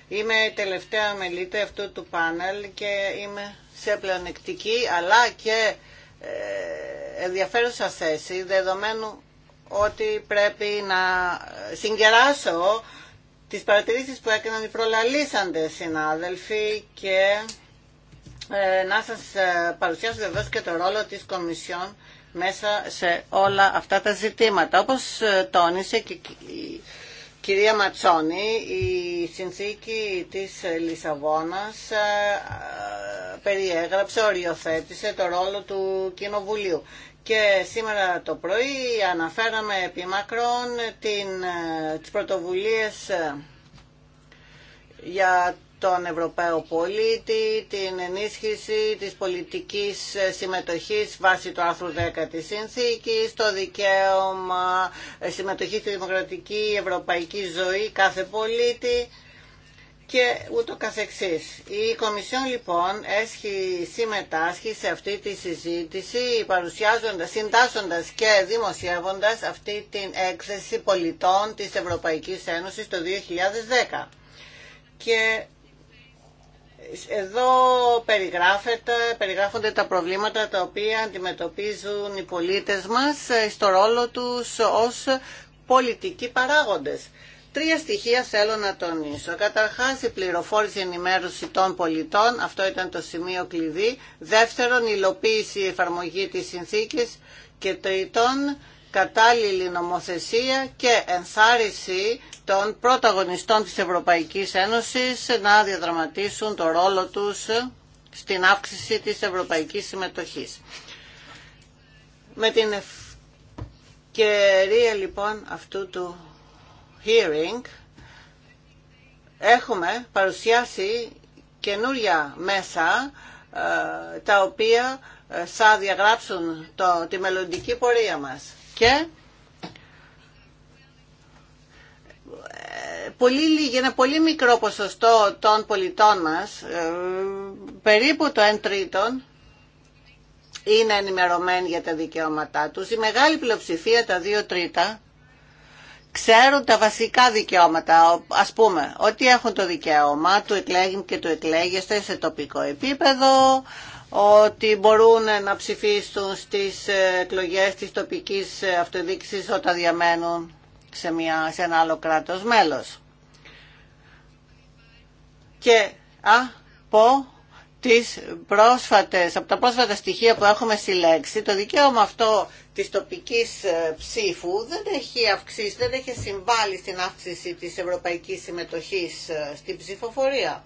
[SPEAKER 2] Είμαι τελευταία μελήτη αυτού του πάνελ και είμαι σε πλεονεκτική αλλά και ε, ενδιαφέρουσα θέση δεδομένου ότι πρέπει να συγκεράσω τις παρατηρήσεις που έκαναν οι προλαλήσαντε συνάδελφοι και ε, να σας ε, παρουσιάσω βεβαίω και το ρόλο της Κομισιόν μέσα σε όλα αυτά τα ζητήματα. Όπως τόνισε και Κυρία Ματσόνη, η συνθήκη της Λισαβόνας ε, περιέγραψε, οριοθέτησε το ρόλο του Κοινοβουλίου. Και σήμερα το πρωί αναφέραμε επί μακρόν την, ε, τις πρωτοβουλίες ε, για τον Ευρωπαίο πολίτη, την ενίσχυση της πολιτικής συμμετοχής βάσει του άρθρου 10 της Συνθήκης, το δικαίωμα συμμετοχής στη δημοκρατική ευρωπαϊκή ζωή κάθε πολίτη και ούτω καθεξής. Η Κομισιόν λοιπόν έχει συμμετάσχει σε αυτή τη συζήτηση παρουσιάζοντας, συντάσσοντας και δημοσιεύοντας αυτή την έκθεση πολιτών της Ευρωπαϊκής Ένωσης το 2010. Και εδώ περιγράφεται, περιγράφονται τα προβλήματα τα οποία αντιμετωπίζουν οι πολίτες μας στο ρόλο τους ως πολιτικοί παράγοντες. Τρία στοιχεία θέλω να τονίσω. Καταρχάς η πληροφόρηση ενημέρωση των πολιτών, αυτό ήταν το σημείο κλειδί. Δεύτερον, η υλοποίηση η εφαρμογή της συνθήκης και τρίτον, κατάλληλη νομοθεσία και ενθάρρυνση των πρωταγωνιστών της Ευρωπαϊκής Ένωσης να διαδραματίσουν το ρόλο τους στην αύξηση της ευρωπαϊκής συμμετοχής. Με την ευκαιρία λοιπόν αυτού του hearing έχουμε παρουσιάσει καινούρια μέσα ε, τα οποία ε, θα διαγράψουν το, τη μελλοντική πορεία μας και ε, πολύ λίγη, ένα πολύ μικρό ποσοστό των πολιτών μας, ε, περίπου το 1 τρίτον, είναι ενημερωμένοι για τα δικαιώματά τους. Η μεγάλη πλειοψηφία, τα 2 τρίτα, ξέρουν τα βασικά δικαιώματα. Ας πούμε, ότι έχουν το δικαίωμα, του εκλέγην και του εκλέγεστε σε τοπικό επίπεδο, ότι μπορούν να ψηφίσουν στις εκλογές της τοπικής αυτοδίκησης όταν διαμένουν σε, μια, σε ένα άλλο κράτος μέλος. Και από τις πρόσφατες, από τα πρόσφατα στοιχεία που έχουμε συλλέξει, το δικαίωμα αυτό της τοπικής ε, ψήφου δεν έχει αυξήσει, δεν έχει συμβάλει στην αύξηση της ευρωπαϊκής συμμετοχής ε, στην ψηφοφορία.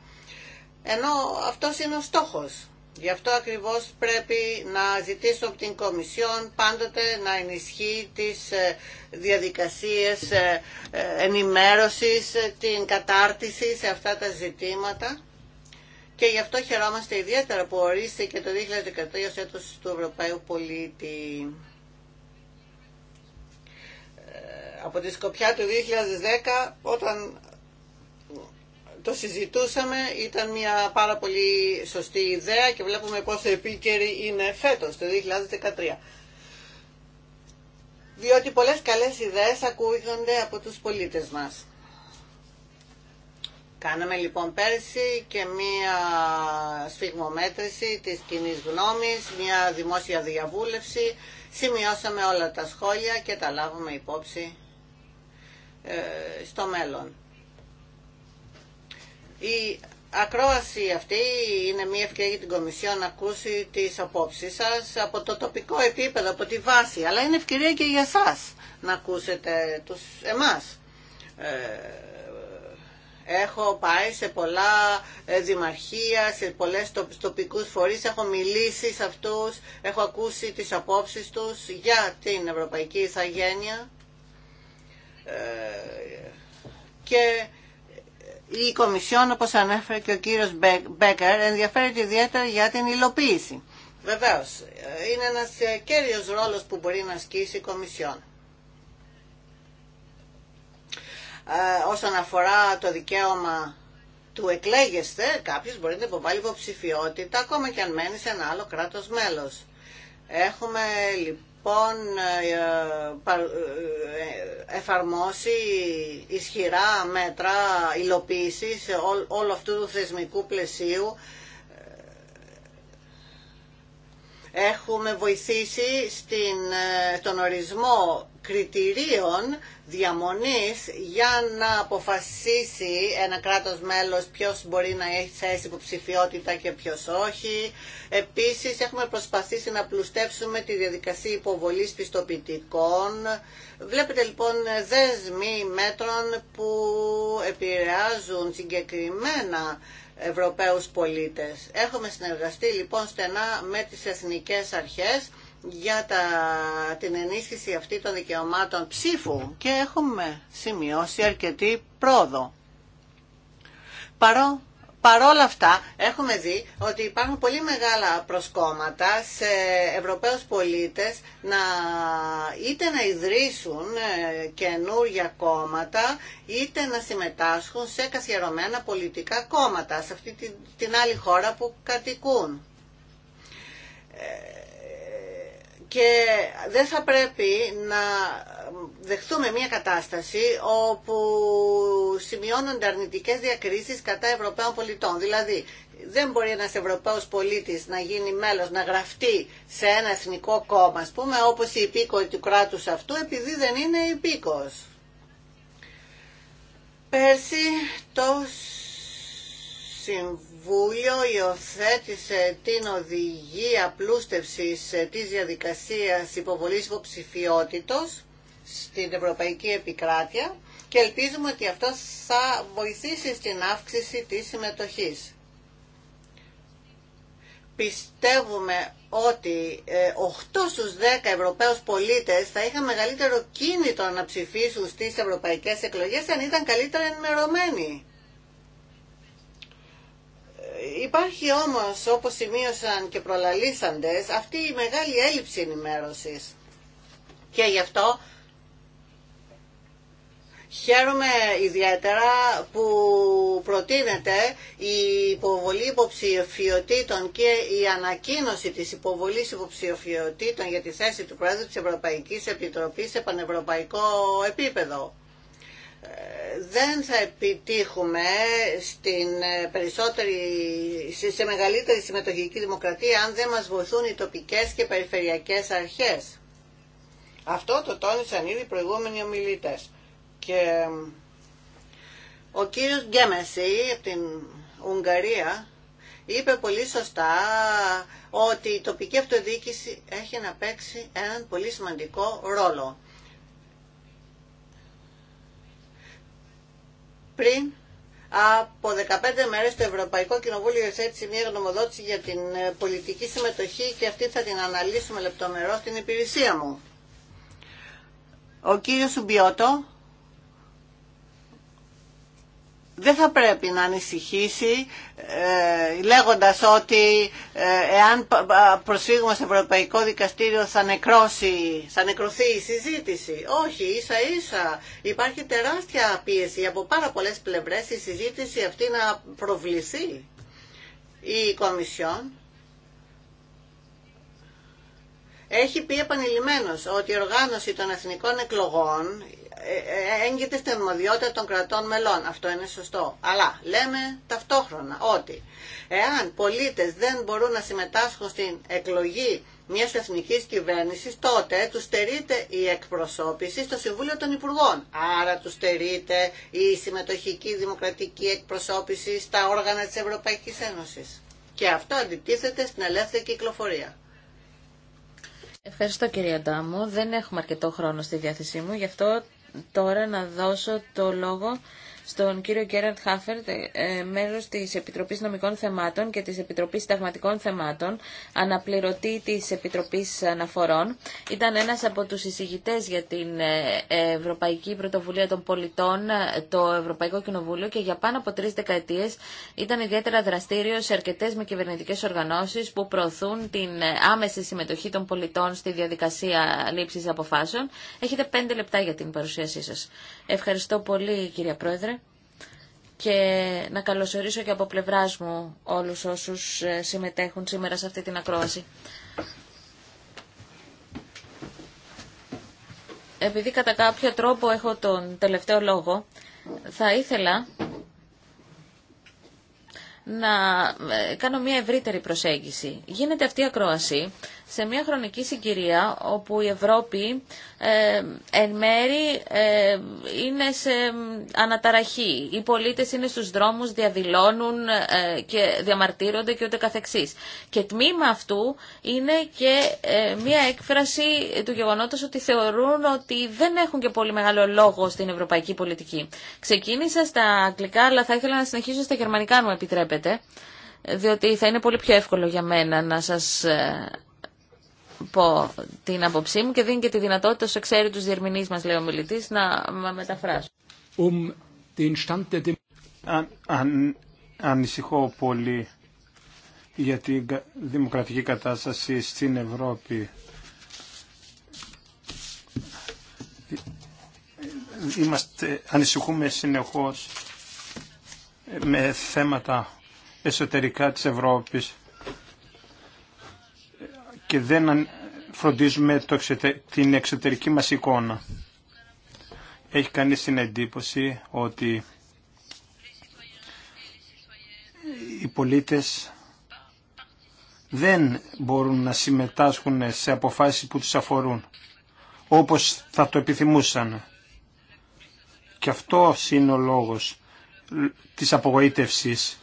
[SPEAKER 2] Ενώ αυτός είναι ο στόχος Γι' αυτό ακριβώς πρέπει να ζητήσω από την Κομισιόν πάντοτε να ενισχύει τις ε, διαδικασίες ε, ε, ενημέρωσης, την κατάρτιση σε αυτά τα ζητήματα. Και γι' αυτό χαιρόμαστε ιδιαίτερα που ορίστηκε το 2013 ως έτος του Ευρωπαίου Πολίτη. Από τη σκοπιά του 2010, όταν το συζητούσαμε, ήταν μια πάρα πολύ σωστή ιδέα και βλέπουμε πόσο επίκαιρη είναι φέτος, το 2013. Διότι πολλές καλές ιδέες ακούγονται από τους πολίτες μας. Κάναμε λοιπόν πέρσι και μία σφιγμομέτρηση της κοινή γνώμης, μία δημόσια διαβούλευση. Σημειώσαμε όλα τα σχόλια και τα λάβουμε υπόψη ε, στο μέλλον. Η ακρόαση αυτή είναι μια ευκαιρία για την Κομισιόν να ακούσει τις απόψεις σας από το τοπικό επίπεδο, από τη βάση, αλλά είναι ευκαιρία και για σας να ακούσετε τους εμάς. Ε, έχω πάει σε πολλά ε, δημαρχία, σε πολλές τοπικούς φορείς, έχω μιλήσει σε αυτούς, έχω ακούσει τις απόψεις τους για την Ευρωπαϊκή Ιθαγένεια ε, και η Κομισιόν, όπως ανέφερε και ο κύριος Μπέκερ, ενδιαφέρεται ιδιαίτερα για την υλοποίηση. Βεβαίω, είναι ένας ε, κέριο ρόλος που μπορεί να ασκήσει η Κομισιόν. Ε, όσον αφορά το δικαίωμα του εκλέγεστε, κάποιος μπορεί να υποβάλει υποψηφιότητα, ακόμα και αν μένει σε ένα άλλο κράτος μέλος. Έχουμε λοιπόν λοιπόν ε, ε, εφαρμόσει ισχυρά μέτρα υλοποίησης όλου αυτού του θεσμικού πλαισίου Έχουμε βοηθήσει στην, ε, τον ορισμό κριτηρίων διαμονής για να αποφασίσει ένα κράτος μέλος ποιος μπορεί να έχει θέση υποψηφιότητα και ποιος όχι. Επίσης έχουμε προσπαθήσει να πλουστέψουμε τη διαδικασία υποβολής πιστοποιητικών. Βλέπετε λοιπόν δέσμοι μέτρων που επηρεάζουν συγκεκριμένα Ευρωπαίους πολίτες. Έχουμε συνεργαστεί λοιπόν στενά με τις εθνικές αρχές για τα, την ενίσχυση αυτή των δικαιωμάτων ψήφου και έχουμε σημειώσει αρκετή πρόοδο. Παρό Παρόλα αυτά έχουμε δει ότι υπάρχουν πολύ μεγάλα προσκόμματα σε Ευρωπαίους πολίτες να είτε να ιδρύσουν ε, καινούργια κόμματα είτε να συμμετάσχουν σε καθιερωμένα πολιτικά κόμματα σε αυτή την άλλη χώρα που κατοικούν. Ε, και δεν θα πρέπει να δεχθούμε μια κατάσταση όπου σημειώνονται αρνητικές διακρίσεις κατά Ευρωπαίων πολιτών. Δηλαδή, δεν μπορεί ένας Ευρωπαίος πολίτης να γίνει μέλος, να γραφτεί σε ένα εθνικό κόμμα, ας πούμε, όπως η υπήκοη του κράτους αυτού, επειδή δεν είναι υπήκος. Πέρσι το Συμβούλιο Βούλιο υιοθέτησε την οδηγία πλούστευσης της διαδικασίας υποβολής υποψηφιότητος στην Ευρωπαϊκή Επικράτεια και ελπίζουμε ότι αυτό θα βοηθήσει στην αύξηση της συμμετοχής. Πιστεύουμε ότι 8 ε, στους 10 Ευρωπαίους πολίτες θα είχαν μεγαλύτερο κίνητο να ψηφίσουν στις ευρωπαϊκές εκλογές αν ήταν καλύτερα ενημερωμένοι Υπάρχει όμως, όπως σημείωσαν και προλαλήσαντες, αυτή η μεγάλη έλλειψη ενημέρωσης. Και γι' αυτό Χαίρομαι ιδιαίτερα που προτείνεται η υποβολή υποψηφιωτήτων και η ανακοίνωση της υποβολής υποψηφιωτήτων για τη θέση του Πρόεδρου της Ευρωπαϊκής Επιτροπής σε πανευρωπαϊκό επίπεδο δεν θα επιτύχουμε στην ε, περισσότερη, σε μεγαλύτερη συμμετοχική δημοκρατία αν δεν μας βοηθούν οι τοπικές και περιφερειακές αρχές. Αυτό το τόνισαν ήδη οι προηγούμενοι ομιλητές. Και ο κύριος Γκέμεση από την Ουγγαρία είπε πολύ σωστά ότι η τοπική αυτοδιοίκηση έχει να παίξει έναν πολύ σημαντικό ρόλο. πριν από 15 μέρες το Ευρωπαϊκό Κοινοβούλιο εισέτησε μια γνωμοδότηση για την ε, πολιτική συμμετοχή και αυτή θα την αναλύσουμε λεπτομερώς στην υπηρεσία μου. Ο κύριος Σουμπιώτο δεν θα πρέπει να ανησυχήσει ε, λέγοντας ότι ε, εάν προσφύγουμε στο Ευρωπαϊκό Δικαστήριο θα, νεκρώσει, θα νεκρωθεί η συζήτηση. Όχι, ίσα ίσα υπάρχει τεράστια πίεση από πάρα πολλές πλευρές η συζήτηση αυτή να προβληθεί η Κομισιόν. Έχει πει επανειλημμένως ότι η οργάνωση των εθνικών εκλογών έγκυται στην αρμοδιότητα των κρατών μελών. Αυτό είναι σωστό. Αλλά λέμε ταυτόχρονα ότι εάν πολίτες δεν μπορούν να συμμετάσχουν στην εκλογή μια εθνική κυβέρνηση, τότε του στερείται η εκπροσώπηση στο Συμβούλιο των Υπουργών. Άρα του στερείται η συμμετοχική δημοκρατική εκπροσώπηση στα όργανα τη Ευρωπαϊκή Ένωση. Και αυτό αντιτίθεται στην ελεύθερη κυκλοφορία.
[SPEAKER 1] Ευχαριστώ κυρία Ντάμου. Δεν έχουμε αρκετό χρόνο στη διάθεσή μου, γι' αυτό τώρα να δώσω το λόγο στον κύριο Γκέραντ Χάφερτ, μέλος της Επιτροπής Νομικών Θεμάτων και της Επιτροπής Συνταγματικών Θεμάτων, αναπληρωτή της Επιτροπής Αναφορών. Ήταν ένας από τους εισηγητές για την ε, Ευρωπαϊκή Πρωτοβουλία των Πολιτών, ε, το Ευρωπαϊκό Κοινοβούλιο και για πάνω από τρει δεκαετίες ήταν ιδιαίτερα δραστήριο σε αρκετές με κυβερνητικές οργανώσεις που προωθούν την ε, άμεση συμμετοχή των πολιτών στη διαδικασία λήψη αποφάσεων. Έχετε πέντε λεπτά για την παρουσίασή σας. Ευχαριστώ πολύ κυρία Πρόεδρε και να καλωσορίσω και από πλευράς μου όλους όσους ε, συμμετέχουν σήμερα σε αυτή την ακρόαση. Επειδή κατά κάποιο τρόπο έχω τον τελευταίο λόγο, θα ήθελα να ε, κάνω μια ευρύτερη προσέγγιση. Γίνεται αυτή η ακρόαση σε μια χρονική συγκυρία όπου η Ευρώπη ε, εν μέρη ε, είναι σε αναταραχή. Οι πολίτες είναι στους δρόμους, διαδηλώνουν ε, και διαμαρτύρονται και ούτε καθεξής. Και τμήμα αυτού είναι και ε, μια έκφραση του γεγονότος ότι θεωρούν ότι δεν έχουν και πολύ μεγάλο λόγο στην ευρωπαϊκή πολιτική. Ξεκίνησα στα αγγλικά αλλά θα ήθελα να συνεχίσω στα γερμανικά αν μου επιτρέπετε διότι θα είναι πολύ πιο εύκολο για μένα να σας πω την άποψή μου και δίνει και τη δυνατότητα ξέρει τους διερμηνείς μας, λέει ο μιλητής, να με μεταφράσουν.
[SPEAKER 4] Um, den stand der... ανησυχώ πολύ για τη δημοκρατική κατάσταση στην Ευρώπη. Είμαστε, ανησυχούμε συνεχώς με θέματα εσωτερικά της Ευρώπης και δεν φροντίζουμε την εξωτερική μας εικόνα. Έχει κανείς την εντύπωση ότι οι πολίτες δεν μπορούν να συμμετάσχουν σε αποφάσεις που τους αφορούν, όπως θα το επιθυμούσαν. Και αυτό είναι ο λόγος της απογοήτευσης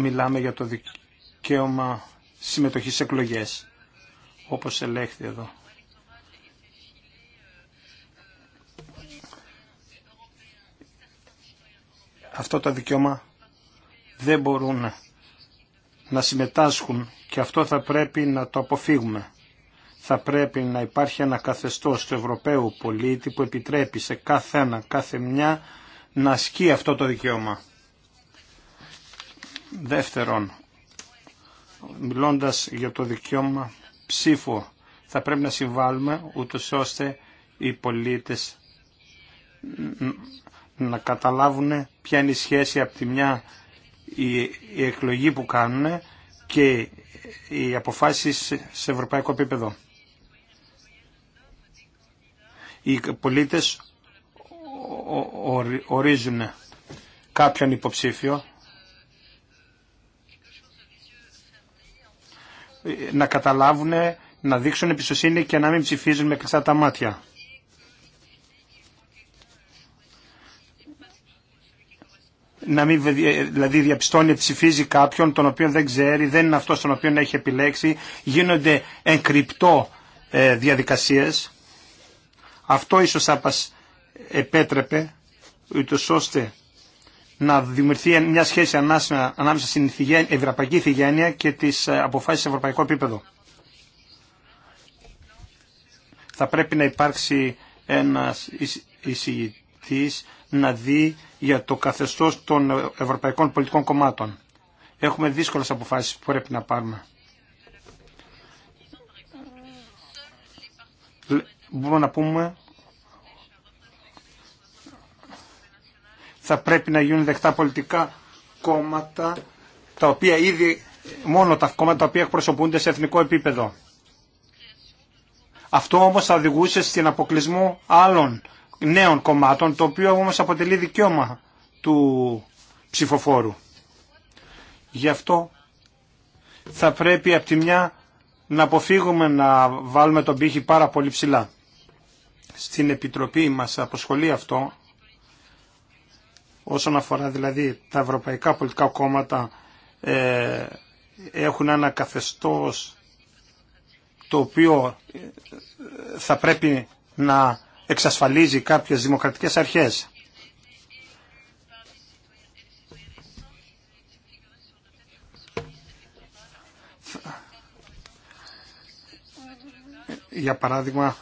[SPEAKER 4] μιλάμε για το δικαίωμα συμμετοχής σε εκλογές, όπως ελέγχθη εδώ. Αυτό το δικαίωμα δεν μπορούν να συμμετάσχουν και αυτό θα πρέπει να το αποφύγουμε. Θα πρέπει να υπάρχει ένα καθεστώς του Ευρωπαίου πολίτη που επιτρέπει σε κάθε ένα, κάθε μια να ασκεί αυτό το δικαίωμα. Δεύτερον, μιλώντας για το δικαίωμα ψήφου, θα πρέπει να συμβάλλουμε ούτως ώστε οι πολίτες να καταλάβουν ποια είναι η σχέση από τη μια η εκλογή που κάνουν και οι αποφάσεις σε ευρωπαϊκό επίπεδο. Οι πολίτες ορίζουν κάποιον υποψήφιο να καταλάβουν, να δείξουν εμπιστοσύνη και να μην ψηφίζουν με κλειστά τα μάτια. να μην ε, δηλαδή διαπιστώνει, ψηφίζει κάποιον τον οποίο δεν ξέρει, δεν είναι αυτός τον οποίο έχει επιλέξει, γίνονται εγκρυπτό ε, διαδικασίες. Αυτό ίσως θα επέτρεπε, ούτως ώστε να δημιουργηθεί μια σχέση ανάμεσα στην ευρωπαϊκή ηθιγένεια και τις ε, αποφάσεις σε ευρωπαϊκό επίπεδο. Θα πρέπει να υπάρξει ένας εισηγητής να δει για το καθεστώς των ευρωπαϊκών πολιτικών κομμάτων. Έχουμε δύσκολες αποφάσεις που πρέπει να πάρουμε. Μπορούμε να πούμε θα πρέπει να γίνουν δεκτά πολιτικά κόμματα, τα οποία ήδη, μόνο τα κόμματα τα οποία εκπροσωπούνται σε εθνικό επίπεδο. Αυτό όμως θα οδηγούσε στην αποκλεισμό άλλων νέων κομμάτων, το οποίο όμως αποτελεί δικαίωμα του ψηφοφόρου. Γι' αυτό θα πρέπει από τη μια να αποφύγουμε να βάλουμε τον πύχη πάρα πολύ ψηλά. Στην Επιτροπή μας αποσχολεί αυτό, όσον αφορά δηλαδή τα ευρωπαϊκά πολιτικά κόμματα ε, έχουν ένα καθεστώς το οποίο ε, θα πρέπει να εξασφαλίζει κάποιες δημοκρατικές αρχές. Για παράδειγμα,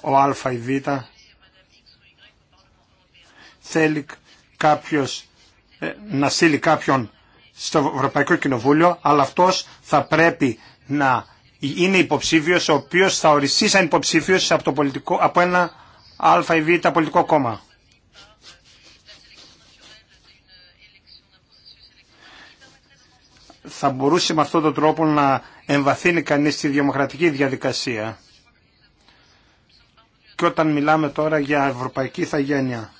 [SPEAKER 4] ο Α ή Β θέλει κάποιος ε, να στείλει κάποιον στο Ευρωπαϊκό Κοινοβούλιο, αλλά αυτός θα πρέπει να είναι υποψήφιος ο οποίος θα οριστεί σαν υποψήφιος από, το πολιτικό, από ένα α ή β πολιτικό κόμμα. Θα μπορούσε με αυτόν τον τρόπο να εμβαθύνει κανείς τη δημοκρατική διαδικασία. Και όταν μιλάμε τώρα για ευρωπαϊκή θαγένεια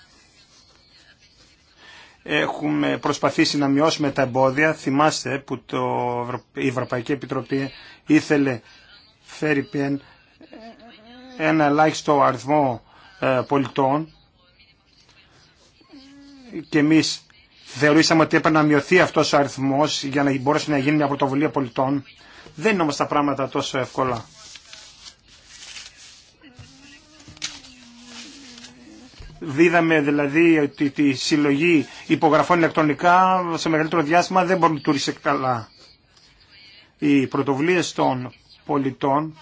[SPEAKER 4] έχουμε προσπαθήσει να μειώσουμε τα εμπόδια. Θυμάστε που το, η Ευρωπαϊκή Επιτροπή ήθελε φέρει πιέν ένα ελάχιστο αριθμό ε, πολιτών και εμείς θεωρήσαμε ότι έπρεπε να μειωθεί αυτός ο αριθμός για να μπορέσει να γίνει μια πρωτοβουλία πολιτών. Δεν είναι όμως τα πράγματα τόσο εύκολα. Δίδαμε δηλαδή ότι τη συλλογή υπογραφών ηλεκτρονικά σε μεγαλύτερο διάστημα δεν μπορούν να καλά. Οι πρωτοβουλίες των πολιτών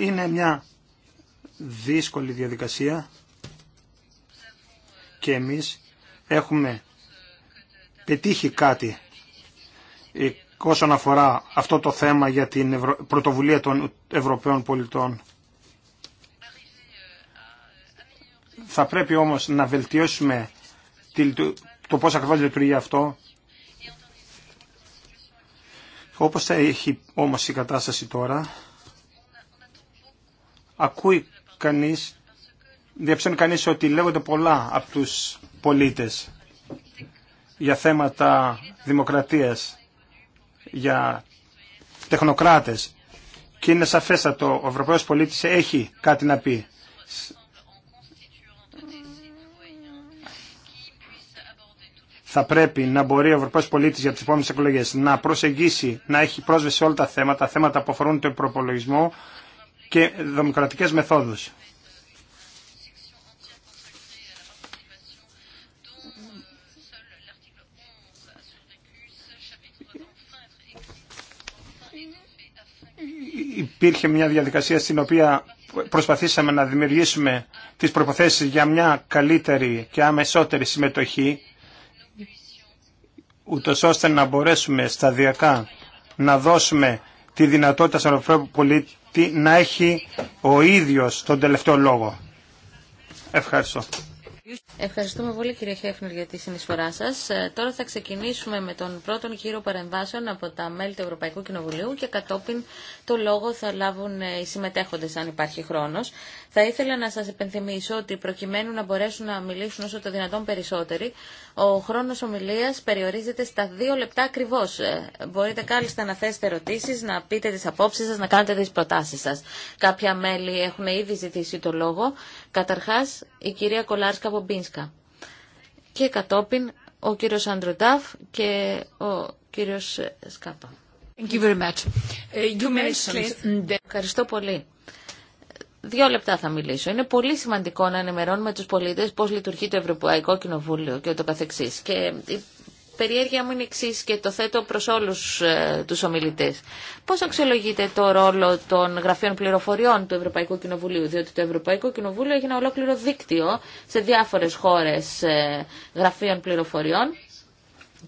[SPEAKER 4] είναι μια δύσκολη διαδικασία και εμείς έχουμε πετύχει κάτι όσον αφορά αυτό το θέμα για την πρωτοβουλία των Ευρωπαίων πολιτών. Θα πρέπει όμως να βελτιώσουμε το πώς ακριβώς λειτουργεί αυτό. Όπως θα έχει όμως η κατάσταση τώρα, ακούει κανείς, διαψώνει κανείς ότι λέγονται πολλά από τους πολίτες για θέματα δημοκρατίας για τεχνοκράτες και είναι σαφέστατο ο Ευρωπαίος πολίτης έχει κάτι να πει. θα πρέπει να μπορεί ο Ευρωπαίος πολίτης για τι επόμενε εκλογέ να προσεγγίσει, να έχει πρόσβαση σε όλα τα θέματα, θέματα που αφορούν τον προπολογισμό και δημοκρατικές μεθόδους υπήρχε μια διαδικασία στην οποία προσπαθήσαμε να δημιουργήσουμε τις προϋποθέσεις για μια καλύτερη και αμεσότερη συμμετοχή ούτως ώστε να μπορέσουμε σταδιακά να δώσουμε τη δυνατότητα στον Ευρωπαϊκό πολίτη να έχει ο ίδιος τον τελευταίο λόγο. Ευχαριστώ.
[SPEAKER 1] Ευχαριστούμε πολύ κύριε Χέφνερ για τη συνεισφορά σας. Ε, τώρα θα ξεκινήσουμε με τον πρώτον γύρο παρεμβάσεων από τα μέλη του Ευρωπαϊκού Κοινοβουλίου και κατόπιν το λόγο θα λάβουν ε, οι συμμετέχοντες αν υπάρχει χρόνος. Θα ήθελα να σας επενθυμίσω ότι προκειμένου να μπορέσουν να μιλήσουν όσο το δυνατόν περισσότεροι, ο χρόνος ομιλίας περιορίζεται στα δύο λεπτά ακριβώς. Ε, μπορείτε κάλλιστα να θέσετε ερωτήσεις, να πείτε τις απόψεις σας, να κάνετε τις προτάσεις σας. Κάποια μέλη έχουν ήδη ζητήσει το λόγο. Καταρχάς, η κυρία Κολάρσκα Μπομπίνσκα. Και κατόπιν, ο κύριος Αντροντάφ και ο κύριος Σκάπα. Ε, Ευχαριστώ πολύ. Δύο λεπτά θα μιλήσω. Είναι πολύ σημαντικό να ενημερώνουμε του πολίτε πώ λειτουργεί το Ευρωπαϊκό Κοινοβούλιο και ούτω καθεξής. Και η περιέργεια μου είναι εξή και το θέτω προ όλου ε, τους ομιλητές. Πώς αξιολογείτε το ρόλο των γραφείων πληροφοριών του Ευρωπαϊκού Κοινοβουλίου, διότι το Ευρωπαϊκό Κοινοβούλιο έχει ένα ολόκληρο δίκτυο σε διάφορε χώρε ε, γραφείων πληροφοριών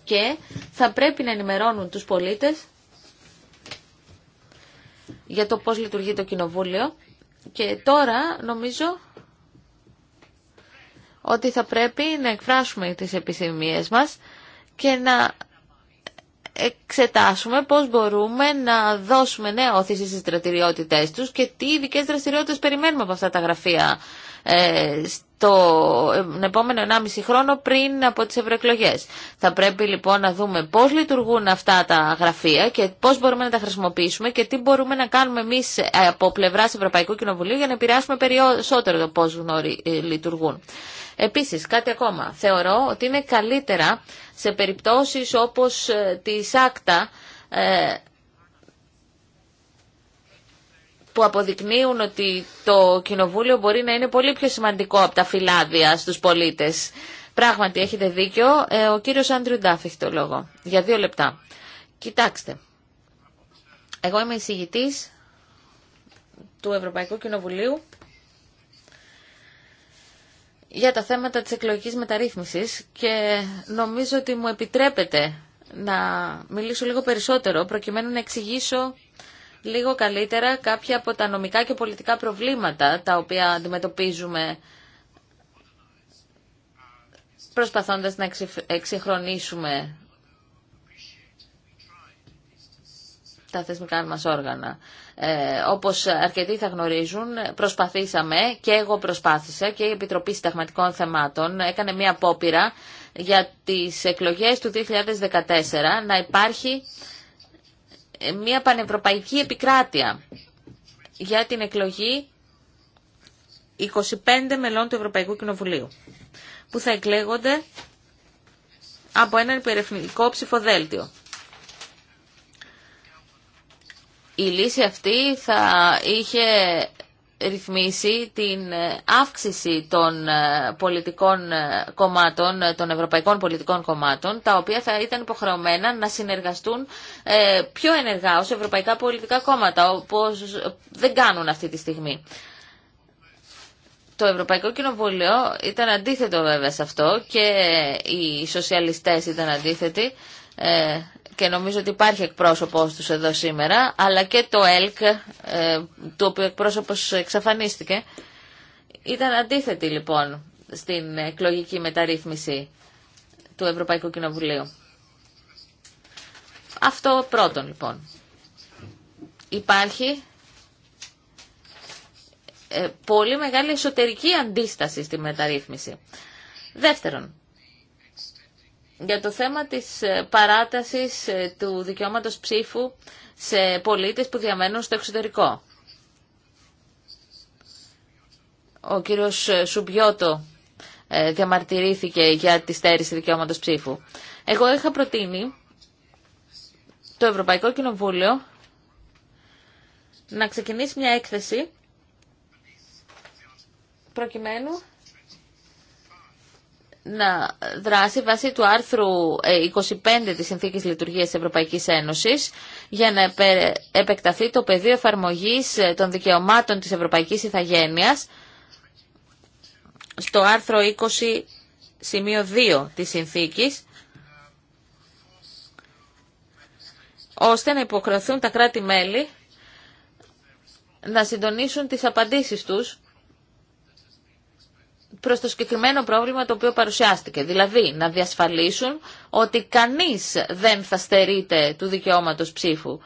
[SPEAKER 1] και θα πρέπει να ενημερώνουν τους πολίτες για το πώς λειτουργεί το Κοινοβούλιο και τώρα νομίζω ότι θα πρέπει να εκφράσουμε τις επιθυμίες μας και να εξετάσουμε πώς μπορούμε να δώσουμε νέα όθηση στις δραστηριότητες τους και τι ειδικέ δραστηριότητες περιμένουμε από αυτά τα γραφεία ε, το επόμενο 1,5 χρόνο πριν από τις ευρωεκλογέ. Θα πρέπει λοιπόν να δούμε πώς λειτουργούν αυτά τα γραφεία και πώς μπορούμε να τα χρησιμοποιήσουμε και τι μπορούμε να κάνουμε εμείς ε, από πλευράς Ευρωπαϊκού Κοινοβουλίου για να επηρεάσουμε περισσότερο το πώς ε, λειτουργούν. Επίσης, κάτι ακόμα. Θεωρώ ότι είναι καλύτερα σε περιπτώσεις όπως ε, τη άκτα που αποδεικνύουν ότι το κοινοβούλιο μπορεί να είναι πολύ πιο σημαντικό από τα φυλάδια στους πολίτες. Πράγματι, έχετε δίκιο. Ε, ο κύριος Άντριου Ντάφ έχει το λόγο. Για δύο λεπτά. Κοιτάξτε. Εγώ είμαι εισηγητή του Ευρωπαϊκού Κοινοβουλίου για τα θέματα της εκλογικής μεταρρύθμισης και νομίζω ότι μου επιτρέπετε να μιλήσω λίγο περισσότερο προκειμένου να εξηγήσω λίγο καλύτερα κάποια από τα νομικά και πολιτικά προβλήματα τα οποία αντιμετωπίζουμε προσπαθώντας να εξυγχρονίσουμε τα θεσμικά μας όργανα. Ε, όπως αρκετοί θα γνωρίζουν, προσπαθήσαμε και εγώ προσπάθησα και η Επιτροπή Συνταγματικών Θεμάτων έκανε μία απόπειρα για τις εκλογές του 2014 να υπάρχει μια πανευρωπαϊκή επικράτεια για την εκλογή 25 μελών του Ευρωπαϊκού Κοινοβουλίου που θα εκλέγονται από ένα υπερευνητικό ψηφοδέλτιο. Η λύση αυτή θα είχε ρυθμίσει την ε, αύξηση των ε, πολιτικών ε, κομμάτων, των ευρωπαϊκών πολιτικών κομμάτων, τα οποία θα ήταν υποχρεωμένα να συνεργαστούν πιο ενεργά ως ευρωπαϊκά πολιτικά κόμματα, όπως δεν κάνουν αυτή τη στιγμή. Το Ευρωπαϊκό Κοινοβούλιο ήταν αντίθετο βέβαια σε αυτό και οι σοσιαλιστές ήταν αντίθετοι και νομίζω ότι υπάρχει εκπρόσωπός τους εδώ σήμερα, αλλά και το ΕΛΚ, ε, το οποίο εκπρόσωπος εξαφανίστηκε, ήταν αντίθετη λοιπόν στην εκλογική μεταρρύθμιση του Ευρωπαϊκού Κοινοβουλίου. Αυτό πρώτον λοιπόν. Υπάρχει ε, πολύ μεγάλη εσωτερική αντίσταση στη μεταρρύθμιση. Δεύτερον, για το θέμα της ε, παράτασης ε, του δικαιώματος ψήφου σε πολίτες που διαμένουν στο εξωτερικό. Ο κύριος ε, Σουμπιώτο διαμαρτυρήθηκε για τη στέρηση δικαιώματος ψήφου. Εγώ είχα προτείνει το Ευρωπαϊκό Κοινοβούλιο να ξεκινήσει μια έκθεση προκειμένου να δράσει βάσει του άρθρου 25 ε, της Συνθήκης Λειτουργίας της Ευρωπαϊκής Ένωσης για να επεκταθεί το πεδίο εφαρμογής ε, των δικαιωμάτων της Ευρωπαϊκής Ιθαγένειας στο άρθρο 20 σημείο 2 της Συνθήκης ώστε να υποχρεωθούν τα κράτη-μέλη να συντονίσουν τις απαντήσεις τους Προ το συγκεκριμένο πρόβλημα το οποίο παρουσιάστηκε. Δηλαδή να διασφαλίσουν ότι κανείς δεν θα στερείται του δικαιώματο ψήφου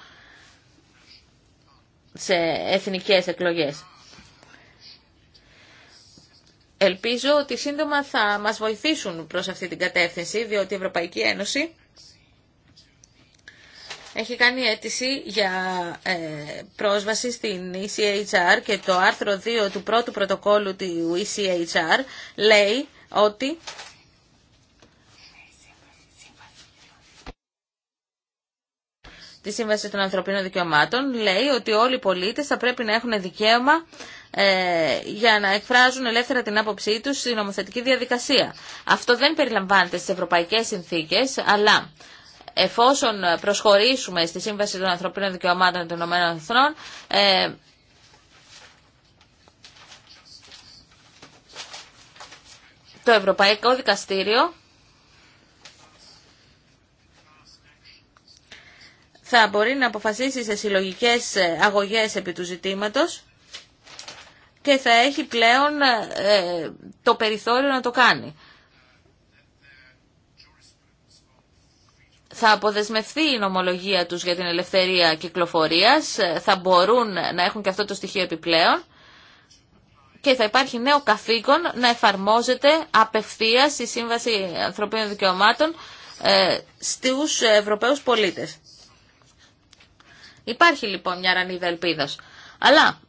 [SPEAKER 1] σε εθνικέ εκλογέ. Ελπίζω ότι σύντομα θα μας βοηθήσουν προς αυτή την κατεύθυνση, διότι η Ευρωπαϊκή Ένωση έχει κάνει αίτηση για ε, πρόσβαση στην ECHR και το άρθρο 2 του πρώτου πρωτοκόλου του ECHR λέει ότι τη Σύμβαση των Ανθρωπίνων Δικαιωμάτων λέει ότι όλοι οι πολίτες θα πρέπει να έχουν δικαίωμα ε, για να εκφράζουν ελεύθερα την άποψή τους στην νομοθετική διαδικασία. Αυτό δεν περιλαμβάνεται στις ευρωπαϊκές συνθήκες, αλλά εφόσον προσχωρήσουμε στη Σύμβαση των Ανθρωπίνων Δικαιωμάτων των Ηνωμένων Εθνών, ε, το Ευρωπαϊκό Δικαστήριο θα μπορεί να αποφασίσει σε συλλογικές αγωγές επί του ζητήματος και θα έχει πλέον ε, το περιθώριο να το κάνει. θα αποδεσμευθεί η νομολογία τους για την ελευθερία κυκλοφορίας, θα μπορούν να έχουν και αυτό το στοιχείο επιπλέον και θα υπάρχει νέο καθήκον να εφαρμόζεται απευθείας η Σύμβαση Ανθρωπίνων Δικαιωμάτων ε, στους Ευρωπαίους πολίτες. Υπάρχει λοιπόν μια ρανίδα ελπίδας. Αλλά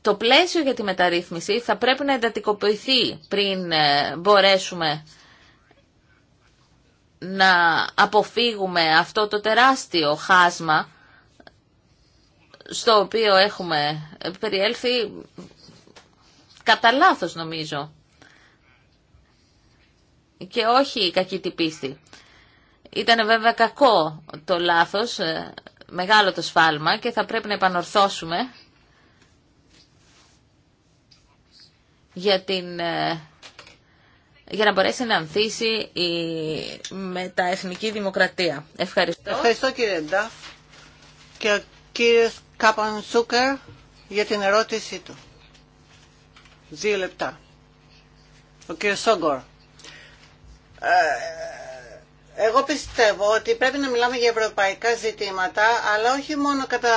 [SPEAKER 1] το πλαίσιο για τη μεταρρύθμιση θα πρέπει να εντατικοποιηθεί πριν ε, μπορέσουμε να αποφύγουμε αυτό το τεράστιο χάσμα στο οποίο έχουμε περιέλθει κατά λάθο νομίζω και όχι η κακή την πίστη. Ήταν βέβαια κακό το λάθος, ε, μεγάλο το σφάλμα και θα πρέπει να επανορθώσουμε για την ε, για να μπορέσει να ανθίσει η μεταεθνική δημοκρατία. Ευχαριστώ. Ευχαριστώ κύριε Νταφ και ο κύριος Κάπαν
[SPEAKER 2] Σούκερ για την ερώτησή του. Δύο λεπτά. Ο κύριος Σόγκορ. Ε, εγώ πιστεύω ότι πρέπει να μιλάμε για ευρωπαϊκά ζητήματα, αλλά όχι μόνο κατά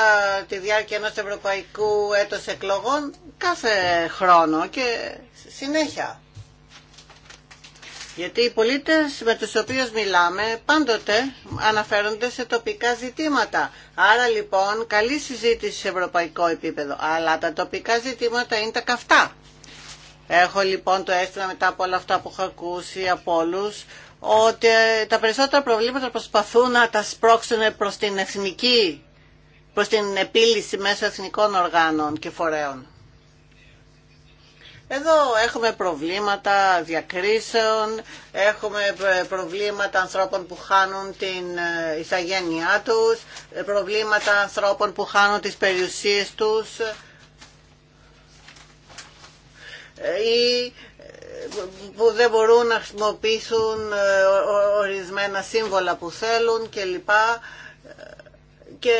[SPEAKER 2] τη διάρκεια ενός ευρωπαϊκού έτος εκλογών, κάθε χρόνο και συνέχεια. Γιατί οι πολίτες με τους οποίους μιλάμε πάντοτε αναφέρονται σε τοπικά ζητήματα. Άρα λοιπόν καλή συζήτηση σε ευρωπαϊκό επίπεδο. Αλλά τα τοπικά ζητήματα είναι τα καυτά. Έχω λοιπόν το αίσθημα μετά από όλα αυτά που έχω ακούσει από όλου ότι τα περισσότερα προβλήματα προσπαθούν να τα σπρώξουν προς την εθνική, προς την επίλυση μέσω εθνικών οργάνων και φορέων. Εδώ έχουμε προβλήματα διακρίσεων, έχουμε προβλήματα ανθρώπων που χάνουν την ε, ηθαγένειά τους, ε, προβλήματα ανθρώπων που χάνουν τις περιουσίες τους ε, ή που δεν μπορούν να χρησιμοποιήσουν ορισμένα σύμβολα που θέλουν κλπ και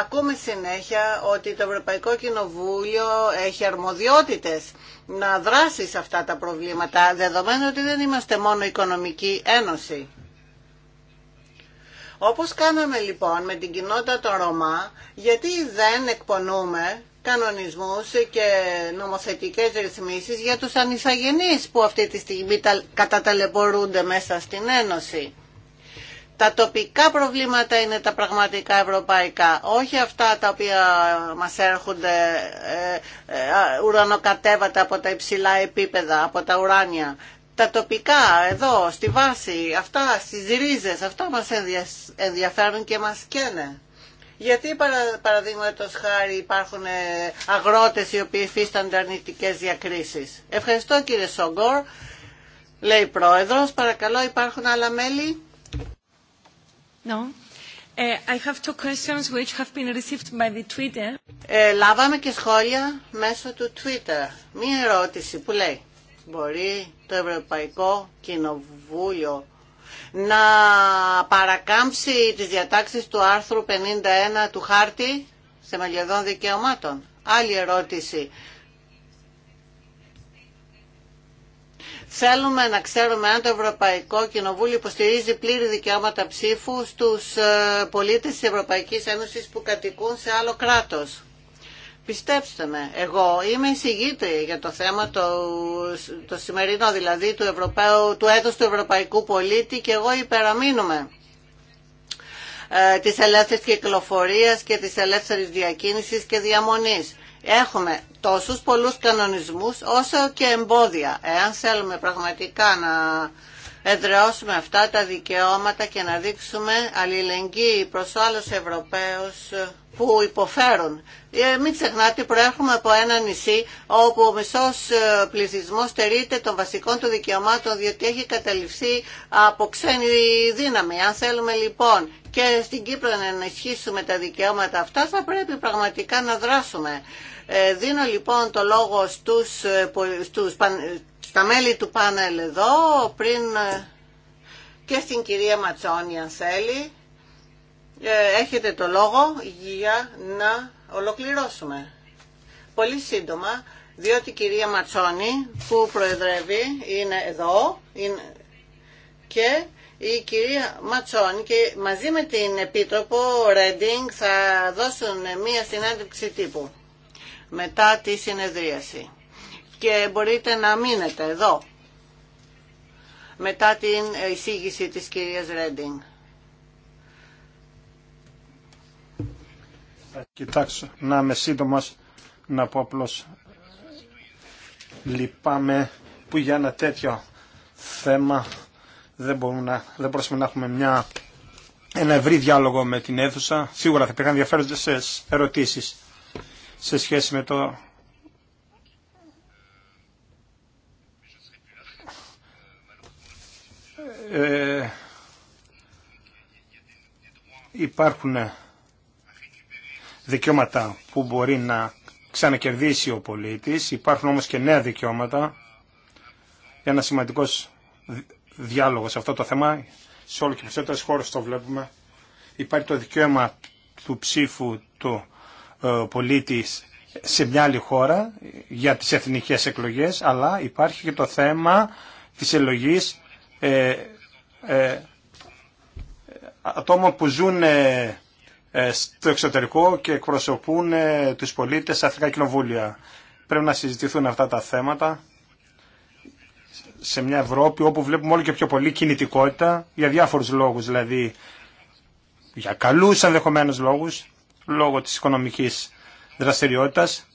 [SPEAKER 2] ακούμε συνέχεια ότι το Ευρωπαϊκό Κοινοβούλιο έχει αρμοδιότητες να δράσει σε αυτά τα προβλήματα, δεδομένου ότι δεν είμαστε μόνο οικονομική ένωση. Όπως κάναμε λοιπόν με την κοινότητα των Ρωμά, γιατί δεν εκπονούμε κανονισμούς και νομοθετικές ρυθμίσεις για τους ανισαγενείς που αυτή τη στιγμή καταταλαιπωρούνται μέσα στην Ένωση. Τα τοπικά προβλήματα είναι τα πραγματικά ευρωπαϊκά, όχι αυτά τα οποία μας έρχονται ε, ε, ουρανοκατέβατα από τα υψηλά επίπεδα, από τα ουράνια. Τα τοπικά, εδώ, στη βάση, αυτά, στις ρίζες, αυτά μας ενδιαφέρουν και μας καίνε. Γιατί παραδείγματο χάρη υπάρχουν ε, αγρότες οι οποίοι υφίστανται αρνητικές διακρίσεις. Ευχαριστώ κύριε Σόγκορ, λέει πρόεδρος. Παρακαλώ υπάρχουν άλλα μέλη.
[SPEAKER 3] No. Ε, I have two questions which have been received by Twitter. Ε,
[SPEAKER 2] λάβαμε και σχόλια μέσω του Twitter. Μία ερώτηση που λέει μπορεί το Ευρωπαϊκό Κοινοβούλιο να παρακάμψει τις διατάξεις του άρθρου 51 του χάρτη σε δικαιωμάτων. Άλλη ερώτηση. Θέλουμε να ξέρουμε αν το Ευρωπαϊκό Κοινοβούλιο υποστηρίζει πλήρη δικαιώματα ψήφου στους ε, πολίτες της Ευρωπαϊκής Ένωσης που κατοικούν σε άλλο κράτος. Πιστέψτε με, εγώ είμαι εισηγήτρια για το θέμα το, το σημερινό, δηλαδή του, Ευρωπαίου, του έτος του Ευρωπαϊκού Πολίτη και εγώ υπεραμείνουμε ε, της ελεύθερης κυκλοφορίας και της ελεύθερης διακίνησης και διαμονής. Έχουμε τόσους πολλούς κανονισμούς όσο και εμπόδια. Εάν θέλουμε πραγματικά να εδραιώσουμε αυτά τα δικαιώματα και να δείξουμε αλληλεγγύη προς άλλους Ευρωπαίους που υποφέρουν. Ε, μην ξεχνάτε, προέρχομαι από ένα νησί όπου ο μισός ε, πληθυσμός στερείται των βασικών του δικαιωμάτων διότι έχει καταληφθεί από ξένη δύναμη. Αν θέλουμε λοιπόν και στην Κύπρο να ενισχύσουμε τα δικαιώματα αυτά θα πρέπει πραγματικά να δράσουμε. Ε, δίνω λοιπόν το λόγο στους, ε, στους, στα μέλη του πάνελ εδώ πριν ε, και στην κυρία Ματσόνη αν θέλει. Έχετε το λόγο για να ολοκληρώσουμε. Πολύ σύντομα, διότι η κυρία Ματσόνη που προεδρεύει είναι εδώ είναι και η κυρία Ματσόν και μαζί με την Επίτροπο Ρέντινγκ θα δώσουν μία συνέντευξη τύπου μετά τη συνεδρίαση. Και μπορείτε να μείνετε εδώ μετά την εισήγηση της κυρίας Ρέντινγκ.
[SPEAKER 4] Θα κοιτάξω να είμαι σύντομα να πω απλώς λυπάμαι που για ένα τέτοιο θέμα δεν, μπορούμε να, δεν να έχουμε μια, ένα ευρύ διάλογο με την αίθουσα. Σίγουρα θα υπήρχαν ενδιαφέροντες ερωτήσεις σε σχέση με το... Ε, υπάρχουν δικαιώματα που μπορεί να ξανακερδίσει ο πολίτης, υπάρχουν όμως και νέα δικαιώματα. Ένα σημαντικός διάλογο σε αυτό το θέμα. Σε όλο και περισσότερε χώρε το βλέπουμε. Υπάρχει το δικαίωμα του ψήφου του ε, πολίτη σε μια άλλη χώρα για τις εθνικές εκλογές, αλλά υπάρχει και το θέμα της ελογής ε, ε, ατόμων που ζουν ε, ε, στο εξωτερικό και εκπροσωπούν τους πολίτες σε αθηνικά κοινοβούλια. Πρέπει να συζητηθούν αυτά τα θέματα σε μια Ευρώπη όπου βλέπουμε όλο και πιο πολύ κινητικότητα για διάφορους λόγους, δηλαδή για καλούς ενδεχομένως λόγους, λόγω της οικονομικής δραστηριότητας.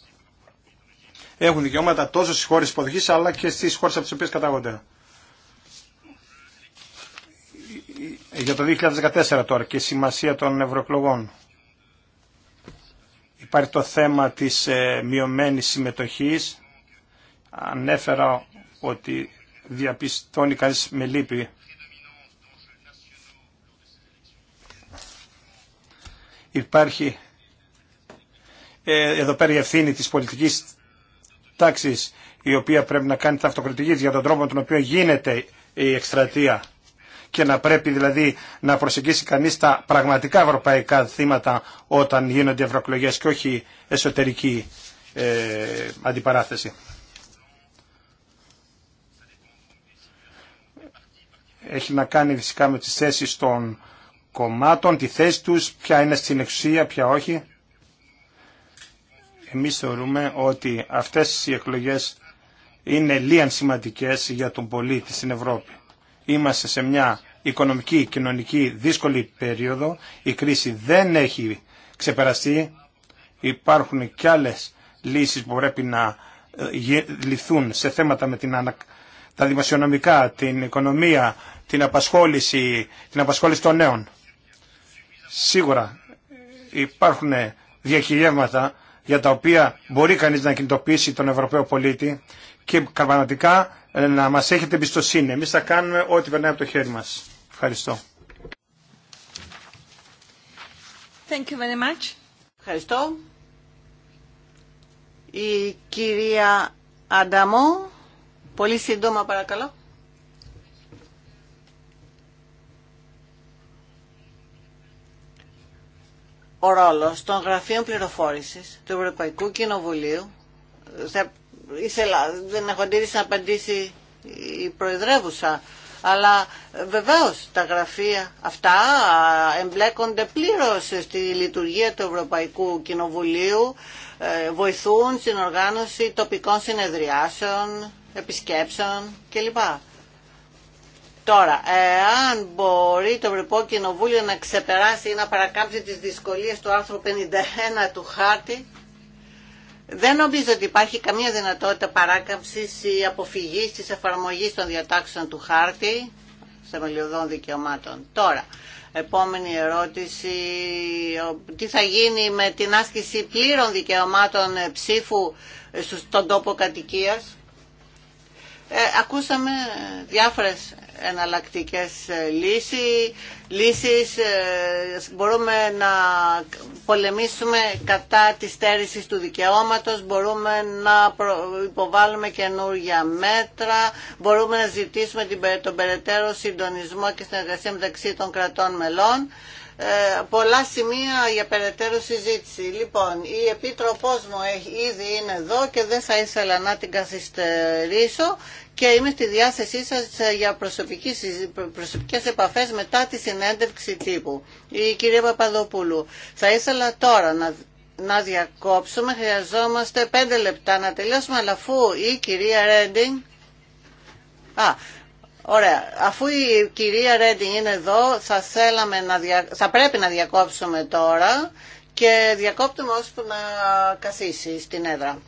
[SPEAKER 4] Έχουν δικαιώματα τόσο στις χώρες υποδοχής αλλά και στις χώρες από τις οποίες κατάγονται. Για το 2014 τώρα και η σημασία των ευρωεκλογών. Υπάρχει το θέμα της ε, μειωμένης συμμετοχής. Ανέφερα ότι διαπιστώνει κανείς με λύπη υπάρχει ε, εδώ πέρα η ευθύνη της πολιτικής τάξης η οποία πρέπει να κάνει τα αυτοκριτική για τον τρόπο τον οποίο γίνεται η εκστρατεία και να πρέπει δηλαδή να προσεγγίσει κανείς τα πραγματικά ευρωπαϊκά θύματα όταν γίνονται ευρωεκλογές και όχι εσωτερική ε, αντιπαράθεση. έχει να κάνει φυσικά με τις θέσεις των κομμάτων, τη θέση τους, ποια είναι στην εξουσία, ποια όχι. Εμείς θεωρούμε ότι αυτές οι εκλογές είναι λίαν σημαντικές για τον πολίτη στην Ευρώπη. Είμαστε σε μια οικονομική, κοινωνική δύσκολη περίοδο. Η κρίση δεν έχει ξεπεραστεί. Υπάρχουν και άλλες λύσεις που πρέπει να ε, λυθούν σε θέματα με την τα δημοσιονομικά, την οικονομία, την απασχόληση, την απασχόληση των νέων. Σίγουρα υπάρχουν διαχειριεύματα για τα οποία μπορεί κανείς να κινητοποιήσει τον Ευρωπαίο πολίτη και πραγματικά ε, να μας έχετε εμπιστοσύνη. Εμείς θα κάνουμε ό,τι περνάει από το χέρι μας. Ευχαριστώ.
[SPEAKER 3] Thank you very much. Ευχαριστώ.
[SPEAKER 2] Η κυρία Ανταμό, πολύ σύντομα παρακαλώ. ο ρόλος των γραφείων πληροφόρησης του Ευρωπαϊκού Κοινοβουλίου. δεν έχω αντίρρηση να απαντήσει η Προεδρεύουσα, αλλά βεβαίως τα γραφεία αυτά εμπλέκονται πλήρως στη λειτουργία του Ευρωπαϊκού Κοινοβουλίου, ε, βοηθούν στην οργάνωση τοπικών συνεδριάσεων, επισκέψεων κλπ. Τώρα, εάν μπορεί το Ευρωπαϊκό Κοινοβούλιο να ξεπεράσει ή να παρακάμψει τις δυσκολίες του άρθρου 51 του χάρτη, δεν νομίζω ότι υπάρχει καμία δυνατότητα παράκαμψης ή αποφυγής της εφαρμογής των διατάξεων του χάρτη σε μελιωδών δικαιωμάτων. Τώρα, επόμενη ερώτηση, τι θα γίνει με την άσκηση πλήρων δικαιωμάτων ψήφου ε, στον τόπο κατοικίας. Ε, ακούσαμε διάφορες εναλλακτικές ε, λύσεις, λύσεις μπορούμε να πολεμήσουμε κατά της στέρησης του δικαιώματος, μπορούμε να υποβάλουμε καινούργια μέτρα, μπορούμε να ζητήσουμε τον περαιτέρω συντονισμό και συνεργασία μεταξύ των κρατών μελών. Ε, πολλά σημεία για περαιτέρω συζήτηση. Λοιπόν, η Επίτροπός μου ήδη είναι εδώ και δεν θα ήθελα να την καθυστερήσω και είμαι στη διάθεσή σας ε, για προσωπικές επαφές μετά τη συνέντευξη τύπου. Η κυρία Παπαδοπούλου, θα ήθελα τώρα να, να διακόψουμε, χρειαζόμαστε πέντε λεπτά να τελειώσουμε, αλλά αφού η κυρία Ρέντινγκ... Α, Ωραία. Αφού η κυρία Ρέντινγκ είναι εδώ, θα, να δια... θα πρέπει να διακόψουμε τώρα και διακόπτουμε ώσπου να καθίσει στην έδρα.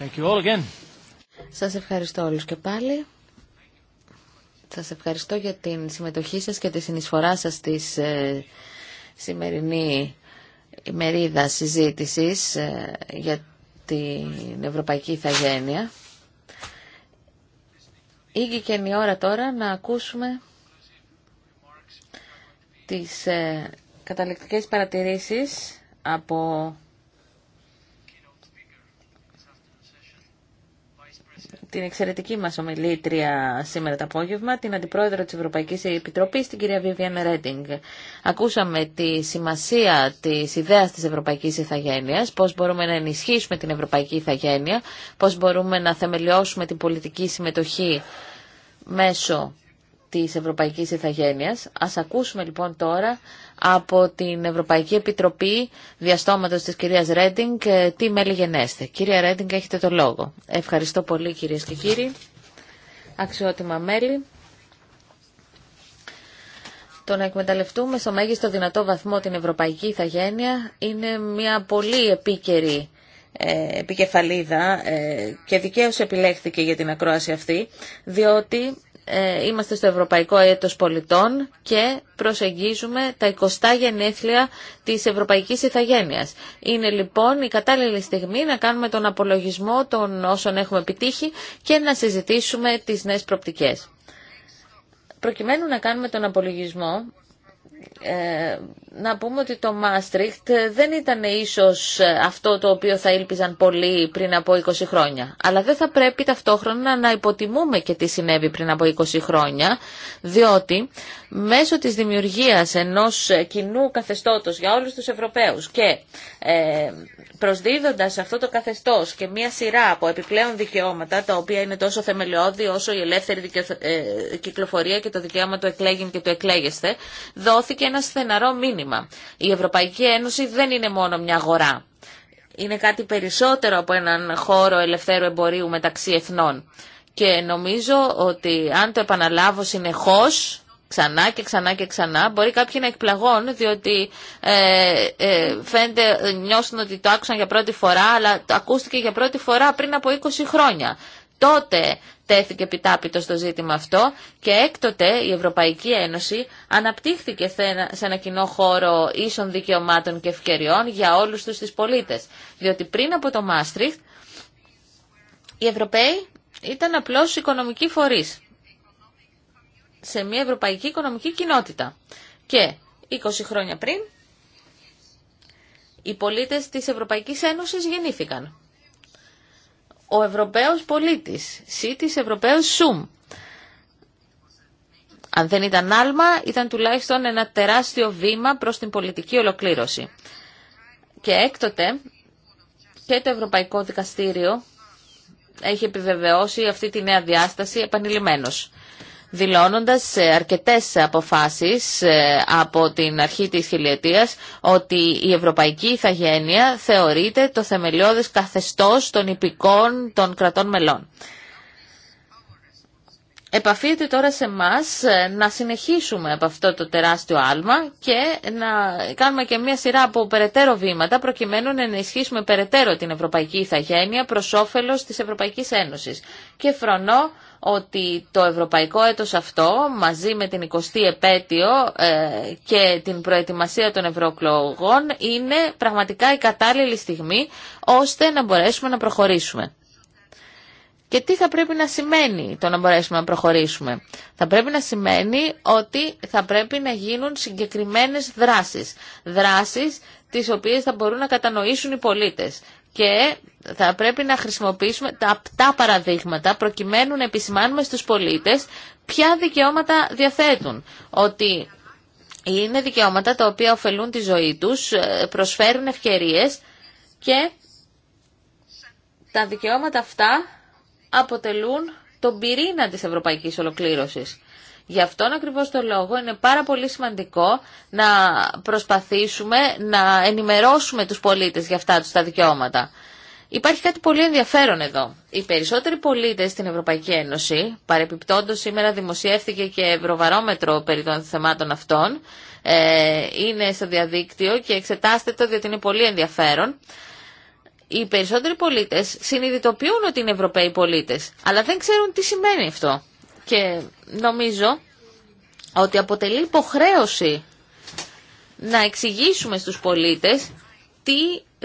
[SPEAKER 1] Thank you all again. Σας ευχαριστώ όλους και πάλι. Σας ευχαριστώ για την συμμετοχή σας και τη συνεισφορά σας στη ε, σημερινή ημερίδα συζήτησης ε, για την Ευρωπαϊκή Ιθαγένεια. Ήγηκε η ώρα τώρα να ακούσουμε τις ε, καταληκτικές παρατηρήσεις από την εξαιρετική μας ομιλήτρια σήμερα το απόγευμα, την Αντιπρόεδρο της Ευρωπαϊκής Επιτροπής, την κυρία Βίβιαν Ρέντινγκ. Ακούσαμε τη σημασία της ιδέας της Ευρωπαϊκής Ιθαγένειας, πώς μπορούμε να ενισχύσουμε την Ευρωπαϊκή Ιθαγένεια, πώς μπορούμε να θεμελιώσουμε την πολιτική συμμετοχή μέσω της Ευρωπαϊκής Ιθαγένειας. Ας ακούσουμε λοιπόν τώρα από την Ευρωπαϊκή Επιτροπή Διαστόματος της κυρίας Ρέντινγκ ε, τι μέλη γενέστε. Κυρία Ρέντινγκ έχετε το λόγο. Ευχαριστώ πολύ κυρίες και κύριοι. Αξιότιμα μέλη. Το να εκμεταλλευτούμε στο μέγιστο δυνατό βαθμό την Ευρωπαϊκή Ιθαγένεια είναι μια πολύ επίκαιρη ε, επικεφαλίδα ε, και δικαίως επιλέχθηκε για την ακρόαση αυτή, διότι ε, είμαστε στο Ευρωπαϊκό Έτος Πολιτών και προσεγγίζουμε τα 20 γενέθλια της Ευρωπαϊκής Ιθαγένειας. Είναι λοιπόν η κατάλληλη στιγμή να κάνουμε τον απολογισμό των όσων έχουμε επιτύχει και να συζητήσουμε τις νέες προπτικές. Προκειμένου να κάνουμε τον απολογισμό, ε, να πούμε ότι το Μάστριχτ δεν ήταν ίσως αυτό το οποίο θα ήλπιζαν πολλοί πριν από 20 χρόνια. Αλλά δεν θα πρέπει ταυτόχρονα να υποτιμούμε και τι συνέβη πριν από 20 χρόνια, διότι μέσω της δημιουργίας ενός κοινού καθεστώτος για όλους τους Ευρωπαίους και ε, προσδίδοντας αυτό το καθεστώς και μία σειρά από επιπλέον δικαιώματα, τα οποία είναι τόσο θεμελιώδη όσο η ελεύθερη ε, κυκλοφορία και το δικαίωμα του εκλέγην και του εκλέγεσθε, δόθηκε ένα στεναρό μήνυμα η Ευρωπαϊκή Ένωση δεν είναι μόνο μια αγορά. Είναι κάτι περισσότερο από έναν χώρο ελευθέρου εμπορίου μεταξύ εθνών. Και νομίζω ότι αν το επαναλάβω συνεχώς, ξανά και ξανά και ξανά, μπορεί κάποιοι να εκπλαγούν, διότι ε, ε, φαίνεται, νιώσουν ότι το άκουσαν για πρώτη φορά, αλλά το ακούστηκε για πρώτη φορά πριν από 20 χρόνια. Τότε τέθηκε επιτάπητο στο ζήτημα αυτό και έκτοτε η Ευρωπαϊκή Ένωση αναπτύχθηκε σε ένα κοινό χώρο ίσων δικαιωμάτων και ευκαιριών για όλους τους τις πολίτες. Διότι πριν από το Μάστριχτ οι Ευρωπαίοι ήταν απλώς οικονομικοί φορείς σε μια ευρωπαϊκή οικονομική κοινότητα. Και 20 χρόνια πριν οι πολίτες της Ευρωπαϊκής Ένωσης γεννήθηκαν ο Ευρωπαίος πολίτης, ΣΥΤΙΣ Ευρωπαίος ΣΟΥΜ. Αν δεν ήταν άλμα, ήταν τουλάχιστον ένα τεράστιο βήμα προς την πολιτική ολοκλήρωση. Και έκτοτε και το Ευρωπαϊκό Δικαστήριο έχει επιβεβαιώσει αυτή τη νέα διάσταση επανειλημμένως δηλώνοντας σε αρκετές αποφάσεις ε, από την αρχή της χιλιετίας ότι η ευρωπαϊκή ηθαγένεια θεωρείται το θεμελιώδες καθεστώς των υπηκών των κρατών μελών. Επαφείται τώρα σε εμά ε, να συνεχίσουμε από αυτό το τεράστιο άλμα και να κάνουμε και μια σειρά από περαιτέρω βήματα προκειμένου να ενισχύσουμε περαιτέρω την Ευρωπαϊκή Ιθαγένεια προς όφελος της Ευρωπαϊκής Ένωσης. Και φρονώ ότι το ευρωπαϊκό έτος αυτό μαζί με την 20η επέτειο ε, και την προετοιμασία των ευρωεκλογών είναι πραγματικά η κατάλληλη στιγμή ώστε να μπορέσουμε να προχωρήσουμε. Και τι θα πρέπει να σημαίνει το να μπορέσουμε να προχωρήσουμε. Θα πρέπει να σημαίνει ότι θα πρέπει να γίνουν συγκεκριμένες δράσεις. Δράσεις τις οποίες θα μπορούν να κατανοήσουν οι πολίτες και θα πρέπει να χρησιμοποιήσουμε τα απτά παραδείγματα προκειμένου να επισημάνουμε στους πολίτες ποια δικαιώματα διαθέτουν. Ότι είναι δικαιώματα τα οποία ωφελούν τη ζωή τους, ε, προσφέρουν ευκαιρίες και τα δικαιώματα αυτά αποτελούν τον πυρήνα της ευρωπαϊκής ολοκλήρωσης. Γι' αυτόν ακριβώς το λόγο είναι πάρα πολύ σημαντικό να προσπαθήσουμε να ενημερώσουμε τους πολίτες για αυτά τους τα δικαιώματα. Υπάρχει κάτι πολύ ενδιαφέρον εδώ. Οι περισσότεροι πολίτε στην Ευρωπαϊκή Ένωση, παρεπιπτόντω σήμερα δημοσιεύθηκε και ευρωβαρόμετρο περί των θεμάτων αυτών, ε, είναι στο διαδίκτυο και εξετάστε το διότι είναι πολύ ενδιαφέρον. Οι περισσότεροι πολίτε συνειδητοποιούν ότι είναι Ευρωπαίοι πολίτε, αλλά δεν ξέρουν τι σημαίνει αυτό. Και νομίζω ότι αποτελεί υποχρέωση να εξηγήσουμε στους πολίτες τι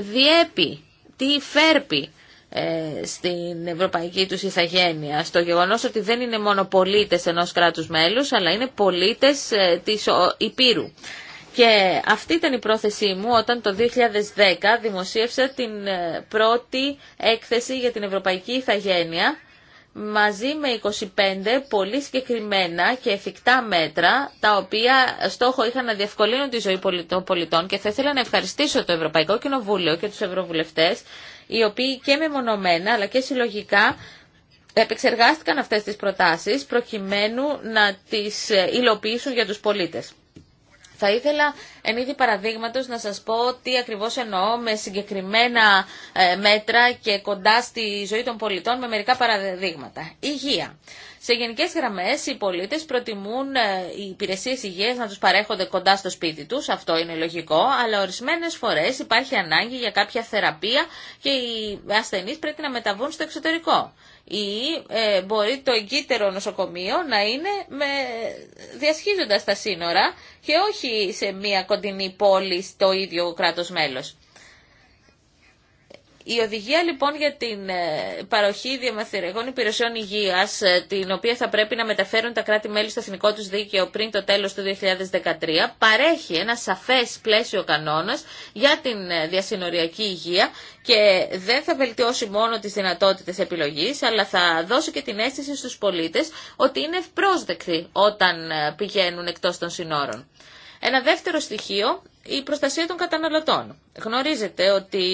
[SPEAKER 1] διέπει, τι φέρπει ε, στην ευρωπαϊκή τους ηθαγένεια, στο γεγονός ότι δεν είναι μόνο πολίτες ενός κράτους μέλους, αλλά είναι πολίτες ε, της Υπήρου. Και αυτή ήταν η πρόθεσή μου όταν το 2010 δημοσίευσα την ε, πρώτη έκθεση για την ευρωπαϊκή ηθαγένεια μαζί με 25 πολύ συγκεκριμένα και εφικτά μέτρα, τα οποία στόχο είχαν να διευκολύνουν τη ζωή των πολιτών και θα ήθελα να ευχαριστήσω το Ευρωπαϊκό Κοινοβούλιο και τους Ευρωβουλευτές, οι οποίοι και μεμονωμένα αλλά και συλλογικά επεξεργάστηκαν αυτές τις προτάσεις προκειμένου να τις υλοποιήσουν για τους πολίτες. Θα ήθελα εν είδη παραδείγματο να σας πω τι ακριβώς εννοώ με συγκεκριμένα ε, μέτρα και κοντά στη ζωή των πολιτών με μερικά παραδείγματα. Υγεία. Σε γενικές γραμμές οι πολίτες προτιμούν ε, οι υπηρεσίε υγείας να τους παρέχονται κοντά στο σπίτι τους, αυτό είναι λογικό, αλλά ορισμένες φορές υπάρχει ανάγκη για κάποια θεραπεία και οι ασθενεί πρέπει να μεταβούν στο εξωτερικό ή ε, μπορεί το εγκύτερο νοσοκομείο να είναι με, διασχίζοντας τα σύνορα και όχι σε μια κοντινή πόλη στο ίδιο κράτος μέλος. Η οδηγία λοιπόν για την ε, παροχή διαμαθηρεγών υπηρεσιών υγεία, ε, την οποία θα πρέπει να μεταφέρουν τα κράτη-μέλη στο εθνικό του δίκαιο πριν το τέλο του 2013, παρέχει ένα σαφέ πλαίσιο κανόνα για την ε, διασυνοριακή υγεία και δεν θα βελτιώσει μόνο τι δυνατότητε επιλογή, αλλά θα δώσει και την αίσθηση στου πολίτε ότι είναι ευπρόσδεκτοι όταν πηγαίνουν εκτό των συνόρων. Ένα δεύτερο στοιχείο, η προστασία των καταναλωτών. Γνωρίζετε ότι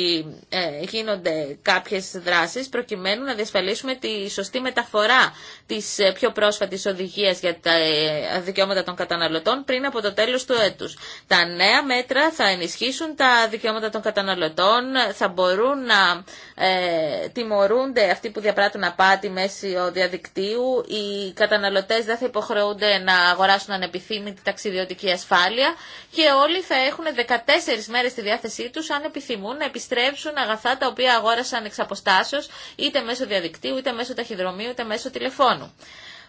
[SPEAKER 1] ε, γίνονται κάποιες δράσεις προκειμένου να διασφαλίσουμε τη σωστή μεταφορά της ε, πιο πρόσφατης οδηγίας για τα ε, δικαιώματα των καταναλωτών πριν από το τέλος του έτους. Τα νέα μέτρα θα ενισχύσουν τα δικαιώματα των καταναλωτών, θα μπορούν να τιμωρούνται αυτοί που διαπράττουν απάτη μέσω διαδικτύου, οι καταναλωτές δεν θα υποχρεούνται να αγοράσουν ανεπιθύμητη ταξιδιωτική ασφάλεια και όλοι θα έχουν 14 μέρες στη διάθεσή τους αν επιθυμούν να επιστρέψουν αγαθά τα οποία αγόρασαν εξ αποστάσεως, είτε μέσω διαδικτύου, είτε μέσω ταχυδρομείου, είτε μέσω τηλεφώνου.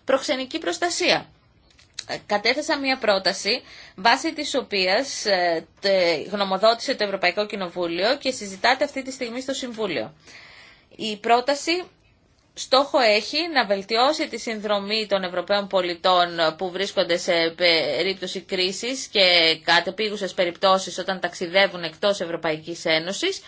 [SPEAKER 1] Προξενική προστασία ε, κατέθεσα μια πρόταση βάσει της οποίας ε, γνωμοδότησε το Ευρωπαϊκό Κοινοβούλιο και συζητάται αυτή τη στιγμή στο Συμβούλιο. Η πρόταση στόχο έχει να βελτιώσει τη συνδρομή των Ευρωπαίων πολιτών που βρίσκονται σε περίπτωση κρίσης και κατεπίγουσες περιπτώσεις όταν ταξιδεύουν εκτός Ευρωπαϊκής Ένωσης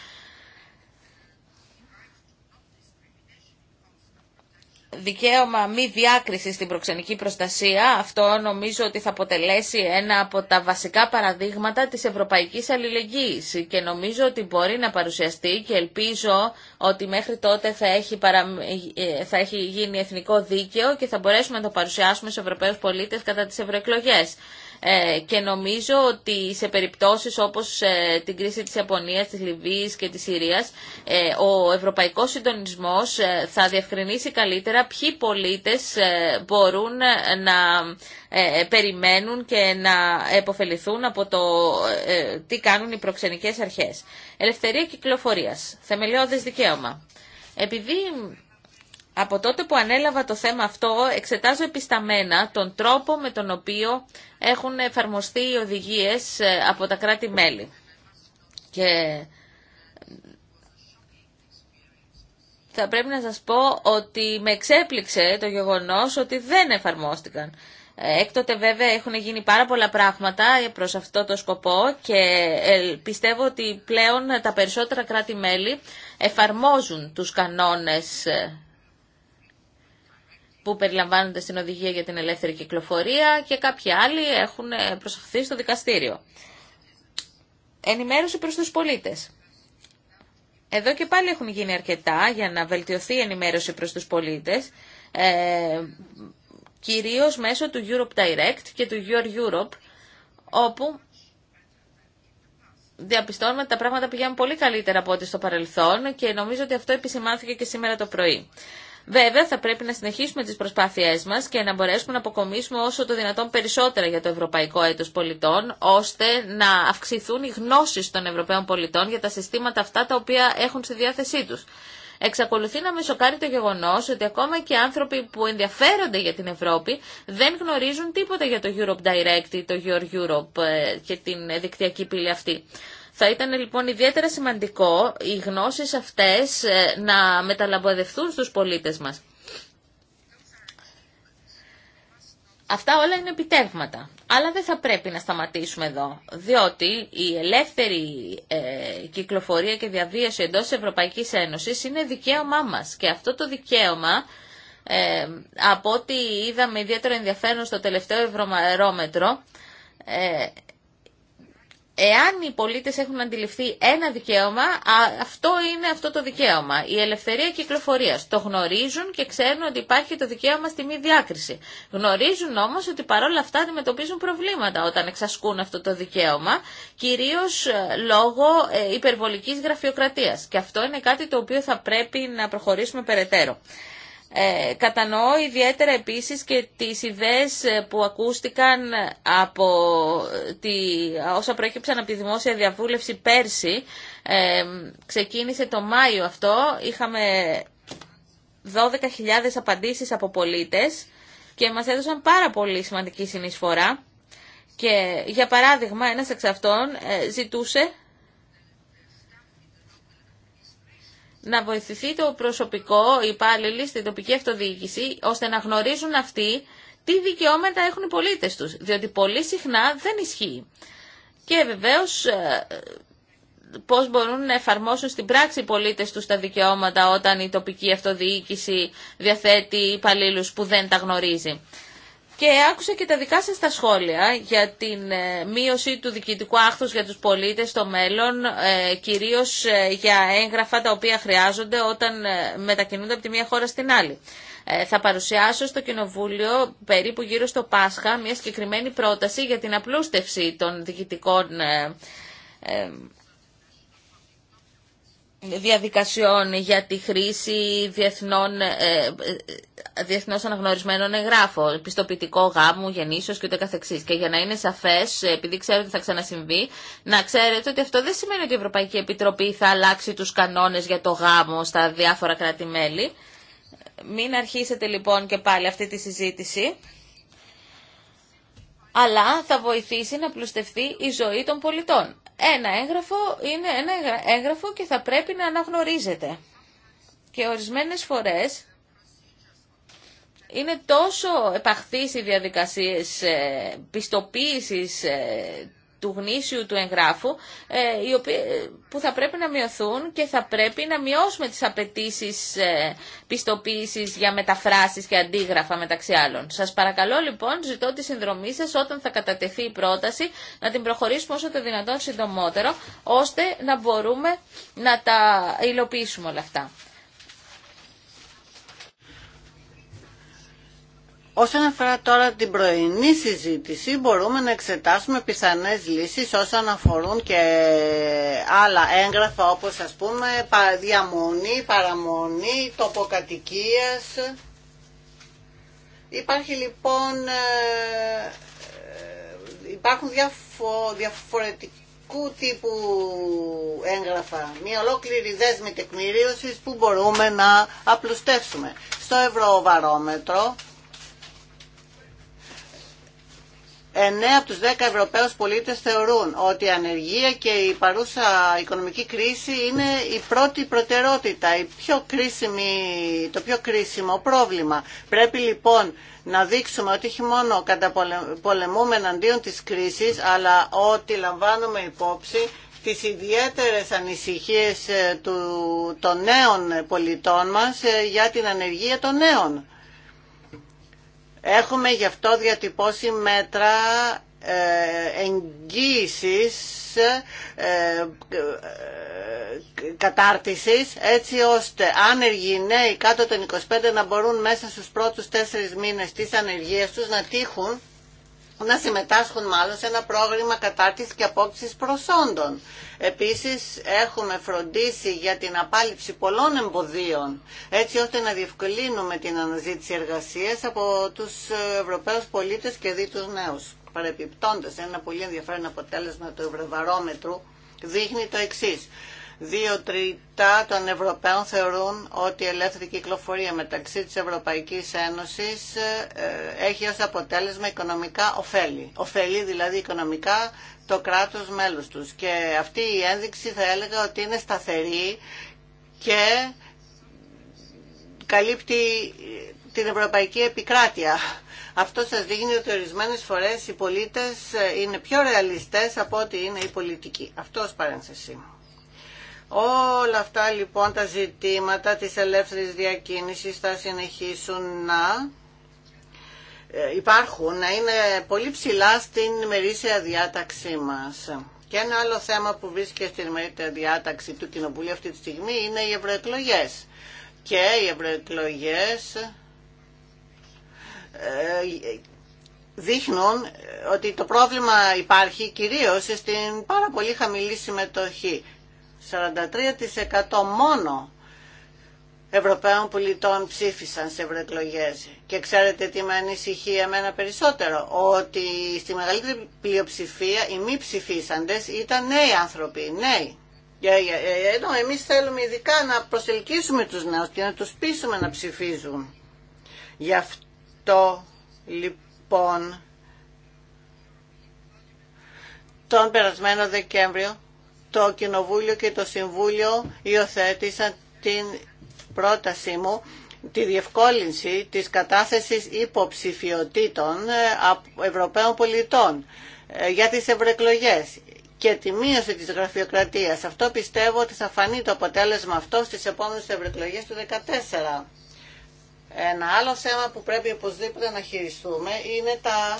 [SPEAKER 1] δικαίωμα μη διάκριση στην προξενική προστασία, αυτό νομίζω ότι θα αποτελέσει ένα από τα βασικά παραδείγματα της ευρωπαϊκής αλληλεγγύης και νομίζω ότι μπορεί να παρουσιαστεί και ελπίζω ότι μέχρι τότε θα έχει, ε, θα έχει γίνει εθνικό δίκαιο και θα μπορέσουμε να το παρουσιάσουμε στους Ευρωπαίους πολίτες κατά τις ευρωεκλογές. Ε, και νομίζω ότι σε περιπτώσεις όπως ε, την κρίση της Ιαπωνίας, της Λιβύης και της Συρίας ε, ο ευρωπαϊκός συντονισμός θα διευκρινίσει καλύτερα ποιοι πολίτες μπορούν να περιμένουν και να επωφεληθούν από το τι κάνουν οι προξενικές αρχές. Ελευθερία κυκλοφορίας, θεμελιώδες δικαίωμα. Επειδή από τότε που ανέλαβα το θέμα αυτό, εξετάζω επισταμένα τον τρόπο με τον οποίο έχουν εφαρμοστεί οι οδηγίες ε, από τα κράτη-μέλη. Και ε, θα πρέπει να σας πω ότι με εξέπληξε το γεγονός ότι δεν εφαρμόστηκαν. Ε, έκτοτε βέβαια έχουν γίνει πάρα πολλά πράγματα προς αυτό το σκοπό και πιστεύω ότι πλέον τα περισσότερα κράτη-μέλη εφαρμόζουν τους κανόνες που περιλαμβάνονται στην οδηγία για την ελεύθερη κυκλοφορία και κάποιοι άλλοι έχουν ε, προσαχθεί στο δικαστήριο. Ενημέρωση προς τους πολίτες. Εδώ και πάλι έχουν γίνει αρκετά για να βελτιωθεί η ενημέρωση προς τους πολίτες, ε, κυρίως μέσω του Europe Direct και του Your Europe, όπου διαπιστώνουμε ότι τα πράγματα πηγαίνουν πολύ καλύτερα από ό,τι στο παρελθόν και νομίζω ότι αυτό επισημάνθηκε και σήμερα το πρωί. Βέβαια, θα πρέπει να συνεχίσουμε τι προσπάθειέ μα και να μπορέσουμε να αποκομίσουμε όσο το δυνατόν περισσότερα για το Ευρωπαϊκό Έτο Πολιτών, ώστε να αυξηθούν οι γνώσει των Ευρωπαίων πολιτών για τα συστήματα αυτά τα οποία έχουν στη διάθεσή του. Εξακολουθεί να με σοκάρει το γεγονό ότι ακόμα και άνθρωποι που ενδιαφέρονται για την Ευρώπη δεν γνωρίζουν τίποτα για το Europe Direct ή το Your Europe ε, και την δικτυακή πύλη αυτή. Θα ήταν λοιπόν ιδιαίτερα σημαντικό οι γνώσεις αυτές ε, να μεταλαμποδευτούν στους πολίτες μας. Αυτά όλα είναι επιτεύγματα. Αλλά δεν θα πρέπει να σταματήσουμε εδώ, διότι η ελεύθερη ε, κυκλοφορία και διαβίωση εντός της Ευρωπαϊκής Ένωσης είναι δικαίωμά μας. Και αυτό το δικαίωμα, ε, από ό,τι είδαμε ιδιαίτερο ενδιαφέρον στο τελευταίο ευρωμαρόμετρο, ε, Εάν οι πολίτες έχουν αντιληφθεί ένα δικαίωμα, αυτό είναι αυτό το δικαίωμα. Η ελευθερία κυκλοφορίας. Το γνωρίζουν και ξέρουν ότι υπάρχει το δικαίωμα στη μη διάκριση. Γνωρίζουν όμως ότι παρόλα αυτά αντιμετωπίζουν προβλήματα όταν εξασκούν αυτό το δικαίωμα, κυρίως ε, λόγω ε, υπερβολικής γραφειοκρατίας. Και αυτό είναι κάτι το οποίο θα πρέπει να προχωρήσουμε περαιτέρω. Ε, κατανοώ ιδιαίτερα επίσης και τις ιδέες ε, που ακούστηκαν από ε, τη, όσα προέκυψαν από τη δημόσια διαβούλευση πέρσι. Ε, ξεκίνησε το Μάιο αυτό, είχαμε 12.000 απαντήσεις από πολίτες και μας έδωσαν πάρα πολύ σημαντική συνεισφορά. Και για παράδειγμα ένας εξ αυτών ζητούσε να βοηθηθεί το προσωπικό, οι υπάλληλοι στην τοπική αυτοδιοίκηση, ώστε να γνωρίζουν αυτοί τι δικαιώματα έχουν οι πολίτες τους, διότι πολύ συχνά δεν ισχύει. Και βεβαίως ε, πώς μπορούν να εφαρμόσουν στην πράξη οι πολίτες τους τα δικαιώματα όταν η τοπική αυτοδιοίκηση διαθέτει υπαλλήλου που δεν τα γνωρίζει. Και άκουσα και τα δικά σας τα σχόλια για την ε, μείωση του διοικητικού άχθους για τους πολίτες στο μέλλον, ε, κυρίως ε, για έγγραφα τα οποία χρειάζονται όταν μετακινούνται από τη μία χώρα στην άλλη. Θα παρουσιάσω στο Κοινοβούλιο περίπου γύρω στο Πάσχα μια συγκεκριμένη πρόταση για την απλούστευση των διοικητικών διαδικασιών για τη χρήση διεθνών, ε, ε, διεθνώς αναγνωρισμένων εγγράφων, πιστοποιητικό γάμου, γεννήσεως και ούτε καθεξής. Και για να είναι σαφές, επειδή ξέρω ότι θα ξανασυμβεί, να ξέρετε ότι αυτό δεν σημαίνει ότι η Ευρωπαϊκή Επιτροπή θα αλλάξει τους κανόνες για το γάμο στα διάφορα κράτη-μέλη. Μην αρχίσετε λοιπόν και πάλι αυτή τη συζήτηση αλλά θα βοηθήσει να πλουστευτεί η ζωή των πολιτών. Ένα έγγραφο είναι ένα έγγραφο και θα πρέπει να αναγνωρίζεται. Και ορισμένες φορές είναι τόσο επαχθείς οι διαδικασίες ε, πιστοποίησης ε, του γνήσιου του εγγράφου ε, οι που θα πρέπει να μειωθούν και θα πρέπει να μειώσουμε τις απαιτήσει ε, πιστοποίησης για μεταφράσεις και αντίγραφα μεταξύ άλλων. Σας παρακαλώ λοιπόν, ζητώ τη συνδρομή σας όταν θα κατατεθεί η πρόταση να την προχωρήσουμε όσο το δυνατόν συντομότερο ώστε να μπορούμε να τα υλοποιήσουμε όλα αυτά.
[SPEAKER 2] Όσον αφορά τώρα την πρωινή συζήτηση, μπορούμε να εξετάσουμε πιθανές λύσεις όσον αφορούν και άλλα έγγραφα όπως ας πούμε διαμονή, παραμονή, τοποκατοικίας. Υπάρχει λοιπόν, ε, ε, υπάρχουν διαφορετικού τύπου έγγραφα, μια ολόκληρη δέσμη τεκμηρίωσης που μπορούμε να απλουστεύσουμε. Στο ευρωβαρόμετρο 9 από τους 10 Ευρωπαίους πολίτες θεωρούν ότι η ανεργία και η παρούσα οικονομική κρίση είναι η πρώτη προτερότητα, η πιο το πιο κρίσιμο πρόβλημα. Πρέπει λοιπόν να δείξουμε ότι όχι μόνο καταπολεμούμε εναντίον της κρίσης, αλλά ότι λαμβάνουμε υπόψη τις ιδιαίτερες ανησυχίες ε, των νέων πολιτών μας ε, για την ανεργία των νέων. Έχουμε γι' αυτό διατυπώσει μέτρα ε, εγγύησης ε, ε, κατάρτισης έτσι ώστε άνεργοι νέοι κάτω των 25 να μπορούν μέσα στους πρώτους τέσσερις μήνες της ανεργίας τους να τύχουν να συμμετάσχουν μάλλον σε ένα πρόγραμμα κατάρτισης και απόκτησης προσόντων. Επίσης έχουμε φροντίσει για την απάλληψη πολλών εμποδίων, έτσι ώστε να διευκολύνουμε την αναζήτηση εργασίας από τους Ευρωπαίους πολίτες και δι' τους νέους. Παρεπιπτόντας, ένα πολύ ενδιαφέρον αποτέλεσμα του Ευρωβαρόμετρου δείχνει το εξής Δύο τρίτα των Ευρωπαίων θεωρούν ότι η ελεύθερη κυκλοφορία μεταξύ της Ευρωπαϊκής Ένωσης ε, έχει ως αποτέλεσμα οικονομικά ωφέλη. Ωφέλη δηλαδή οικονομικά το κράτος μέλους τους. Και αυτή η ένδειξη θα έλεγα ότι είναι σταθερή και καλύπτει ε, την ευρωπαϊκή επικράτεια. Αυτό σας δείχνει ότι ορισμένες φορές οι πολίτες ε, είναι πιο ρεαλιστές από ότι είναι οι πολιτικοί. Αυτό ως παρένθεση. Όλα αυτά λοιπόν τα ζητήματα της ελεύθερης διακίνησης θα συνεχίσουν να ε, υπάρχουν, να είναι πολύ ψηλά στην μερίσια διάταξή μας. Και ένα άλλο θέμα που βρίσκεται στην μερίσια διάταξη του Κοινοβουλίου αυτή τη στιγμή είναι οι ευρωεκλογέ. Και οι ευρωεκλογέ ε, δείχνουν ότι το πρόβλημα υπάρχει κυρίως στην πάρα πολύ χαμηλή συμμετοχή 43% μόνο Ευρωπαίων πολιτών ψήφισαν σε ευρωεκλογέ. Και ξέρετε τι με ανησυχεί εμένα περισσότερο, ότι στη μεγαλύτερη πλειοψηφία οι μη ψηφίσαντες ήταν νέοι άνθρωποι, νέοι. Ε, ε, ε, ενώ εμείς θέλουμε ειδικά να προσελκύσουμε τους νέους και να τους πείσουμε να ψηφίζουν. Γι' αυτό λοιπόν τον περασμένο Δεκέμβριο το Κοινοβούλιο και το Συμβούλιο υιοθέτησαν την πρότασή μου τη διευκόλυνση της κατάθεσης υποψηφιωτήτων ε, Ευρωπαίων πολιτών ε, για τις ευρωεκλογές και τη μείωση της γραφειοκρατίας. Αυτό πιστεύω ότι θα φανεί το αποτέλεσμα αυτό στις επόμενες ευρωεκλογές του 2014. Ένα άλλο θέμα που πρέπει οπωσδήποτε να χειριστούμε είναι τα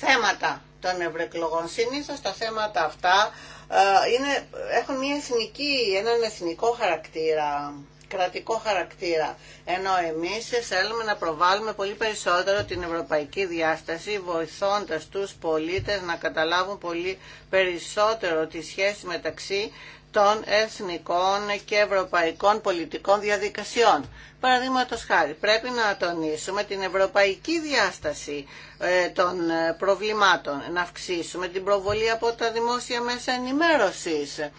[SPEAKER 2] θέματα των ευρωεκλογών. Συνήθως τα θέματα αυτά ε, είναι, έχουν μια εθνική, έναν εθνικό χαρακτήρα, κρατικό χαρακτήρα. Ενώ εμείς θέλουμε να προβάλλουμε πολύ περισσότερο την ευρωπαϊκή διάσταση, βοηθώντας τους πολίτες να καταλάβουν πολύ περισσότερο τη σχέση μεταξύ των εθνικών και ευρωπαϊκών πολιτικών διαδικασιών. Παραδείγματο χάρη, πρέπει να τονίσουμε την ευρωπαϊκή διάσταση ε, των ε, προβλημάτων, να αυξήσουμε την προβολή από τα δημόσια μέσα ενημέρωσης.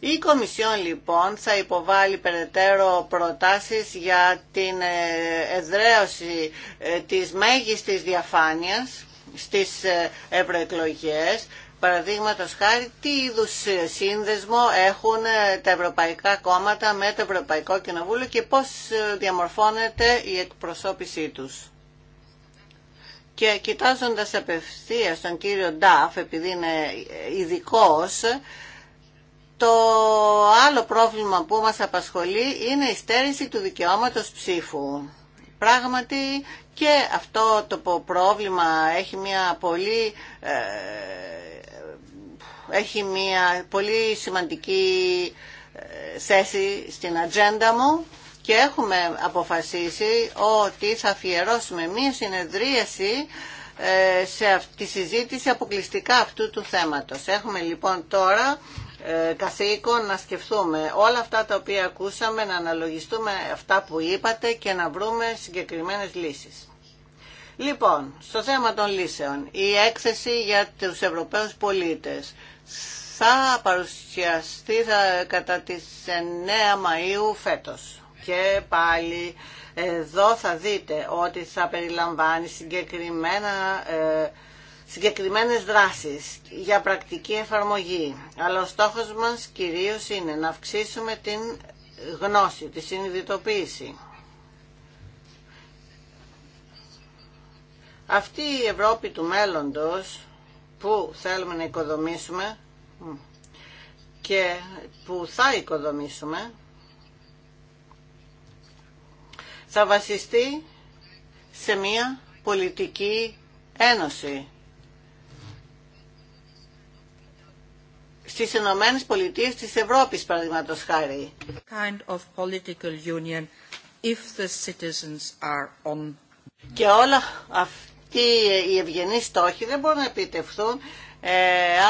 [SPEAKER 2] Η Κομισιόν λοιπόν θα υποβάλει περαιτέρω προτάσεις για την ε, εδραίωση της μέγιστης διαφάνειας στις ευρωεκλογές Παραδείγματο χάρη, τι είδου σύνδεσμο έχουν τα ευρωπαϊκά κόμματα με το Ευρωπαϊκό Κοινοβούλιο και πώς διαμορφώνεται η εκπροσώπησή τους. Και κοιτάζοντα απευθεία τον κύριο Νταφ, επειδή είναι ειδικό, το άλλο πρόβλημα που μας απασχολεί είναι η στέρηση του δικαιώματος ψήφου. Πράγματι και αυτό το πρόβλημα έχει μια πολύ ε, έχει μια πολύ σημαντική ε, θέση στην ατζέντα μου και έχουμε αποφασίσει ότι θα αφιερώσουμε μια συνεδρίαση ε, σε αυτή τη συζήτηση αποκλειστικά αυτού του θέματος. Έχουμε λοιπόν τώρα ε, καθήκον να σκεφτούμε όλα αυτά τα οποία ακούσαμε, να αναλογιστούμε αυτά που είπατε και να βρούμε συγκεκριμένες λύσεις. Λοιπόν, στο θέμα των λύσεων, η έκθεση για τους Ευρωπαίους πολίτες θα παρουσιαστεί θα, κατά τις 9 Μαΐου φέτος. Και πάλι εδώ θα δείτε ότι θα περιλαμβάνει συγκεκριμένα, ε, συγκεκριμένες δράσεις για πρακτική εφαρμογή. Αλλά ο στόχος μας κυρίως είναι να αυξήσουμε την γνώση, τη συνειδητοποίηση. Αυτή η Ευρώπη του μέλλοντος που θέλουμε να οικοδομήσουμε και που θα οικοδομήσουμε θα βασιστεί σε μια πολιτική ένωση. Στις Ηνωμένες Πολιτείες της Ευρώπης, παραδείγματος χάρη.
[SPEAKER 1] of if the are Και όλα αυτά και οι
[SPEAKER 2] ευγενείς στόχοι δεν μπορούν να επιτευχθούν ε,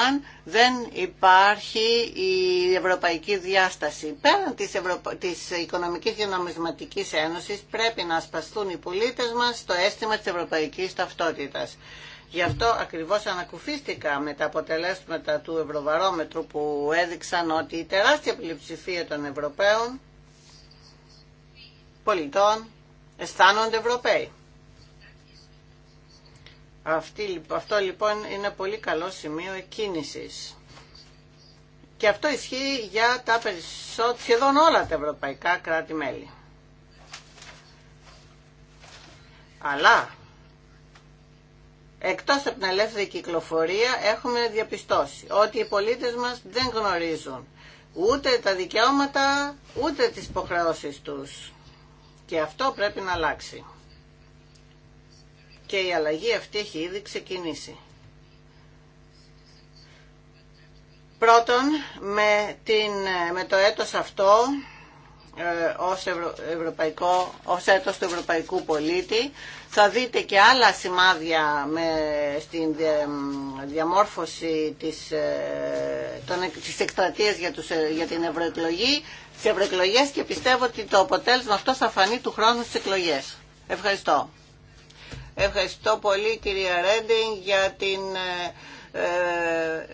[SPEAKER 2] αν δεν υπάρχει η ευρωπαϊκή διάσταση. Πέραν της, Ευρωπα... της Οικονομικής και Νομισματικής Ένωσης πρέπει να ασπαστούν οι πολίτες μας στο αίσθημα της ευρωπαϊκής ταυτότητας. Γι' αυτό ακριβώς ανακουφίστηκα με τα αποτελέσματα του Ευρωβαρόμετρου που έδειξαν ότι η τεράστια πλειοψηφία των Ευρωπαίων πολιτών αισθάνονται Ευρωπαίοι αυτό λοιπόν είναι πολύ καλό σημείο εκκίνησης. Και αυτό ισχύει για τα περισσότερα, σχεδόν όλα τα ευρωπαϊκά κράτη-μέλη. Αλλά, εκτός από την ελεύθερη κυκλοφορία, έχουμε διαπιστώσει ότι οι πολίτες μας δεν γνωρίζουν ούτε τα δικαιώματα, ούτε τις υποχρεώσεις τους. Και αυτό πρέπει να αλλάξει και η αλλαγή αυτή έχει ήδη ξεκινήσει. Πρώτον, με, την, με το έτος αυτό ε, ως, ευρωπαϊκό, ως έτος του Ευρωπαϊκού Πολίτη. Θα δείτε και άλλα σημάδια με, στην διαμόρφωση της, ε, των, της για, τους, ε, για την ευρωεκλογή, τις ευρωεκλογές και πιστεύω ότι το αποτέλεσμα αυτό θα φανεί του χρόνου στις εκλογές. Ευχαριστώ. Ευχαριστώ πολύ κυρία Ρέντινγκ για την ε, ε,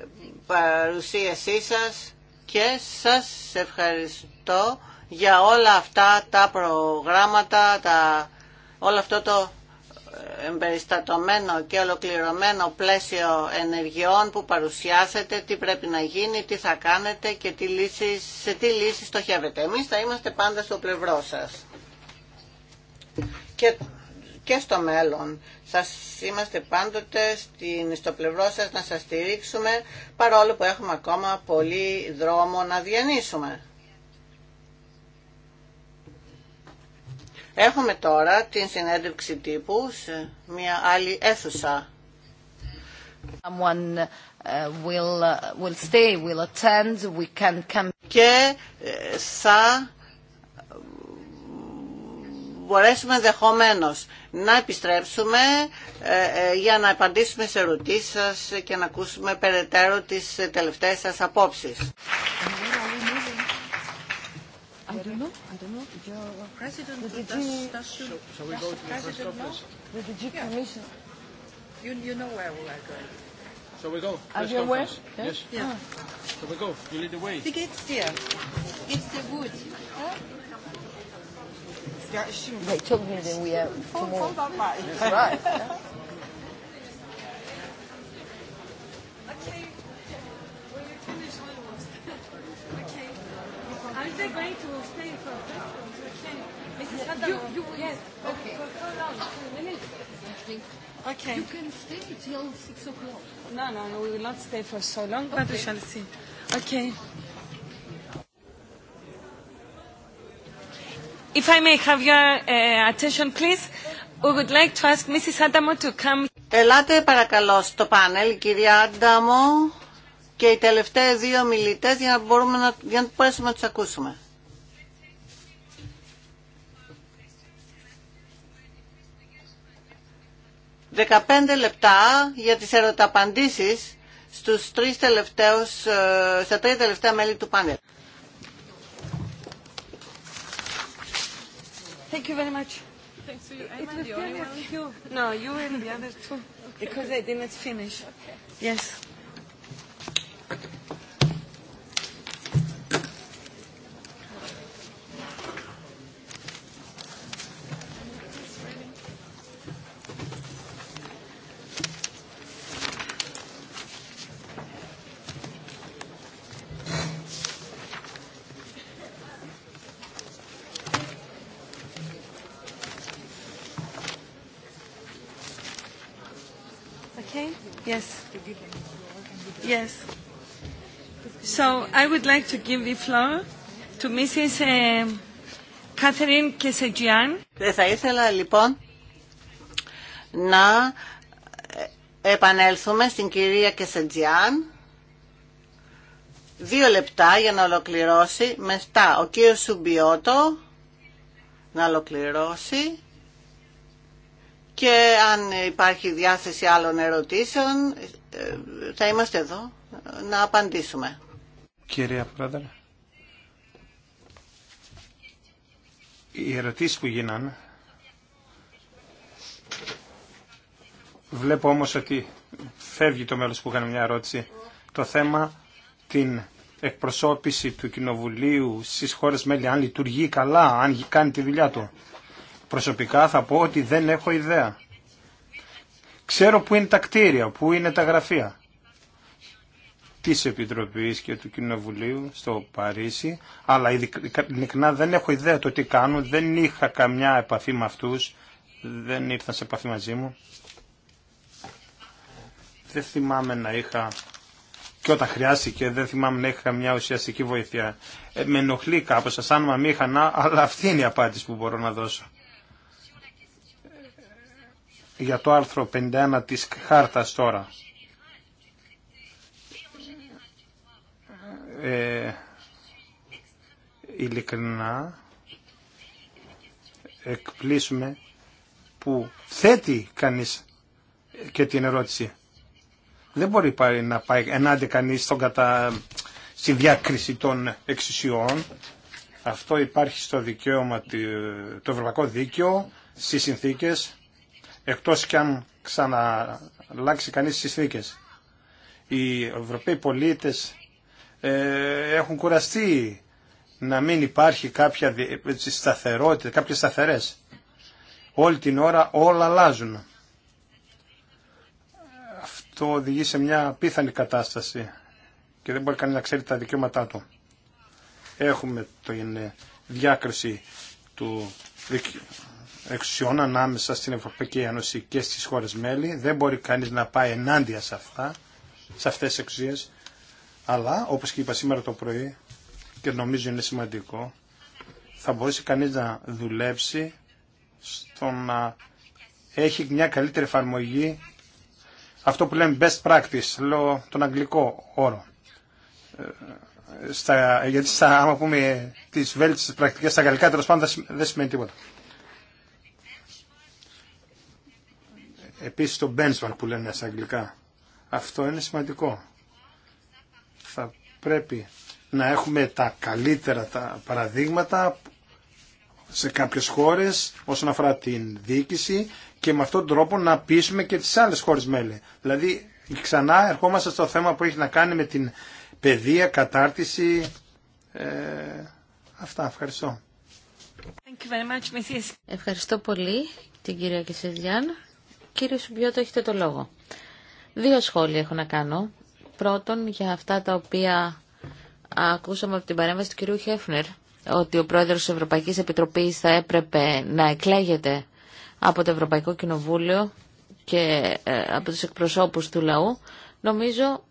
[SPEAKER 2] παρουσίασή σας και σας ευχαριστώ για όλα αυτά τα προγράμματα, τα, όλο αυτό το εμπεριστατωμένο και ολοκληρωμένο πλαίσιο ενεργειών που παρουσιάσετε, τι πρέπει να γίνει, τι θα κάνετε και τι λύσεις, σε τι λύσεις στοχεύετε. Εμείς θα είμαστε πάντα στο πλευρό σας και στο μέλλον. Σας είμαστε πάντοτε στην, στο πλευρό σας να σας στηρίξουμε, παρόλο που έχουμε ακόμα πολύ δρόμο να διανύσουμε. Έχουμε τώρα την συνέντευξη τύπου μια άλλη αίθουσα. Και θα μπορέσουμε ενδεχομένω να επιστρέψουμε για να απαντήσουμε σε ερωτήσεις σας και να ακούσουμε περαιτέρω τις τελευταίες σας απόψεις.
[SPEAKER 5] I don't know. I don't know. Your president the
[SPEAKER 3] DG, does, should, shall we go to the president office? The DG yeah. commission. You, you know where we are going.
[SPEAKER 1] Shall we go? Are you aware? Yes. yes. Yeah. Shall we go? You lead the way. The
[SPEAKER 2] gates there. It's
[SPEAKER 3] the wood. Huh? Ja, stimmt. They told me that we have tomorrow. Voll dabei. That's right. Okay. When you finish, I Okay. Are they going to stay for Okay. Mrs. Hadamard. You, you, yes. Okay. For how long? Two minutes. Okay. You can stay till six o'clock. No, no, we will not stay for so long, but we shall see. Okay. If I may have your uh, attention, please, we would like to ask Mrs. Adamo to come. Ελάτε
[SPEAKER 2] παρακαλώ στο πάνελ, η κυρία Άνταμο και οι τελευταίες δύο μιλήτε, για να μπορούμε να, για να μπορέσουμε να τους ακούσουμε. Δεκαπέντε λεπτά για τις ερωταπαντήσεις στους τρεις τελευταίους, ε, στα τρία τελευταία μέλη του πάνελ.
[SPEAKER 3] Thank you very much. Thanks for you. Am I the only one? No, you and the others too, because I didn't finish. Okay. Yes. So I like to give the floor to Mrs. Eh, Catherine ε, Θα ήθελα λοιπόν να
[SPEAKER 2] ε, επανέλθουμε στην κυρία Κεσεντζιάν. Δύο λεπτά για να ολοκληρώσει. Μετά ο κύριο Σουμπιώτο να ολοκληρώσει. Και αν υπάρχει διάθεση άλλων ερωτήσεων, ε, θα είμαστε εδώ να απαντήσουμε.
[SPEAKER 4] Κυρία Πρόεδρε, οι ερωτήσεις που γίνανε, βλέπω όμως ότι φεύγει το μέλος που κάνει μια ερώτηση. Το θέμα την εκπροσώπηση του Κοινοβουλίου στις χώρες μέλη, αν λειτουργεί καλά, αν κάνει τη δουλειά του. Προσωπικά θα πω ότι δεν έχω ιδέα. Ξέρω που είναι τα κτίρια, που είναι τα γραφεία της Επιτροπής και του Κοινοβουλίου στο Παρίσι, αλλά ειλικρινά δεν έχω ιδέα το τι κάνουν, δεν είχα καμιά επαφή με αυτούς, δεν ήρθαν σε επαφή μαζί μου. Δεν θυμάμαι να είχα, και όταν χρειάστηκε, δεν θυμάμαι να είχα μια ουσιαστική βοήθεια. Ε, με ενοχλεί κάπως, σαν είχα, μήχανα, αλλά αυτή είναι η απάντηση που μπορώ να δώσω. Ε, για το άρθρο 51 της χάρτας τώρα ε, ειλικρινά εκπλήσουμε που θέτει κανείς και την ερώτηση. Δεν μπορεί πάει να πάει ενάντια κανείς στον κατα... στη διάκριση των εξουσιών. Αυτό υπάρχει στο δικαίωμα, το ευρωπαϊκό δίκαιο, στις συνθήκες, εκτός κι αν ξαναλάξει κανείς στις συνθήκες. Οι Ευρωπαίοι πολίτες ε, έχουν κουραστεί να μην υπάρχει κάποια σταθερότητα, κάποιες σταθερές. Όλη την ώρα όλα αλλάζουν. Αυτό οδηγεί σε μια πίθανη κατάσταση και δεν μπορεί κανείς να ξέρει τα δικαιώματά του. Έχουμε την ε, διάκριση του εξουσιών ανάμεσα στην Ευρωπαϊκή Ένωση και στις χώρες μέλη. Δεν μπορεί κανείς να πάει ενάντια σε αυτά, σε αυτές εξουσίες. Αλλά, όπως και είπα σήμερα το πρωί και νομίζω είναι σημαντικό, θα μπορέσει κανείς να δουλέψει στο να έχει μια καλύτερη εφαρμογή αυτό που λέμε best practice, λέω τον αγγλικό όρο. Ε, στα, γιατί στα, άμα πούμε τις βέλτιστες πρακτικές στα γαλλικά τέλος πάντων δεν σημαίνει τίποτα. Επίσης το benchmark που λένε στα αγγλικά. Αυτό είναι σημαντικό θα πρέπει να έχουμε τα καλύτερα τα παραδείγματα σε κάποιες χώρες όσον αφορά την διοίκηση και με αυτόν τον τρόπο να πείσουμε και τις άλλες χώρες μέλη. Δηλαδή ξανά ερχόμαστε στο θέμα που έχει να κάνει με την παιδεία, κατάρτιση. Ε, αυτά. Ευχαριστώ.
[SPEAKER 1] Ευχαριστώ πολύ την κυρία Κεσεριάν. Κύριε Σουμπιώτο, έχετε το λόγο. Δύο σχόλια έχω να κάνω. Πρώτον, για αυτά τα οποία ακούσαμε από την παρέμβαση του κυρίου Χέφνερ, ότι ο πρόεδρος της Ευρωπαϊκής Επιτροπής θα έπρεπε να εκλέγεται από το Ευρωπαϊκό Κοινοβούλιο και ε, από τους εκπροσώπους του λαού, νομίζω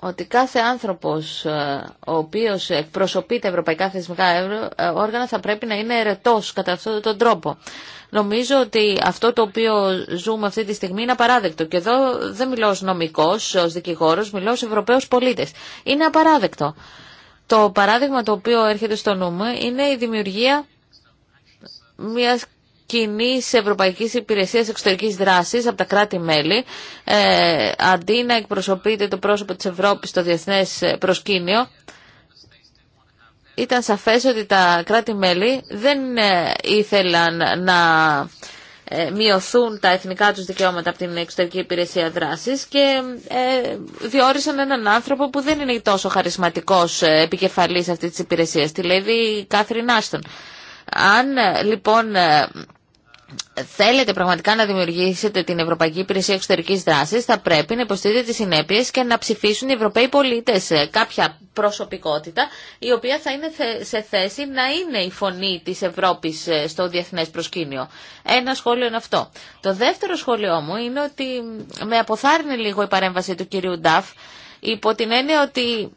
[SPEAKER 1] ότι κάθε άνθρωπος ε, ο οποίος εκπροσωπεί τα ευρωπαϊκά θεσμικά ε, όργανα θα πρέπει να είναι ερετός κατά αυτόν τον τρόπο. Νομίζω ότι αυτό το οποίο ζούμε αυτή τη στιγμή είναι απαράδεκτο. Και εδώ δεν μιλώ ως νομικός, ως δικηγόρος, μιλώ ως Ευρωπαίος πολίτες. Είναι απαράδεκτο. Το παράδειγμα το οποίο έρχεται στο νου είναι η δημιουργία μιας κοινή Ευρωπαϊκή Υπηρεσία Εξωτερική Δράση από τα κράτη-μέλη, ε, αντί να εκπροσωπείται το πρόσωπο τη Ευρώπη στο διεθνέ ε, προσκήνιο, ήταν σαφές ότι τα κράτη-μέλη δεν ε, ήθελαν να ε, μειωθούν τα εθνικά τους δικαιώματα από την εξωτερική υπηρεσία δράσης και ε, διόρισαν έναν άνθρωπο που δεν είναι τόσο χαρισματικός επικεφαλής αυτής της υπηρεσίας, τη λέει Κάθριν Άστον. Αν λοιπόν θέλετε πραγματικά να δημιουργήσετε την Ευρωπαϊκή Υπηρεσία Εξωτερική Δράση, θα πρέπει να υποστηρίζετε τι συνέπειε και να ψηφίσουν οι Ευρωπαίοι πολίτε κάποια προσωπικότητα, η οποία θα είναι σε θέση να είναι η φωνή τη Ευρώπη ε, στο διεθνέ προσκήνιο. Ένα σχόλιο είναι αυτό. Το δεύτερο σχόλιο μου είναι ότι με αποθάρρυνε λίγο η παρέμβαση του κυρίου Νταφ υπό την έννοια ότι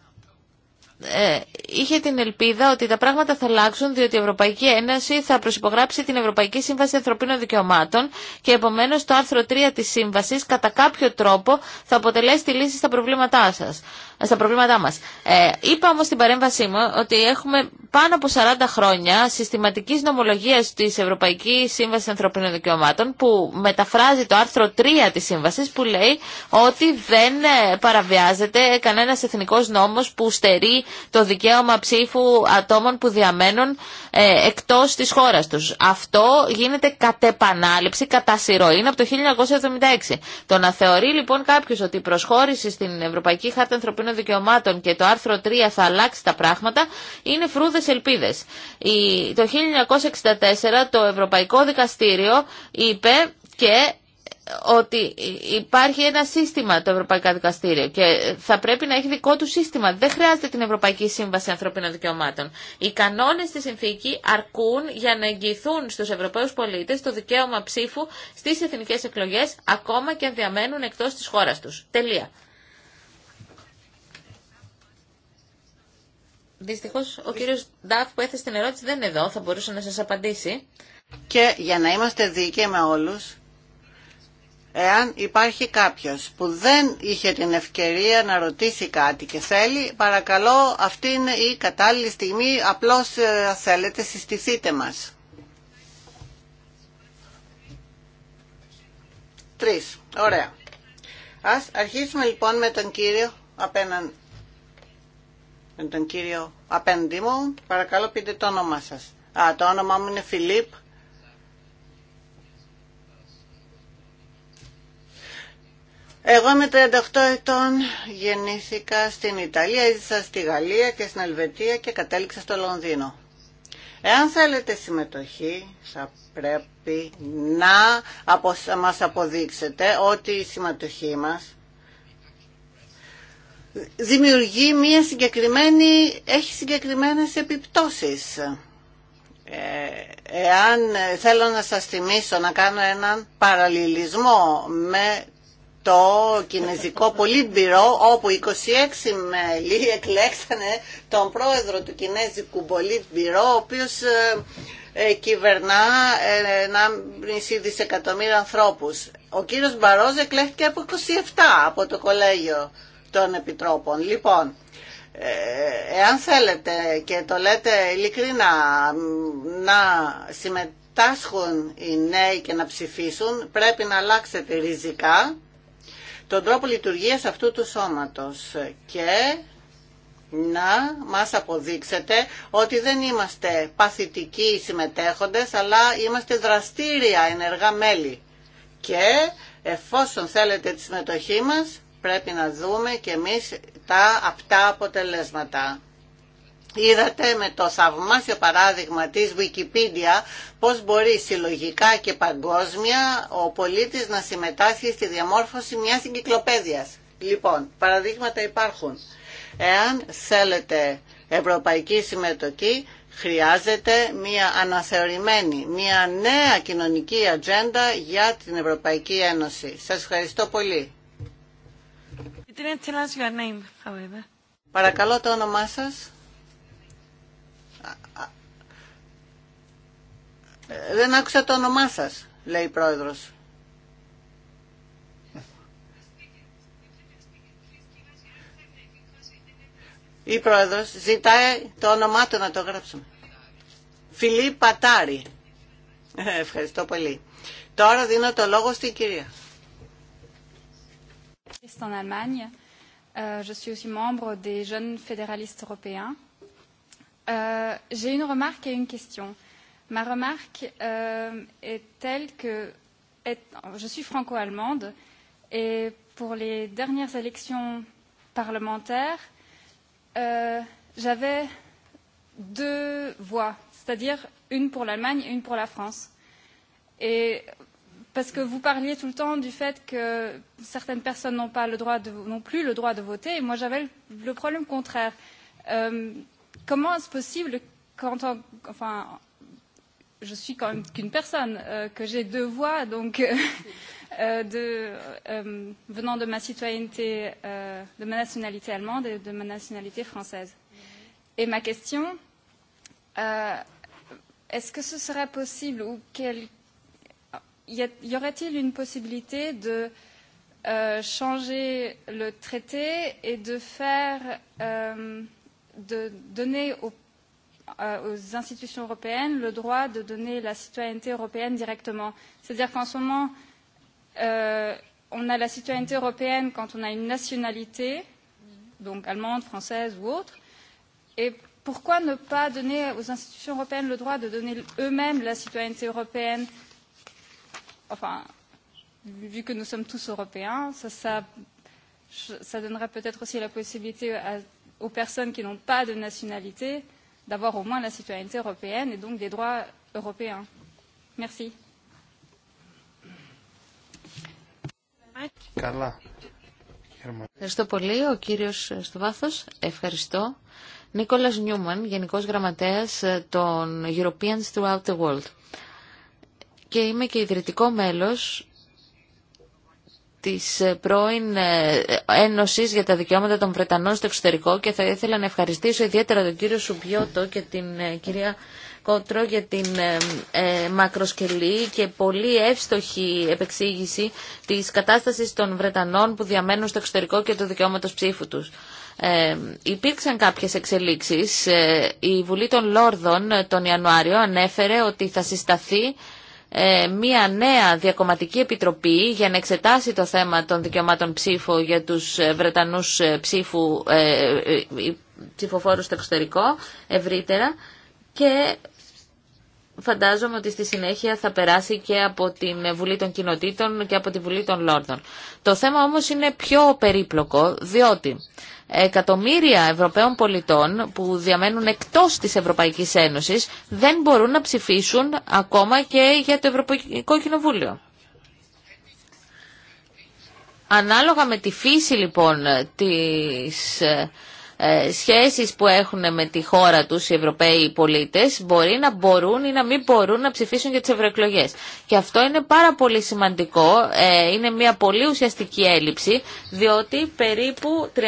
[SPEAKER 1] ε, είχε την ελπίδα ότι τα πράγματα θα αλλάξουν διότι η Ευρωπαϊκή Ένωση θα προσυπογράψει την Ευρωπαϊκή Σύμβαση Ανθρωπίνων Δικαιωμάτων και επομένως το άρθρο 3 της Σύμβασης κατά κάποιο τρόπο θα αποτελέσει τη λύση στα προβλήματά σας στα προβλήματά μας. Ε, είπα όμως στην παρέμβασή μου ότι έχουμε πάνω από 40 χρόνια συστηματικής νομολογίας της Ευρωπαϊκής Σύμβασης Ανθρωπίνων Δικαιωμάτων που μεταφράζει το άρθρο 3 της σύμβασης που λέει ότι δεν ε, παραβιάζεται κανένας εθνικός νόμος που στερεί το δικαίωμα ψήφου ατόμων που διαμένουν ε, εκτός της χώρας τους. Αυτό γίνεται κατ' επανάληψη, κατά συρροή, είναι από το 1976. Το να θεωρεί λοιπόν κάποιο ότι η προσχώρηση στην Ευρωπαϊκή Χάρτα Ανθρωπίνων Δικαιωμάτων και το άρθρο 3 θα αλλάξει τα πράγματα, είναι φρούδες ελπίδες. Το 1964 το Ευρωπαϊκό Δικαστήριο είπε και ε, ότι υπάρχει ένα σύστημα το Ευρωπαϊκό Δικαστήριο και θα πρέπει να έχει δικό του σύστημα. Δεν χρειάζεται την Ευρωπαϊκή Σύμβαση Ανθρωπίνων Δικαιωμάτων. Οι κανόνες στη συνθήκη αρκούν για να εγγυηθούν στους Ευρωπαίους πολίτες το δικαίωμα ψήφου στις εθνικές εκλογές ακόμα και αν διαμένουν εκτός της χώρας τους. Τελεία. Δυστυχώ, ο κύριος Νταφ που έθεσε την ερώτηση δεν είναι εδώ, θα μπορούσε να σας απαντήσει.
[SPEAKER 2] Και για να είμαστε δίκαιοι με όλους, εάν υπάρχει κάποιος που δεν είχε την ευκαιρία να ρωτήσει κάτι και θέλει, παρακαλώ αυτή είναι η κατάλληλη στιγμή, απλώς ε, θέλετε συστηθείτε μας. Τρεις, ωραία. Ας αρχίσουμε λοιπόν με τον κύριο απέναντι με τον κύριο απέντη μου. Παρακαλώ πείτε το όνομά σας. Α, το όνομά μου είναι Φιλίπ. Εγώ είμαι 38 ετών, γεννήθηκα στην Ιταλία, έζησα στη Γαλλία και στην Ελβετία και κατέληξα στο Λονδίνο. Εάν θέλετε συμμετοχή, θα πρέπει να μας αποδείξετε ότι η συμμετοχή μας δημιουργεί μια συγκεκριμένη, έχει συγκεκριμένες επιπτώσεις. Ε, εάν θέλω να σας θυμίσω να κάνω έναν παραλληλισμό με το κινέζικο πολύμπυρο όπου 26 μέλη εκλέξανε τον πρόεδρο του κινέζικου πολύμπυρο ο οποίος ε, ε κυβερνά ε, ένα μισή δισεκατομμύρια ανθρώπους. Ο κύριος Μπαρός εκλέχθηκε από 27 από το κολέγιο των επιτρόπων. Λοιπόν, ε, εάν θέλετε και το λέτε ειλικρινά να συμμετάσχουν οι νέοι και να ψηφίσουν, πρέπει να αλλάξετε ριζικά τον τρόπο λειτουργίας αυτού του σώματος και να μας αποδείξετε ότι δεν είμαστε παθητικοί συμμετέχοντες, αλλά είμαστε δραστήρια ενεργά μέλη. Και εφόσον θέλετε τη συμμετοχή μας, πρέπει να δούμε και εμείς τα απτά αποτελέσματα. Είδατε με το θαυμάσιο παράδειγμα της Wikipedia πώς μπορεί συλλογικά και παγκόσμια ο πολίτης να συμμετάσχει στη διαμόρφωση μιας εγκυκλοπαίδειας. Λοιπόν, παραδείγματα υπάρχουν. Εάν θέλετε ευρωπαϊκή συμμετοχή, χρειάζεται μια αναθεωρημένη, μια νέα κοινωνική ατζέντα για την Ευρωπαϊκή Ένωση. Σας ευχαριστώ πολύ. Παρακαλώ το όνομά σας. Δεν άκουσα το όνομά σας, λέει η πρόεδρος. Η πρόεδρος ζητάει το όνομά του να το γράψουμε. Φιλίπ Πατάρη. Ε, ευχαριστώ πολύ. Τώρα δίνω το λόγο στην κυρία.
[SPEAKER 5] En Allemagne, je suis aussi membre des jeunes fédéralistes européens. J'ai une remarque et une question. Ma remarque est telle que je suis franco-allemande et pour les dernières élections parlementaires, j'avais deux voix, c'est-à-dire une pour l'Allemagne et une pour la France. Et parce que vous parliez tout le temps du fait que certaines personnes n'ont pas le droit non plus le droit de voter et moi j'avais le problème contraire comment est-ce possible quand enfin je suis quand même qu'une personne que j'ai deux voix donc de venant de ma citoyenneté de ma nationalité allemande et de ma nationalité française et ma question est-ce que ce serait possible ou quel y aurait-il une possibilité de changer le traité et de faire de donner aux institutions européennes le droit de donner la citoyenneté européenne directement. C'est-à-dire qu'en ce moment, on a la citoyenneté européenne quand on a une nationalité, donc allemande, française ou autre. Et pourquoi ne pas donner aux institutions européennes le droit de donner eux-mêmes la citoyenneté européenne enfin, vu que nous sommes tous européens, ça ça donnerait peut-être aussi la possibilité aux personnes qui n'ont pas de nationalité d'avoir au moins la citoyenneté européenne et donc des droits européens. Merci.
[SPEAKER 4] Καλά.
[SPEAKER 1] Ευχαριστώ πολύ. Ο κύριος στο Ευχαριστώ. Νίκολας Νιούμαν, Γενικός Γραμματέας των Europeans Throughout the World και είμαι και ιδρυτικό μέλος της πρώην ε, Ένωσης για τα Δικαιώματα των Βρετανών στο εξωτερικό και θα ήθελα να ευχαριστήσω ιδιαίτερα τον κύριο Σουμπιώτο και την ε, κυρία Κότρο για την ε, μακροσκελή και πολύ εύστοχη επεξήγηση της κατάστασης των Βρετανών που διαμένουν στο εξωτερικό και του δικαιώματος ψήφου τους. Ε, υπήρξαν κάποιες εξελίξεις. η Βουλή των Λόρδων τον Ιανουάριο ανέφερε ότι θα συσταθεί ε, μια νέα διακομματική επιτροπή για να εξετάσει το θέμα των δικαιωμάτων ψήφου για τους ε, Βρετανούς ε, ψήφου, ψηφοφόρους στο εξωτερικό ευρύτερα και φαντάζομαι ότι στη συνέχεια θα περάσει και από την Βουλή των Κοινοτήτων και από τη Βουλή των Λόρδων. Το θέμα όμως είναι πιο περίπλοκο διότι εκατομμύρια Ευρωπαίων πολιτών που διαμένουν εκτός της Ευρωπαϊκής Ένωσης δεν μπορούν να ψηφίσουν ακόμα και για το Ευρωπαϊκό Κοινοβούλιο. Ανάλογα με τη φύση λοιπόν της ε, ε, σχέσεις που έχουν με τη χώρα τους οι Ευρωπαίοι πολίτες μπορεί να μπορούν ή να μην μπορούν να ψηφίσουν για τις ευρωεκλογέ. Και αυτό είναι πάρα πολύ σημαντικό, ε, είναι μια πολύ ουσιαστική έλλειψη, διότι περίπου 35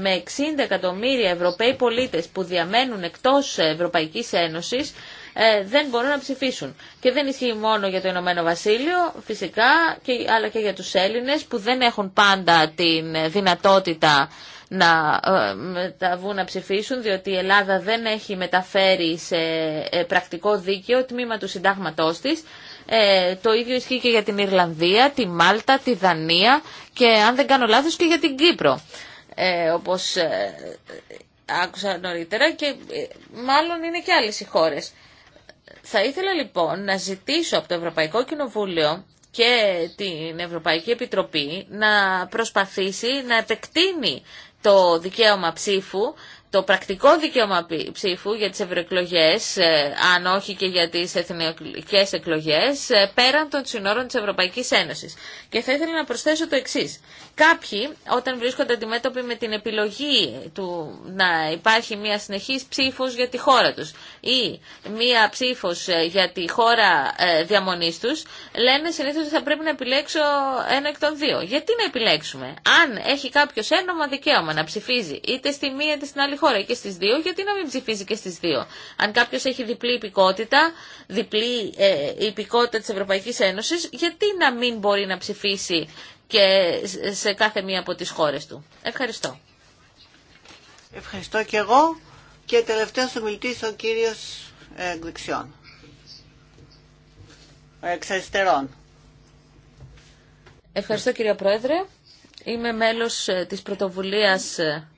[SPEAKER 1] με 60 εκατομμύρια Ευρωπαίοι πολίτες που διαμένουν εκτός Ευρωπαϊκής Ένωσης ε, δεν μπορούν να ψηφίσουν. Και δεν ισχύει μόνο για το Ηνωμένο Βασίλειο, φυσικά, και, αλλά και για τους Έλληνες που δεν έχουν πάντα την δυνατότητα να ε, μεταβούν να ψηφίσουν, διότι η Ελλάδα δεν έχει μεταφέρει σε ε, πρακτικό δίκαιο τμήμα του συντάγματός της. Ε, το ίδιο ισχύει και για την Ιρλανδία, τη Μάλτα, τη Δανία και αν δεν κάνω λάθος και για την Κύπρο. Ε, όπως ε, άκουσα νωρίτερα και μάλλον είναι και άλλες οι χώρες. Θα ήθελα λοιπόν να ζητήσω από το Ευρωπαϊκό Κοινοβούλιο και την Ευρωπαϊκή Επιτροπή να προσπαθήσει να επεκτείνει το δικαίωμα ψήφου το πρακτικό δικαίωμα ψήφου για τις ευρωεκλογέ, ε, αν όχι και για τις εθνικές εκλογές, ε, πέραν των συνόρων της Ευρωπαϊκής Ένωσης. Και θα ήθελα να προσθέσω το εξής. Κάποιοι, όταν βρίσκονται αντιμέτωποι με την επιλογή του να υπάρχει μια συνεχής ψήφος για τη χώρα τους ή μια ψήφος ε, για τη χώρα διαμονής τους, λένε συνήθως ότι θα πρέπει να επιλέξω ένα εκ των δύο. Γιατί να επιλέξουμε, αν έχει κάποιο ένομα δικαίωμα να ψηφίζει είτε στη μία είτε στην άλλη χώρα και στις δύο, γιατί να μην ψηφίζει και στις δύο. Αν κάποιος έχει διπλή υπηκότητα, διπλή ε, υπηκότητα της Ευρωπαϊκής Ένωσης, γιατί να μην μπορεί να ψηφίσει και σε κάθε μία από τις χώρες του. Ευχαριστώ. Ευχαριστώ
[SPEAKER 2] και εγώ. Και τελευταίος ομιλητής ο κύριος ε, Γκλυξιών. Εξ
[SPEAKER 1] Ευχαριστώ κύριε Πρόεδρε. Είμαι μέλος ε, της πρωτοβουλίας ε,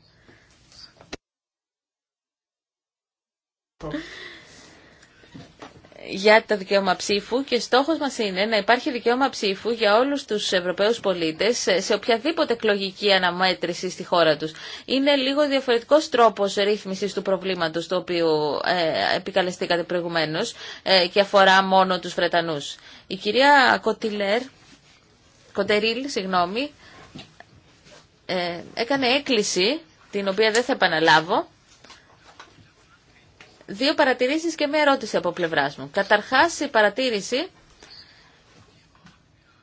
[SPEAKER 1] για το δικαίωμα ψήφου και στόχος μας είναι να υπάρχει δικαίωμα ψήφου για όλους τους Ευρωπαίους πολίτες σε οποιαδήποτε εκλογική αναμέτρηση στη χώρα τους. Είναι λίγο διαφορετικός τρόπος ρύθμισης του προβλήματος το οποίο ε, επικαλεστήκατε προηγουμένως ε, και αφορά μόνο τους Βρετανούς. Η κυρία Κοτιλέρ, Κοντερίλ, συγγνώμη, ε, έκανε έκκληση την οποία δεν θα επαναλάβω Δύο παρατηρήσεις και μία ερώτηση από πλευράς μου. Καταρχάς, η παρατήρηση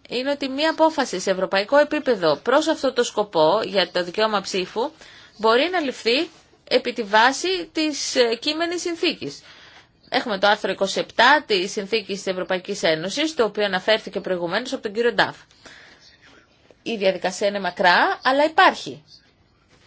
[SPEAKER 1] είναι ότι μία απόφαση σε ευρωπαϊκό επίπεδο προς αυτό το σκοπό για το δικαίωμα ψήφου μπορεί να ληφθεί επί τη βάση της ε, κείμενης συνθήκης. Έχουμε το άρθρο 27 της Συνθήκης της Ευρωπαϊκής Ένωσης, το οποίο αναφέρθηκε προηγουμένως από τον κύριο Νταφ. Η διαδικασία είναι μακρά, αλλά υπάρχει.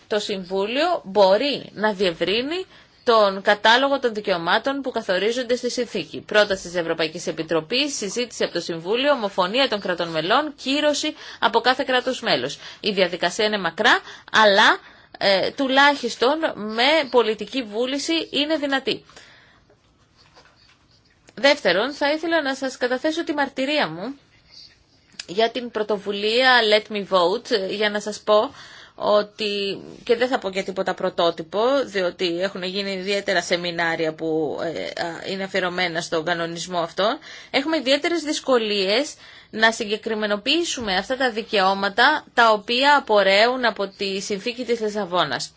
[SPEAKER 1] Το Συμβούλιο μπορεί να διευρύνει τον κατάλογο των δικαιωμάτων που καθορίζονται στη συνθήκη. Πρόταση τη Ευρωπαϊκή Επιτροπή, συζήτηση από το Συμβούλιο, ομοφωνία των κρατών μελών, κύρωση από κάθε κράτο μέλο. Η διαδικασία είναι μακρά, αλλά ε, τουλάχιστον με πολιτική βούληση είναι δυνατή. Δεύτερον, θα ήθελα να σας καταθέσω τη μαρτυρία μου για την πρωτοβουλία Let Me Vote για να σας πω ότι, και δεν θα πω και τίποτα πρωτότυπο, διότι έχουν γίνει ιδιαίτερα σεμινάρια που ε, είναι αφιερωμένα στον κανονισμό αυτό, έχουμε ιδιαίτερες δυσκολίες να συγκεκριμενοποιήσουμε αυτά τα δικαιώματα τα οποία απορρέουν από τη συνθήκη της Λισαβόνας.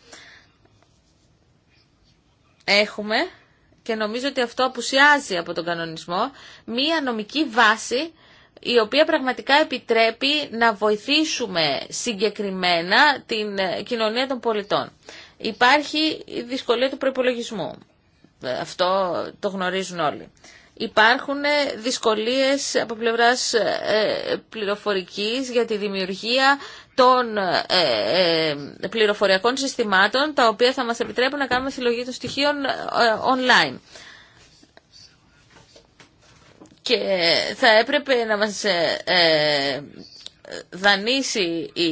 [SPEAKER 1] Έχουμε, και νομίζω ότι αυτό απουσιάζει από τον κανονισμό, μία νομική βάση η οποία πραγματικά επιτρέπει να βοηθήσουμε συγκεκριμένα την ε, κοινωνία των πολιτών. Υπάρχει η δυσκολία του προϋπολογισμού. Ε, αυτό το γνωρίζουν όλοι. Υπάρχουν ε, δυσκολίες από πλευράς πληροφορικής για τη δημιουργία των πληροφοριακών συστημάτων τα οποία θα μας επιτρέπουν να κάνουμε συλλογή των στοιχείων online και θα έπρεπε να μας ε, ε δανείσει η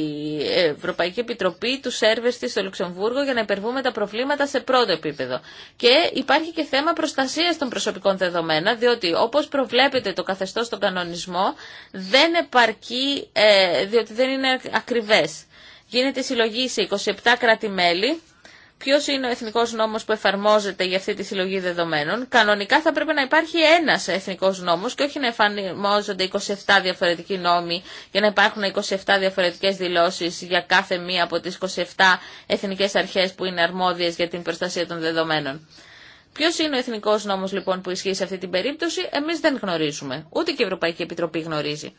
[SPEAKER 1] Ευρωπαϊκή Επιτροπή του Σέρβες της στο Λουξεμβούργο για να υπερβούμε τα προβλήματα σε πρώτο επίπεδο. Και υπάρχει και θέμα προστασίας των προσωπικών δεδομένων, διότι όπως προβλέπεται το καθεστώς στον κανονισμό δεν επαρκεί, ε, διότι δεν είναι ακριβές. Γίνεται συλλογή σε 27 κράτη-μέλη ποιος είναι ο εθνικός νόμος που εφαρμόζεται για αυτή τη συλλογή δεδομένων. Κανονικά θα πρέπει να υπάρχει ένας εθνικός νόμος και όχι να εφαρμόζονται 27 διαφορετικοί νόμοι για να υπάρχουν 27 διαφορετικές δηλώσεις για κάθε μία από τις 27 εθνικές αρχές που είναι αρμόδιες για την προστασία των δεδομένων. Ποιο είναι ο εθνικό νόμο, λοιπόν που ισχύει σε αυτή την περίπτωση, εμεί δεν γνωρίζουμε. Ούτε και η Ευρωπαϊκή Επιτροπή γνωρίζει.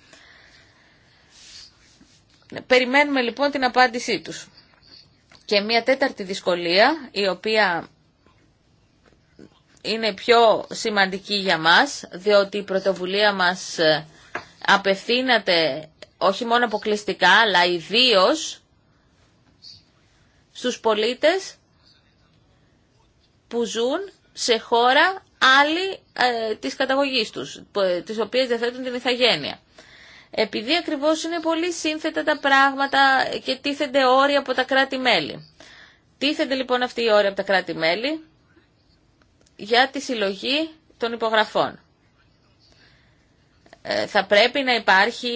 [SPEAKER 1] Περιμένουμε λοιπόν την απάντησή τους. Και μια τέταρτη δυσκολία, η οποία είναι πιο σημαντική για μας, διότι η πρωτοβουλία μας ε, απευθύνεται όχι μόνο αποκλειστικά, αλλά ιδίω στους πολίτες που ζουν σε χώρα άλλη ε, της καταγωγής τους, ε, τις οποίες διαθέτουν την ηθαγένεια επειδή ακριβώς είναι πολύ σύνθετα τα πράγματα και τίθενται όρια από τα κράτη-μέλη. Τίθενται λοιπόν αυτοί οι όρια από τα κράτη-μέλη για τη συλλογή των υπογραφών. Ε, θα πρέπει να υπάρχει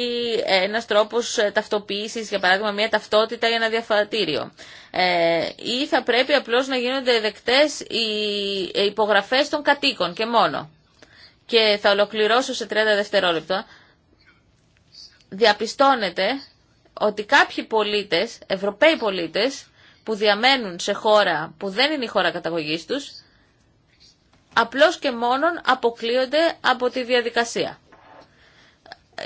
[SPEAKER 1] ένας τρόπος ε, ταυτοποίησης, για παράδειγμα μια ταυτότητα ή ένα διαφατήριο. Ε, ή θα πρέπει απλώς να γίνονται δεκτές οι υπογραφές των κατοίκων και μόνο. Και θα ολοκληρώσω σε 30 δευτερόλεπτα διαπιστώνεται ότι κάποιοι πολίτες, Ευρωπαίοι πολίτες, που διαμένουν σε χώρα που δεν είναι η χώρα καταγωγής τους, απλώς και μόνον αποκλείονται από τη διαδικασία.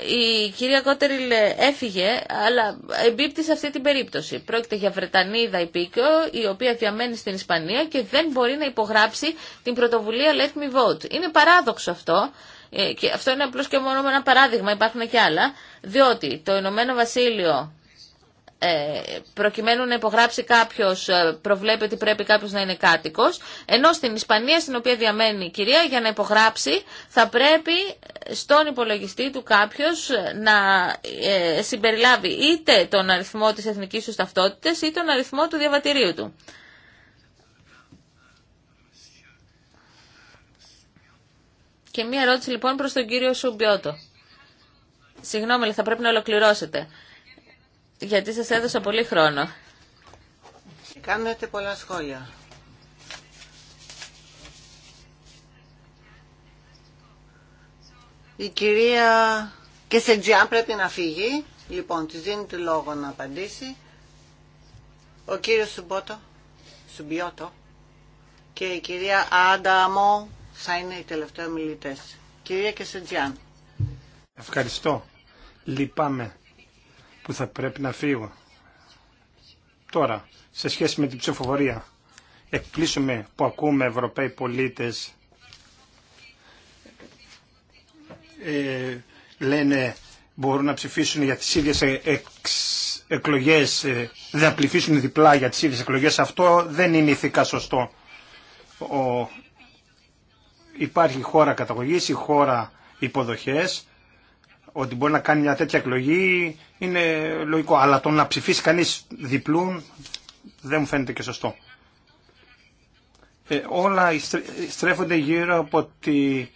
[SPEAKER 1] Η κυρία Κότεριλ έφυγε, αλλά εμπίπτει σε αυτή την περίπτωση. Πρόκειται για Βρετανίδα υπήκαιο, η οποία διαμένει στην Ισπανία και δεν μπορεί να υπογράψει την πρωτοβουλία Let Me Vote. Είναι παράδοξο αυτό, ε, και αυτό είναι απλώ και μόνο ένα παράδειγμα, υπάρχουν και άλλα, διότι το Ηνωμένο Βασίλειο ε, προκειμένου να υπογράψει κάποιο, ε, προβλέπει ότι πρέπει κάποιο να είναι κάτοικο. Ενώ στην Ισπανία, στην οποία διαμένει η κυρία, για να υπογράψει, θα πρέπει στον υπολογιστή του κάποιο να συμπεριλάβει είτε τον αριθμό τη εθνική του ταυτότητα, είτε τον αριθμό του διαβατηρίου του. Και μία ερώτηση λοιπόν προς τον κύριο Σουμπιώτο. Συγγνώμη, αλλά θα πρέπει να ολοκληρώσετε. Γιατί σας έδωσα πολύ χρόνο.
[SPEAKER 2] Κάνετε πολλά σχόλια. Η κυρία Κεσεντζιάν πρέπει να φύγει. Λοιπόν, τη δίνει τη λόγο να απαντήσει. Ο κύριος Σουμπότο, Σουμπιώτο και η κυρία Άνταμο θα είναι οι τελευταίοι μιλητές. Κυρία Κεσεντζιάν.
[SPEAKER 4] Ευχαριστώ. Λυπάμαι που θα πρέπει να φύγω. Τώρα, σε σχέση με την ψηφοφορία, εκπλήσουμε που ακούμε Ευρωπαίοι πολίτες ε, λένε μπορούν να ψηφίσουν για τις ίδιες ε, εξ, εκλογές, ε, δεν ψηφίσουν διπλά για τις ίδιες εκλογές. Αυτό δεν είναι ηθικά σωστό. Ο υπάρχει χώρα καταγωγής ή χώρα υποδοχές, ότι μπορεί να κάνει μια τέτοια εκλογή είναι λογικό. Αλλά το να ψηφίσει κανείς διπλούν δεν μου φαίνεται και σωστό. Ε, όλα στρέφονται γύρω από τη,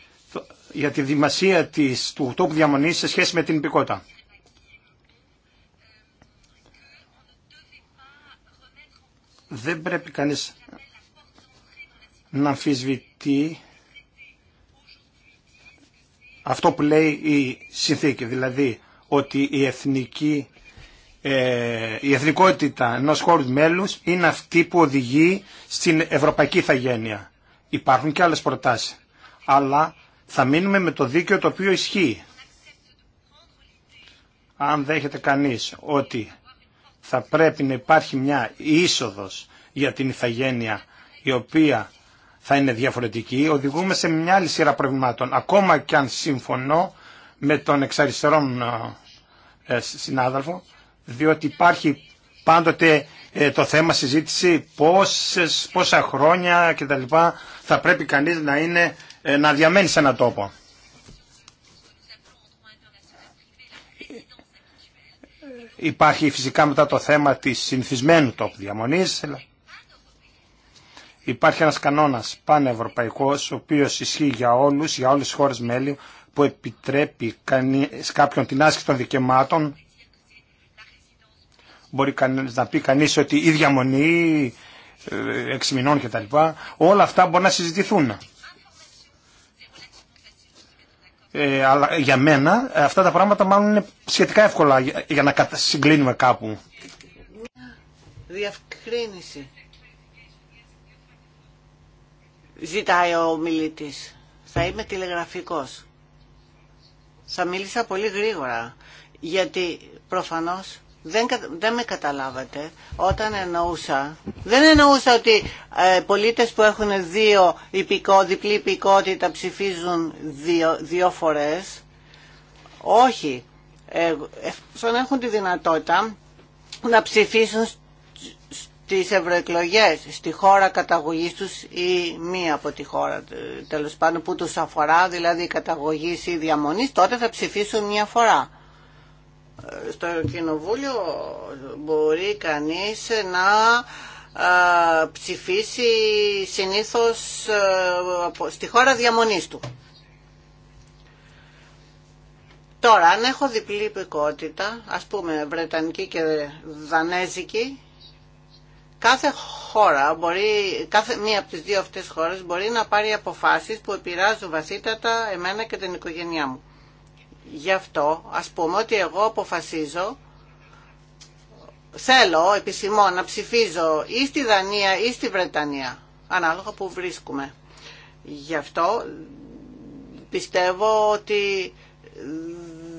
[SPEAKER 4] για τη δημασία της, του τόπου διαμονής σε σχέση με την υπηκότητα. Δεν πρέπει κανείς να αμφισβητεί αυτό που λέει η συνθήκη, δηλαδή ότι η εθνική ε, η εθνικότητα ενός χώρου μέλους είναι αυτή που οδηγεί στην ευρωπαϊκή θαγένεια. Υπάρχουν και άλλες προτάσεις. Αλλά θα μείνουμε με το δίκαιο το οποίο ισχύει. Αν δέχεται κανείς ότι θα πρέπει να υπάρχει μια είσοδος για την ηθαγένεια η οποία θα είναι διαφορετική, οδηγούμε σε μια άλλη σειρά προβλημάτων. Ακόμα και αν συμφωνώ με τον εξαριστερόν ε, συνάδελφο, διότι υπάρχει πάντοτε ε, το θέμα συζήτηση πόσες, πόσα χρόνια κτλ. θα πρέπει κανείς να, είναι, ε, να διαμένει σε ένα τόπο. Υπάρχει φυσικά μετά το θέμα της συνηθισμένου τόπου διαμονής, υπάρχει ένας κανόνας πανευρωπαϊκός, ο οποίος ισχύει για όλους, για όλες τις χώρες μέλη, που επιτρέπει κάποιον την άσκηση των δικαιωμάτων. Μπορεί να πει κανείς ότι η διαμονή, ε, έξι μηνών λοιπά, Όλα αυτά μπορεί να συζητηθούν. Ε, αλλά για μένα αυτά τα πράγματα μάλλον είναι σχετικά εύκολα για, να συγκλίνουμε κάπου.
[SPEAKER 2] Διαυκρίνηση ζητάει ο μιλητής. Θα είμαι τηλεγραφικός. Θα μίλησα πολύ γρήγορα, γιατί προφανώς δεν, δεν με καταλάβατε όταν εννοούσα. Δεν εννοούσα ότι ε, πολίτες που έχουν δύο υπηκό, διπλή υπηκότητα ψηφίζουν δύο, δύο φορές. Όχι. Ε, έχουν τη δυνατότητα να ψηφίσουν στις ευρωεκλογέ στη χώρα καταγωγής τους ή μία από τη χώρα τέλος πάντων που τους αφορά, δηλαδή καταγωγής ή διαμονή τότε θα ψηφίσουν μία φορά. Ε, στο κοινοβούλιο μπορεί κανείς να ε, ψηφίσει συνήθως ε, στη χώρα διαμονής του. Τώρα, αν έχω διπλή υπηκότητα, ας πούμε Βρετανική και Δανέζικη, Κάθε χώρα μπορεί, κάθε μία από τις δύο αυτές χώρες μπορεί να πάρει αποφάσεις που επηρεάζουν βασίτατα εμένα και την οικογένειά μου. Γι' αυτό ας πούμε ότι εγώ αποφασίζω θέλω επισημό να ψηφίζω ή στη Δανία ή στη Βρετανία, ανάλογα που βρίσκουμε. Γι' αυτό πιστεύω ότι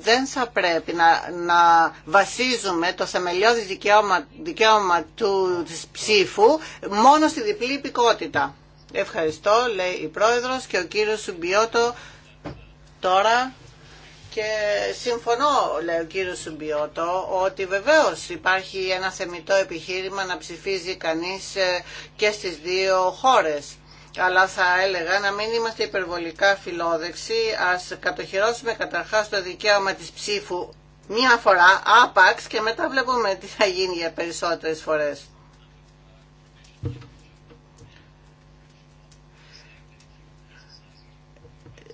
[SPEAKER 2] δεν θα πρέπει να, να βασίζουμε το θεμελιώδη δικαίωμα, δικαίωμα του της ψήφου μόνο στη διπλή υπηκότητα. Ευχαριστώ, λέει η Πρόεδρος και ο κύριος Σουμπιώτο τώρα και συμφωνώ, λέει ο κύριος Σουμπιώτο, ότι βεβαίως υπάρχει ένα θεμητό επιχείρημα να ψηφίζει κανείς ε, και στις δύο χώρες αλλά θα έλεγα να μην είμαστε υπερβολικά φιλόδεξοι, ας κατοχυρώσουμε καταρχάς το δικαίωμα της ψήφου μία φορά, άπαξ και μετά βλέπουμε τι θα γίνει για περισσότερες φορές.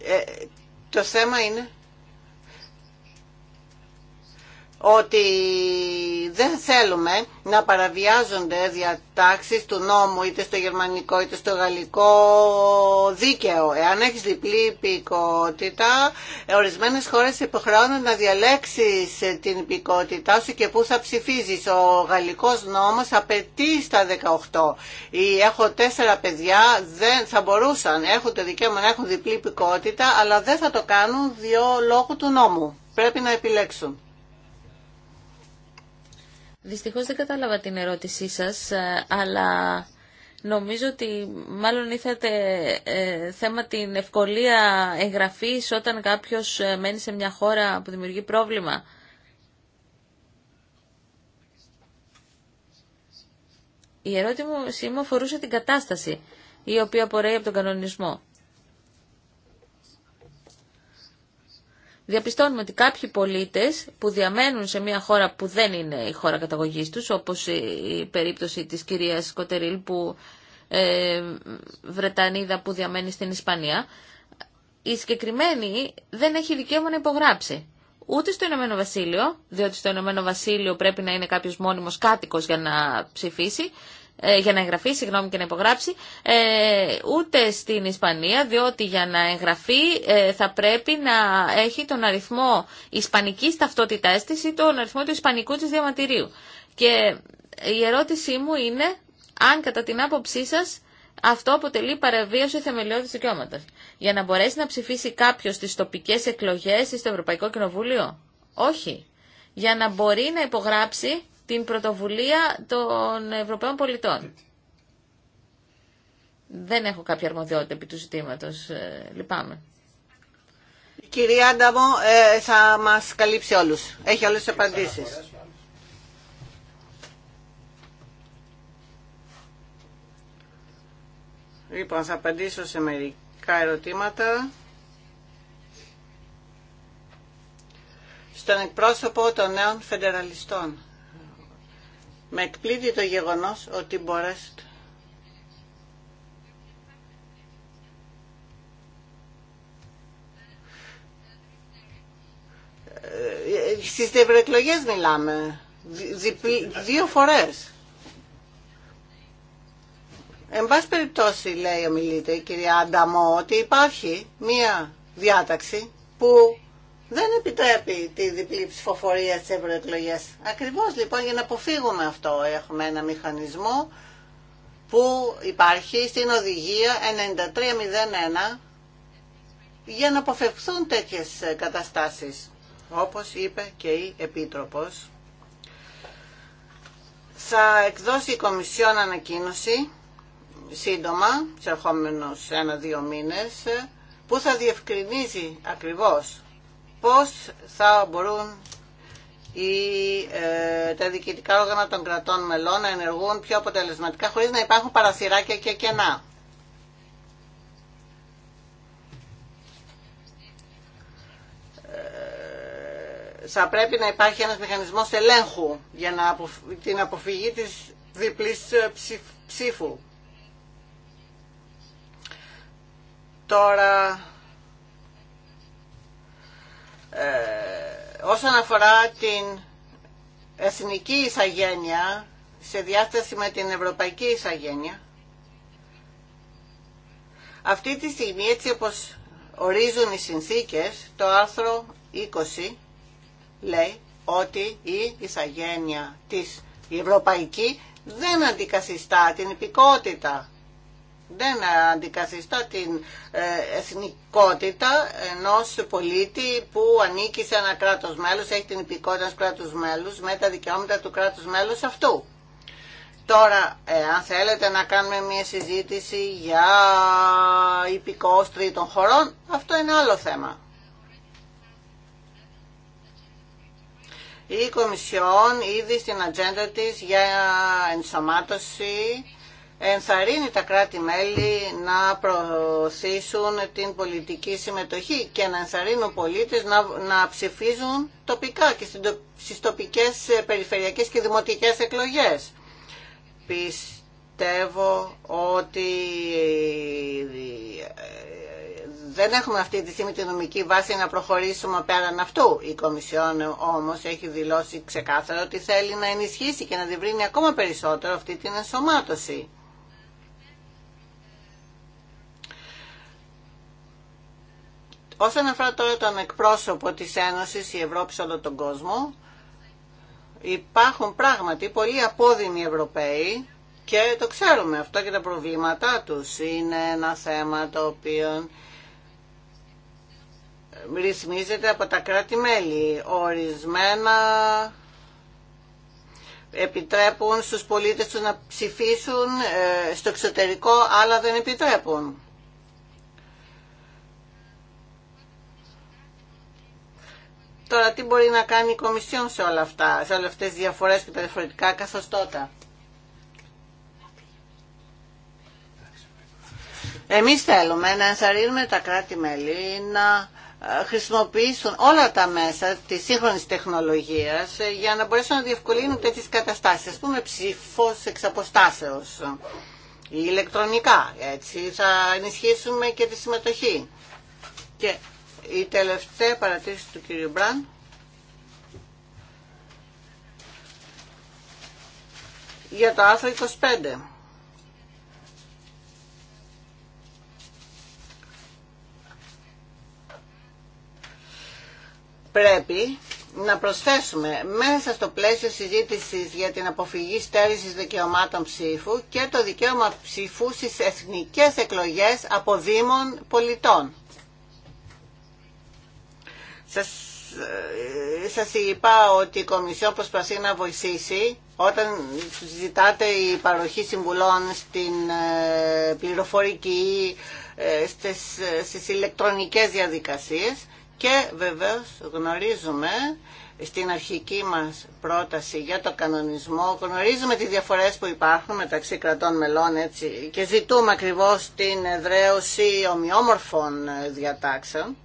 [SPEAKER 2] Ε, το θέμα είναι ότι δεν θέλουμε να παραβιάζονται διατάξεις του νόμου είτε στο γερμανικό είτε στο γαλλικό δίκαιο. Εάν έχεις διπλή υπηκότητα, ορισμένες χώρες υποχρεώνουν να διαλέξεις την υπηκότητά σου και πού θα ψηφίζεις. Ο γαλλικός νόμος απαιτεί στα 18. Ή έχω τέσσερα παιδιά, δεν θα μπορούσαν, έχουν το δικαίωμα να έχουν διπλή υπηκότητα, αλλά δεν θα το κάνουν δυο λόγου του νόμου. Πρέπει να επιλέξουν.
[SPEAKER 1] Δυστυχώς δεν κατάλαβα την ερώτησή σας, ε, αλλά νομίζω ότι μάλλον ήρθατε ε, θέμα την ευκολία εγγραφής όταν κάποιος ε, μένει σε μια χώρα που δημιουργεί πρόβλημα. Η ερώτηση μου αφορούσε την κατάσταση, η οποία απορρέει από τον κανονισμό. διαπιστώνουμε ότι κάποιοι πολίτες που διαμένουν σε μια χώρα που δεν είναι η χώρα καταγωγής τους, όπως η περίπτωση της κυρίας Κοτερίλ που ε, Βρετανίδα που διαμένει στην Ισπανία, η συγκεκριμένη δεν έχει δικαίωμα να υπογράψει. Ούτε στο Ηνωμένο Βασίλειο, διότι στο Ηνωμένο Βασίλειο πρέπει να είναι κάποιο μόνιμος κάτοικος για να ψηφίσει, ε, για να εγγραφεί, συγγνώμη και να υπογράψει, ε, ούτε στην Ισπανία, διότι για να εγγραφεί ε, θα πρέπει να έχει τον αριθμό ισπανικής ταυτότητάς της ή τον αριθμό του ισπανικού της διαματηρίου Και η ερώτησή μου είναι αν κατά την άποψή σας αυτό αποτελεί παραβίαση θεμελιώδης δικαιώματο. Για να μπορέσει να ψηφίσει κάποιο στις τοπικές εκλογές ή στο Ευρωπαϊκό Κοινοβούλιο. Όχι. Για να μπορεί να υπογράψει την πρωτοβουλία των Ευρωπαίων πολιτών. Δεν έχω κάποια αρμοδιότητα επί του ζητήματος. Ε, λυπάμαι. Η
[SPEAKER 2] κυρία Άνταμο ε, θα μας καλύψει όλους. Έχει όλες τις απαντήσεις. Λοιπόν, θα απαντήσω σε μερικά ερωτήματα. Στον εκπρόσωπο των νέων φεντεραλιστών με εκπλήττει το γεγονός ότι μπορέσετε στις ευρωεκλογέ μιλάμε δύο φορές Εν πάση περιπτώσει λέει ομιλείται η κυρία Ανταμό ότι υπάρχει μία διάταξη που δεν επιτρέπει τη διπλή ψηφοφορία στις ευρωεκλογέ. Ακριβώς λοιπόν για να αποφύγουμε αυτό έχουμε ένα μηχανισμό που υπάρχει στην οδηγία 9301 για να αποφευχθούν τέτοιες καταστάσεις. Όπως είπε και η Επίτροπος, θα εκδώσει η Κομισιόν ανακοίνωση σύντομα, σε ερχόμενους ένα-δύο μήνες, που θα διευκρινίζει ακριβώς πώς θα μπορούν οι, ε, τα διοικητικά όργανα των κρατών μελών να ενεργούν πιο αποτελεσματικά χωρίς να υπάρχουν παραθυράκια και κενά. Ε, θα πρέπει να υπάρχει ένας μηχανισμός ελέγχου για να την αποφυγή της διπλής ε, ψήφου. Τώρα, ε, όσον αφορά την εθνική εισαγένεια σε διάσταση με την ευρωπαϊκή εισαγένεια αυτή τη στιγμή έτσι όπως ορίζουν οι συνθήκες το άρθρο 20 λέει ότι η εισαγένεια της η ευρωπαϊκή δεν αντικαθιστά την υπηκότητα δεν αντικαθιστά την ε, εθνικότητα ενός πολίτη που ανήκει σε ένα κράτος μέλος, έχει την υπηκότητα του κράτους μέλους με τα δικαιώματα του κράτους μέλους αυτού. Τώρα, ε, αν θέλετε να κάνουμε μια συζήτηση για υπηκόους τρίτων χωρών, αυτό είναι άλλο θέμα. Η Κομισιόν ήδη στην ατζέντα της για ενσωμάτωση ενθαρρύνει τα κράτη-μέλη να προωθήσουν την πολιτική συμμετοχή και να ενθαρρύνουν πολίτες να, να ψηφίζουν τοπικά και στις τοπικές ε, περιφερειακές και δημοτικές εκλογές. Πιστεύω ότι ε, δεν έχουμε αυτή τη στιγμή τη νομική βάση να προχωρήσουμε πέραν αυτού. Η Κομισιόν όμως έχει δηλώσει ξεκάθαρα ότι θέλει να ενισχύσει και να διευρύνει ακόμα περισσότερο αυτή την ενσωμάτωση. Όσον αφορά τώρα τον εκπρόσωπο της Ένωσης, η Ευρώπη σε όλο τον κόσμο, υπάρχουν πράγματι πολλοί απόδημοι Ευρωπαίοι και το ξέρουμε αυτό και τα προβλήματά τους. Είναι ένα θέμα το οποίο ρυθμίζεται από τα κράτη-μέλη. Ορισμένα επιτρέπουν στους πολίτες τους να ψηφίσουν ε, στο εξωτερικό, αλλά δεν επιτρέπουν Τώρα τι μπορεί να κάνει η Κομισιόν σε όλα αυτά, σε όλες αυτές τις διαφορές και τα διαφορετικά καθοστώτα. Εμείς θέλουμε να ενθαρρύνουμε τα κράτη-μέλη να ε, χρησιμοποιήσουν όλα τα μέσα της σύγχρονης τεχνολογίας ε, για να μπορέσουν να διευκολύνουν τέτοιες καταστάσεις, ας πούμε ψηφός εξ αποστάσεως ή ηλεκτρονικά. Έτσι θα ενισχύσουμε και τη συμμετοχή. Και η τελευταία παρατήρηση του κύριου Μπραν. Για το άρθρο 25. Πρέπει να προσθέσουμε μέσα στο πλαίσιο συζήτησης για την αποφυγή στέρησης δικαιωμάτων ψήφου και το δικαίωμα ψήφου στις εθνικές εκλογές από πολιτών. Σας, ε, σας είπα ότι η Κομισιό προσπαθεί να βοηθήσει όταν ζητάτε η παροχή συμβουλών στην ε, πληροφορική, ε, στις, στις ηλεκτρονικές διαδικασίες και βεβαίως γνωρίζουμε στην αρχική μας πρόταση για το κανονισμό. Γνωρίζουμε τις διαφορές που υπάρχουν μεταξύ κρατών μελών έτσι, και ζητούμε ακριβώς την εδραίωση ομοιόμορφων διατάξεων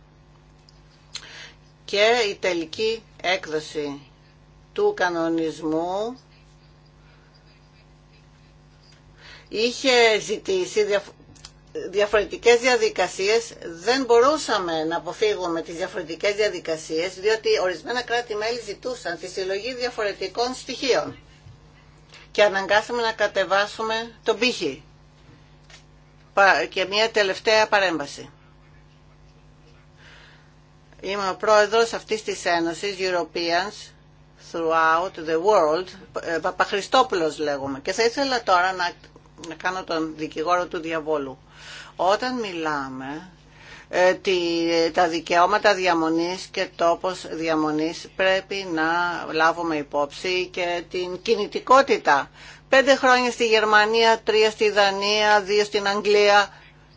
[SPEAKER 2] και η τελική έκδοση του κανονισμού είχε ζητήσει διαφορετικές διαδικασίες. Δεν μπορούσαμε να αποφύγουμε τις διαφορετικές διαδικασίες, διότι ορισμένα κράτη-μέλη ζητούσαν τη συλλογή διαφορετικών στοιχείων και αναγκάσαμε να κατεβάσουμε τον πύχη. Και μια τελευταία παρέμβαση. Είμαι ο πρόεδρος αυτής της Ένωσης Europeans Throughout the World. Ε, Παπαχριστόπουλος λέγομαι. Και θα ήθελα τώρα να, να κάνω τον δικηγόρο του διαβόλου. Όταν μιλάμε ε, τη, τα δικαιώματα διαμονής και τόπος διαμονής πρέπει να λάβουμε υπόψη και την κινητικότητα. Πέντε χρόνια στη Γερμανία, τρία στη Δανία, δύο στην Αγγλία.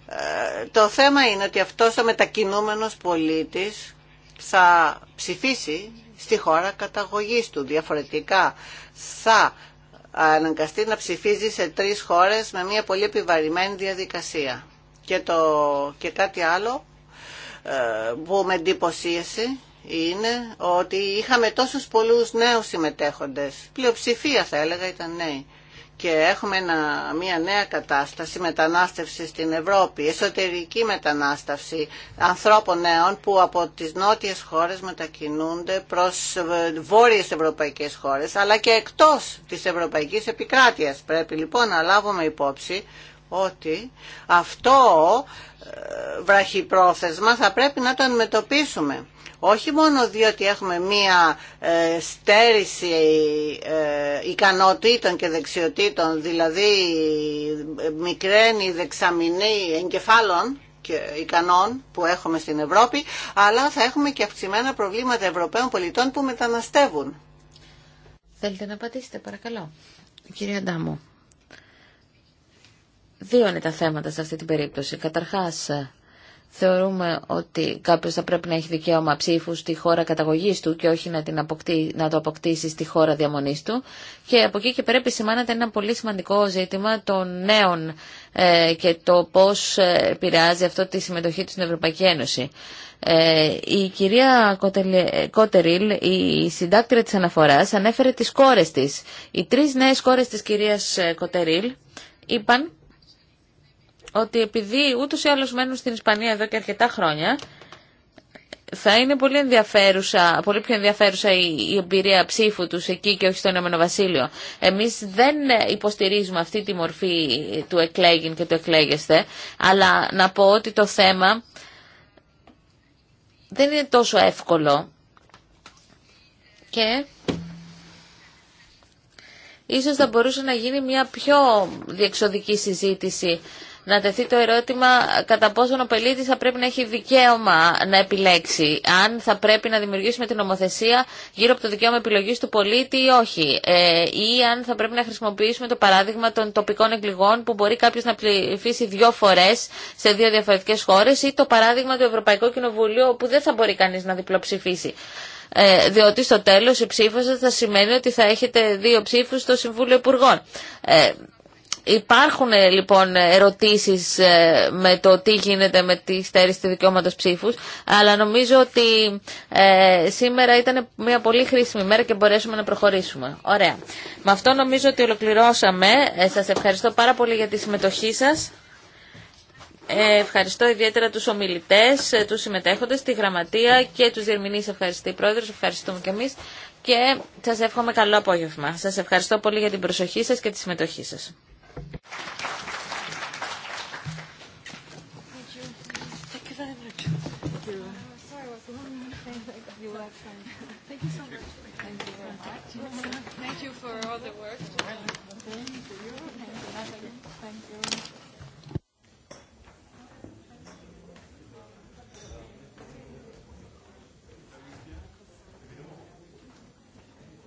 [SPEAKER 2] Ε, το θέμα είναι ότι αυτός ο μετακινούμενος πολίτης θα ψηφίσει στη χώρα καταγωγής του. Διαφορετικά θα αναγκαστεί να ψηφίζει σε τρεις χώρες με μια πολύ επιβαρημένη διαδικασία. Και, το, και κάτι άλλο ε, που με εντυπωσίασε είναι ότι είχαμε τόσους πολλούς νέους συμμετέχοντες. Πλειοψηφία θα έλεγα ήταν νέοι και έχουμε μια νέα κατάσταση μετανάστευση στην Ευρώπη, εσωτερική μετανάστευση ανθρώπων νέων που από τις νότιες χώρες μετακινούνται προς ε, βόρειες ευρωπαϊκές χώρες αλλά και εκτός της ευρωπαϊκής επικράτειας. Πρέπει λοιπόν να λάβουμε υπόψη ότι αυτό ε, βραχυπρόθεσμα θα πρέπει να το αντιμετωπίσουμε όχι μόνο διότι έχουμε μία ε, στέρηση ε, ικανοτήτων και δεξιοτήτων, δηλαδή ε, μικραίνει δεξαμηνή εγκεφάλων και ικανών που έχουμε στην Ευρώπη, αλλά θα έχουμε και αυξημένα προβλήματα Ευρωπαίων πολιτών που μεταναστεύουν.
[SPEAKER 1] Θέλετε να απαντήσετε, παρακαλώ. Κύριε Αντάμου, δύο είναι τα θέματα σε αυτή την περίπτωση. Καταρχάς, θεωρούμε ότι κάποιος θα πρέπει να έχει δικαίωμα ψήφου στη χώρα καταγωγής του και όχι να, την αποκτή, να το αποκτήσει στη χώρα διαμονής του. Και από εκεί και πρέπει επισημάνεται ένα πολύ σημαντικό ζήτημα των νέων ε, και το πώς ε, επηρεάζει αυτό τη συμμετοχή του στην Ευρωπαϊκή Ένωση. Ε, η κυρία Κότεριλ, η συντάκτρια της αναφοράς, ανέφερε τις κόρες της. Οι τρεις νέες κόρες της κυρίας Κότεριλ είπαν ότι επειδή ούτως ή άλλως μένουν στην Ισπανία εδώ και αρκετά χρόνια, ούτω η, εμπειρία ψήφου τους εκεί και όχι στο Ηνωμένο Βασίλειο. Εμείς δεν υποστηρίζουμε αυτή τη μορφή του εκλέγην και του εκλέγεστε, αλλά να πω ότι το θέμα δεν είναι τόσο εύκολο και ίσως θα μπορούσε να γίνει μια πιο διεξοδική συζήτηση να τεθεί το ερώτημα κατά πόσον ο πελίτη θα πρέπει να έχει δικαίωμα να επιλέξει, αν θα πρέπει να δημιουργήσουμε την νομοθεσία γύρω από το δικαίωμα επιλογή του πολίτη ή όχι, ε, ή αν θα πρέπει να χρησιμοποιήσουμε το παράδειγμα των τοπικών εκλογών που μπορεί κάποιο να ψηφίσει δύο φορέ σε δύο διαφορετικέ χώρε ή το παράδειγμα του Ευρωπαϊκού Κοινοβουλίου όπου δεν θα μπορεί κανεί να διπλοψηφίσει. Ε, διότι στο τέλος η ψήφος θα σημαίνει ότι θα έχετε δύο ψήφους στο Συμβούλιο Υπουργών. Ε, Υπάρχουν ε, λοιπόν ερωτήσεις ε, με το τι γίνεται με τη στέρηση του δικαιώματος ψήφους, αλλά νομίζω ότι ε, σήμερα ήταν μια πολύ χρήσιμη μέρα και μπορέσουμε να προχωρήσουμε. Ωραία. Με αυτό νομίζω ότι ολοκληρώσαμε. Ε, σας ευχαριστώ πάρα πολύ για τη συμμετοχή σας. Ε, ευχαριστώ ιδιαίτερα τους ομιλητές, ε, τους συμμετέχοντες, τη γραμματεία και τους διερμηνείς ευχαριστή πρόεδρος. Ευχαριστούμε και εμείς και σας εύχομαι καλό απόγευμα. Σας ευχαριστώ πολύ για την προσοχή σας και τη συμμετοχή σας. Thank
[SPEAKER 3] you Thank Thank you you.
[SPEAKER 5] much. so for all the
[SPEAKER 3] work.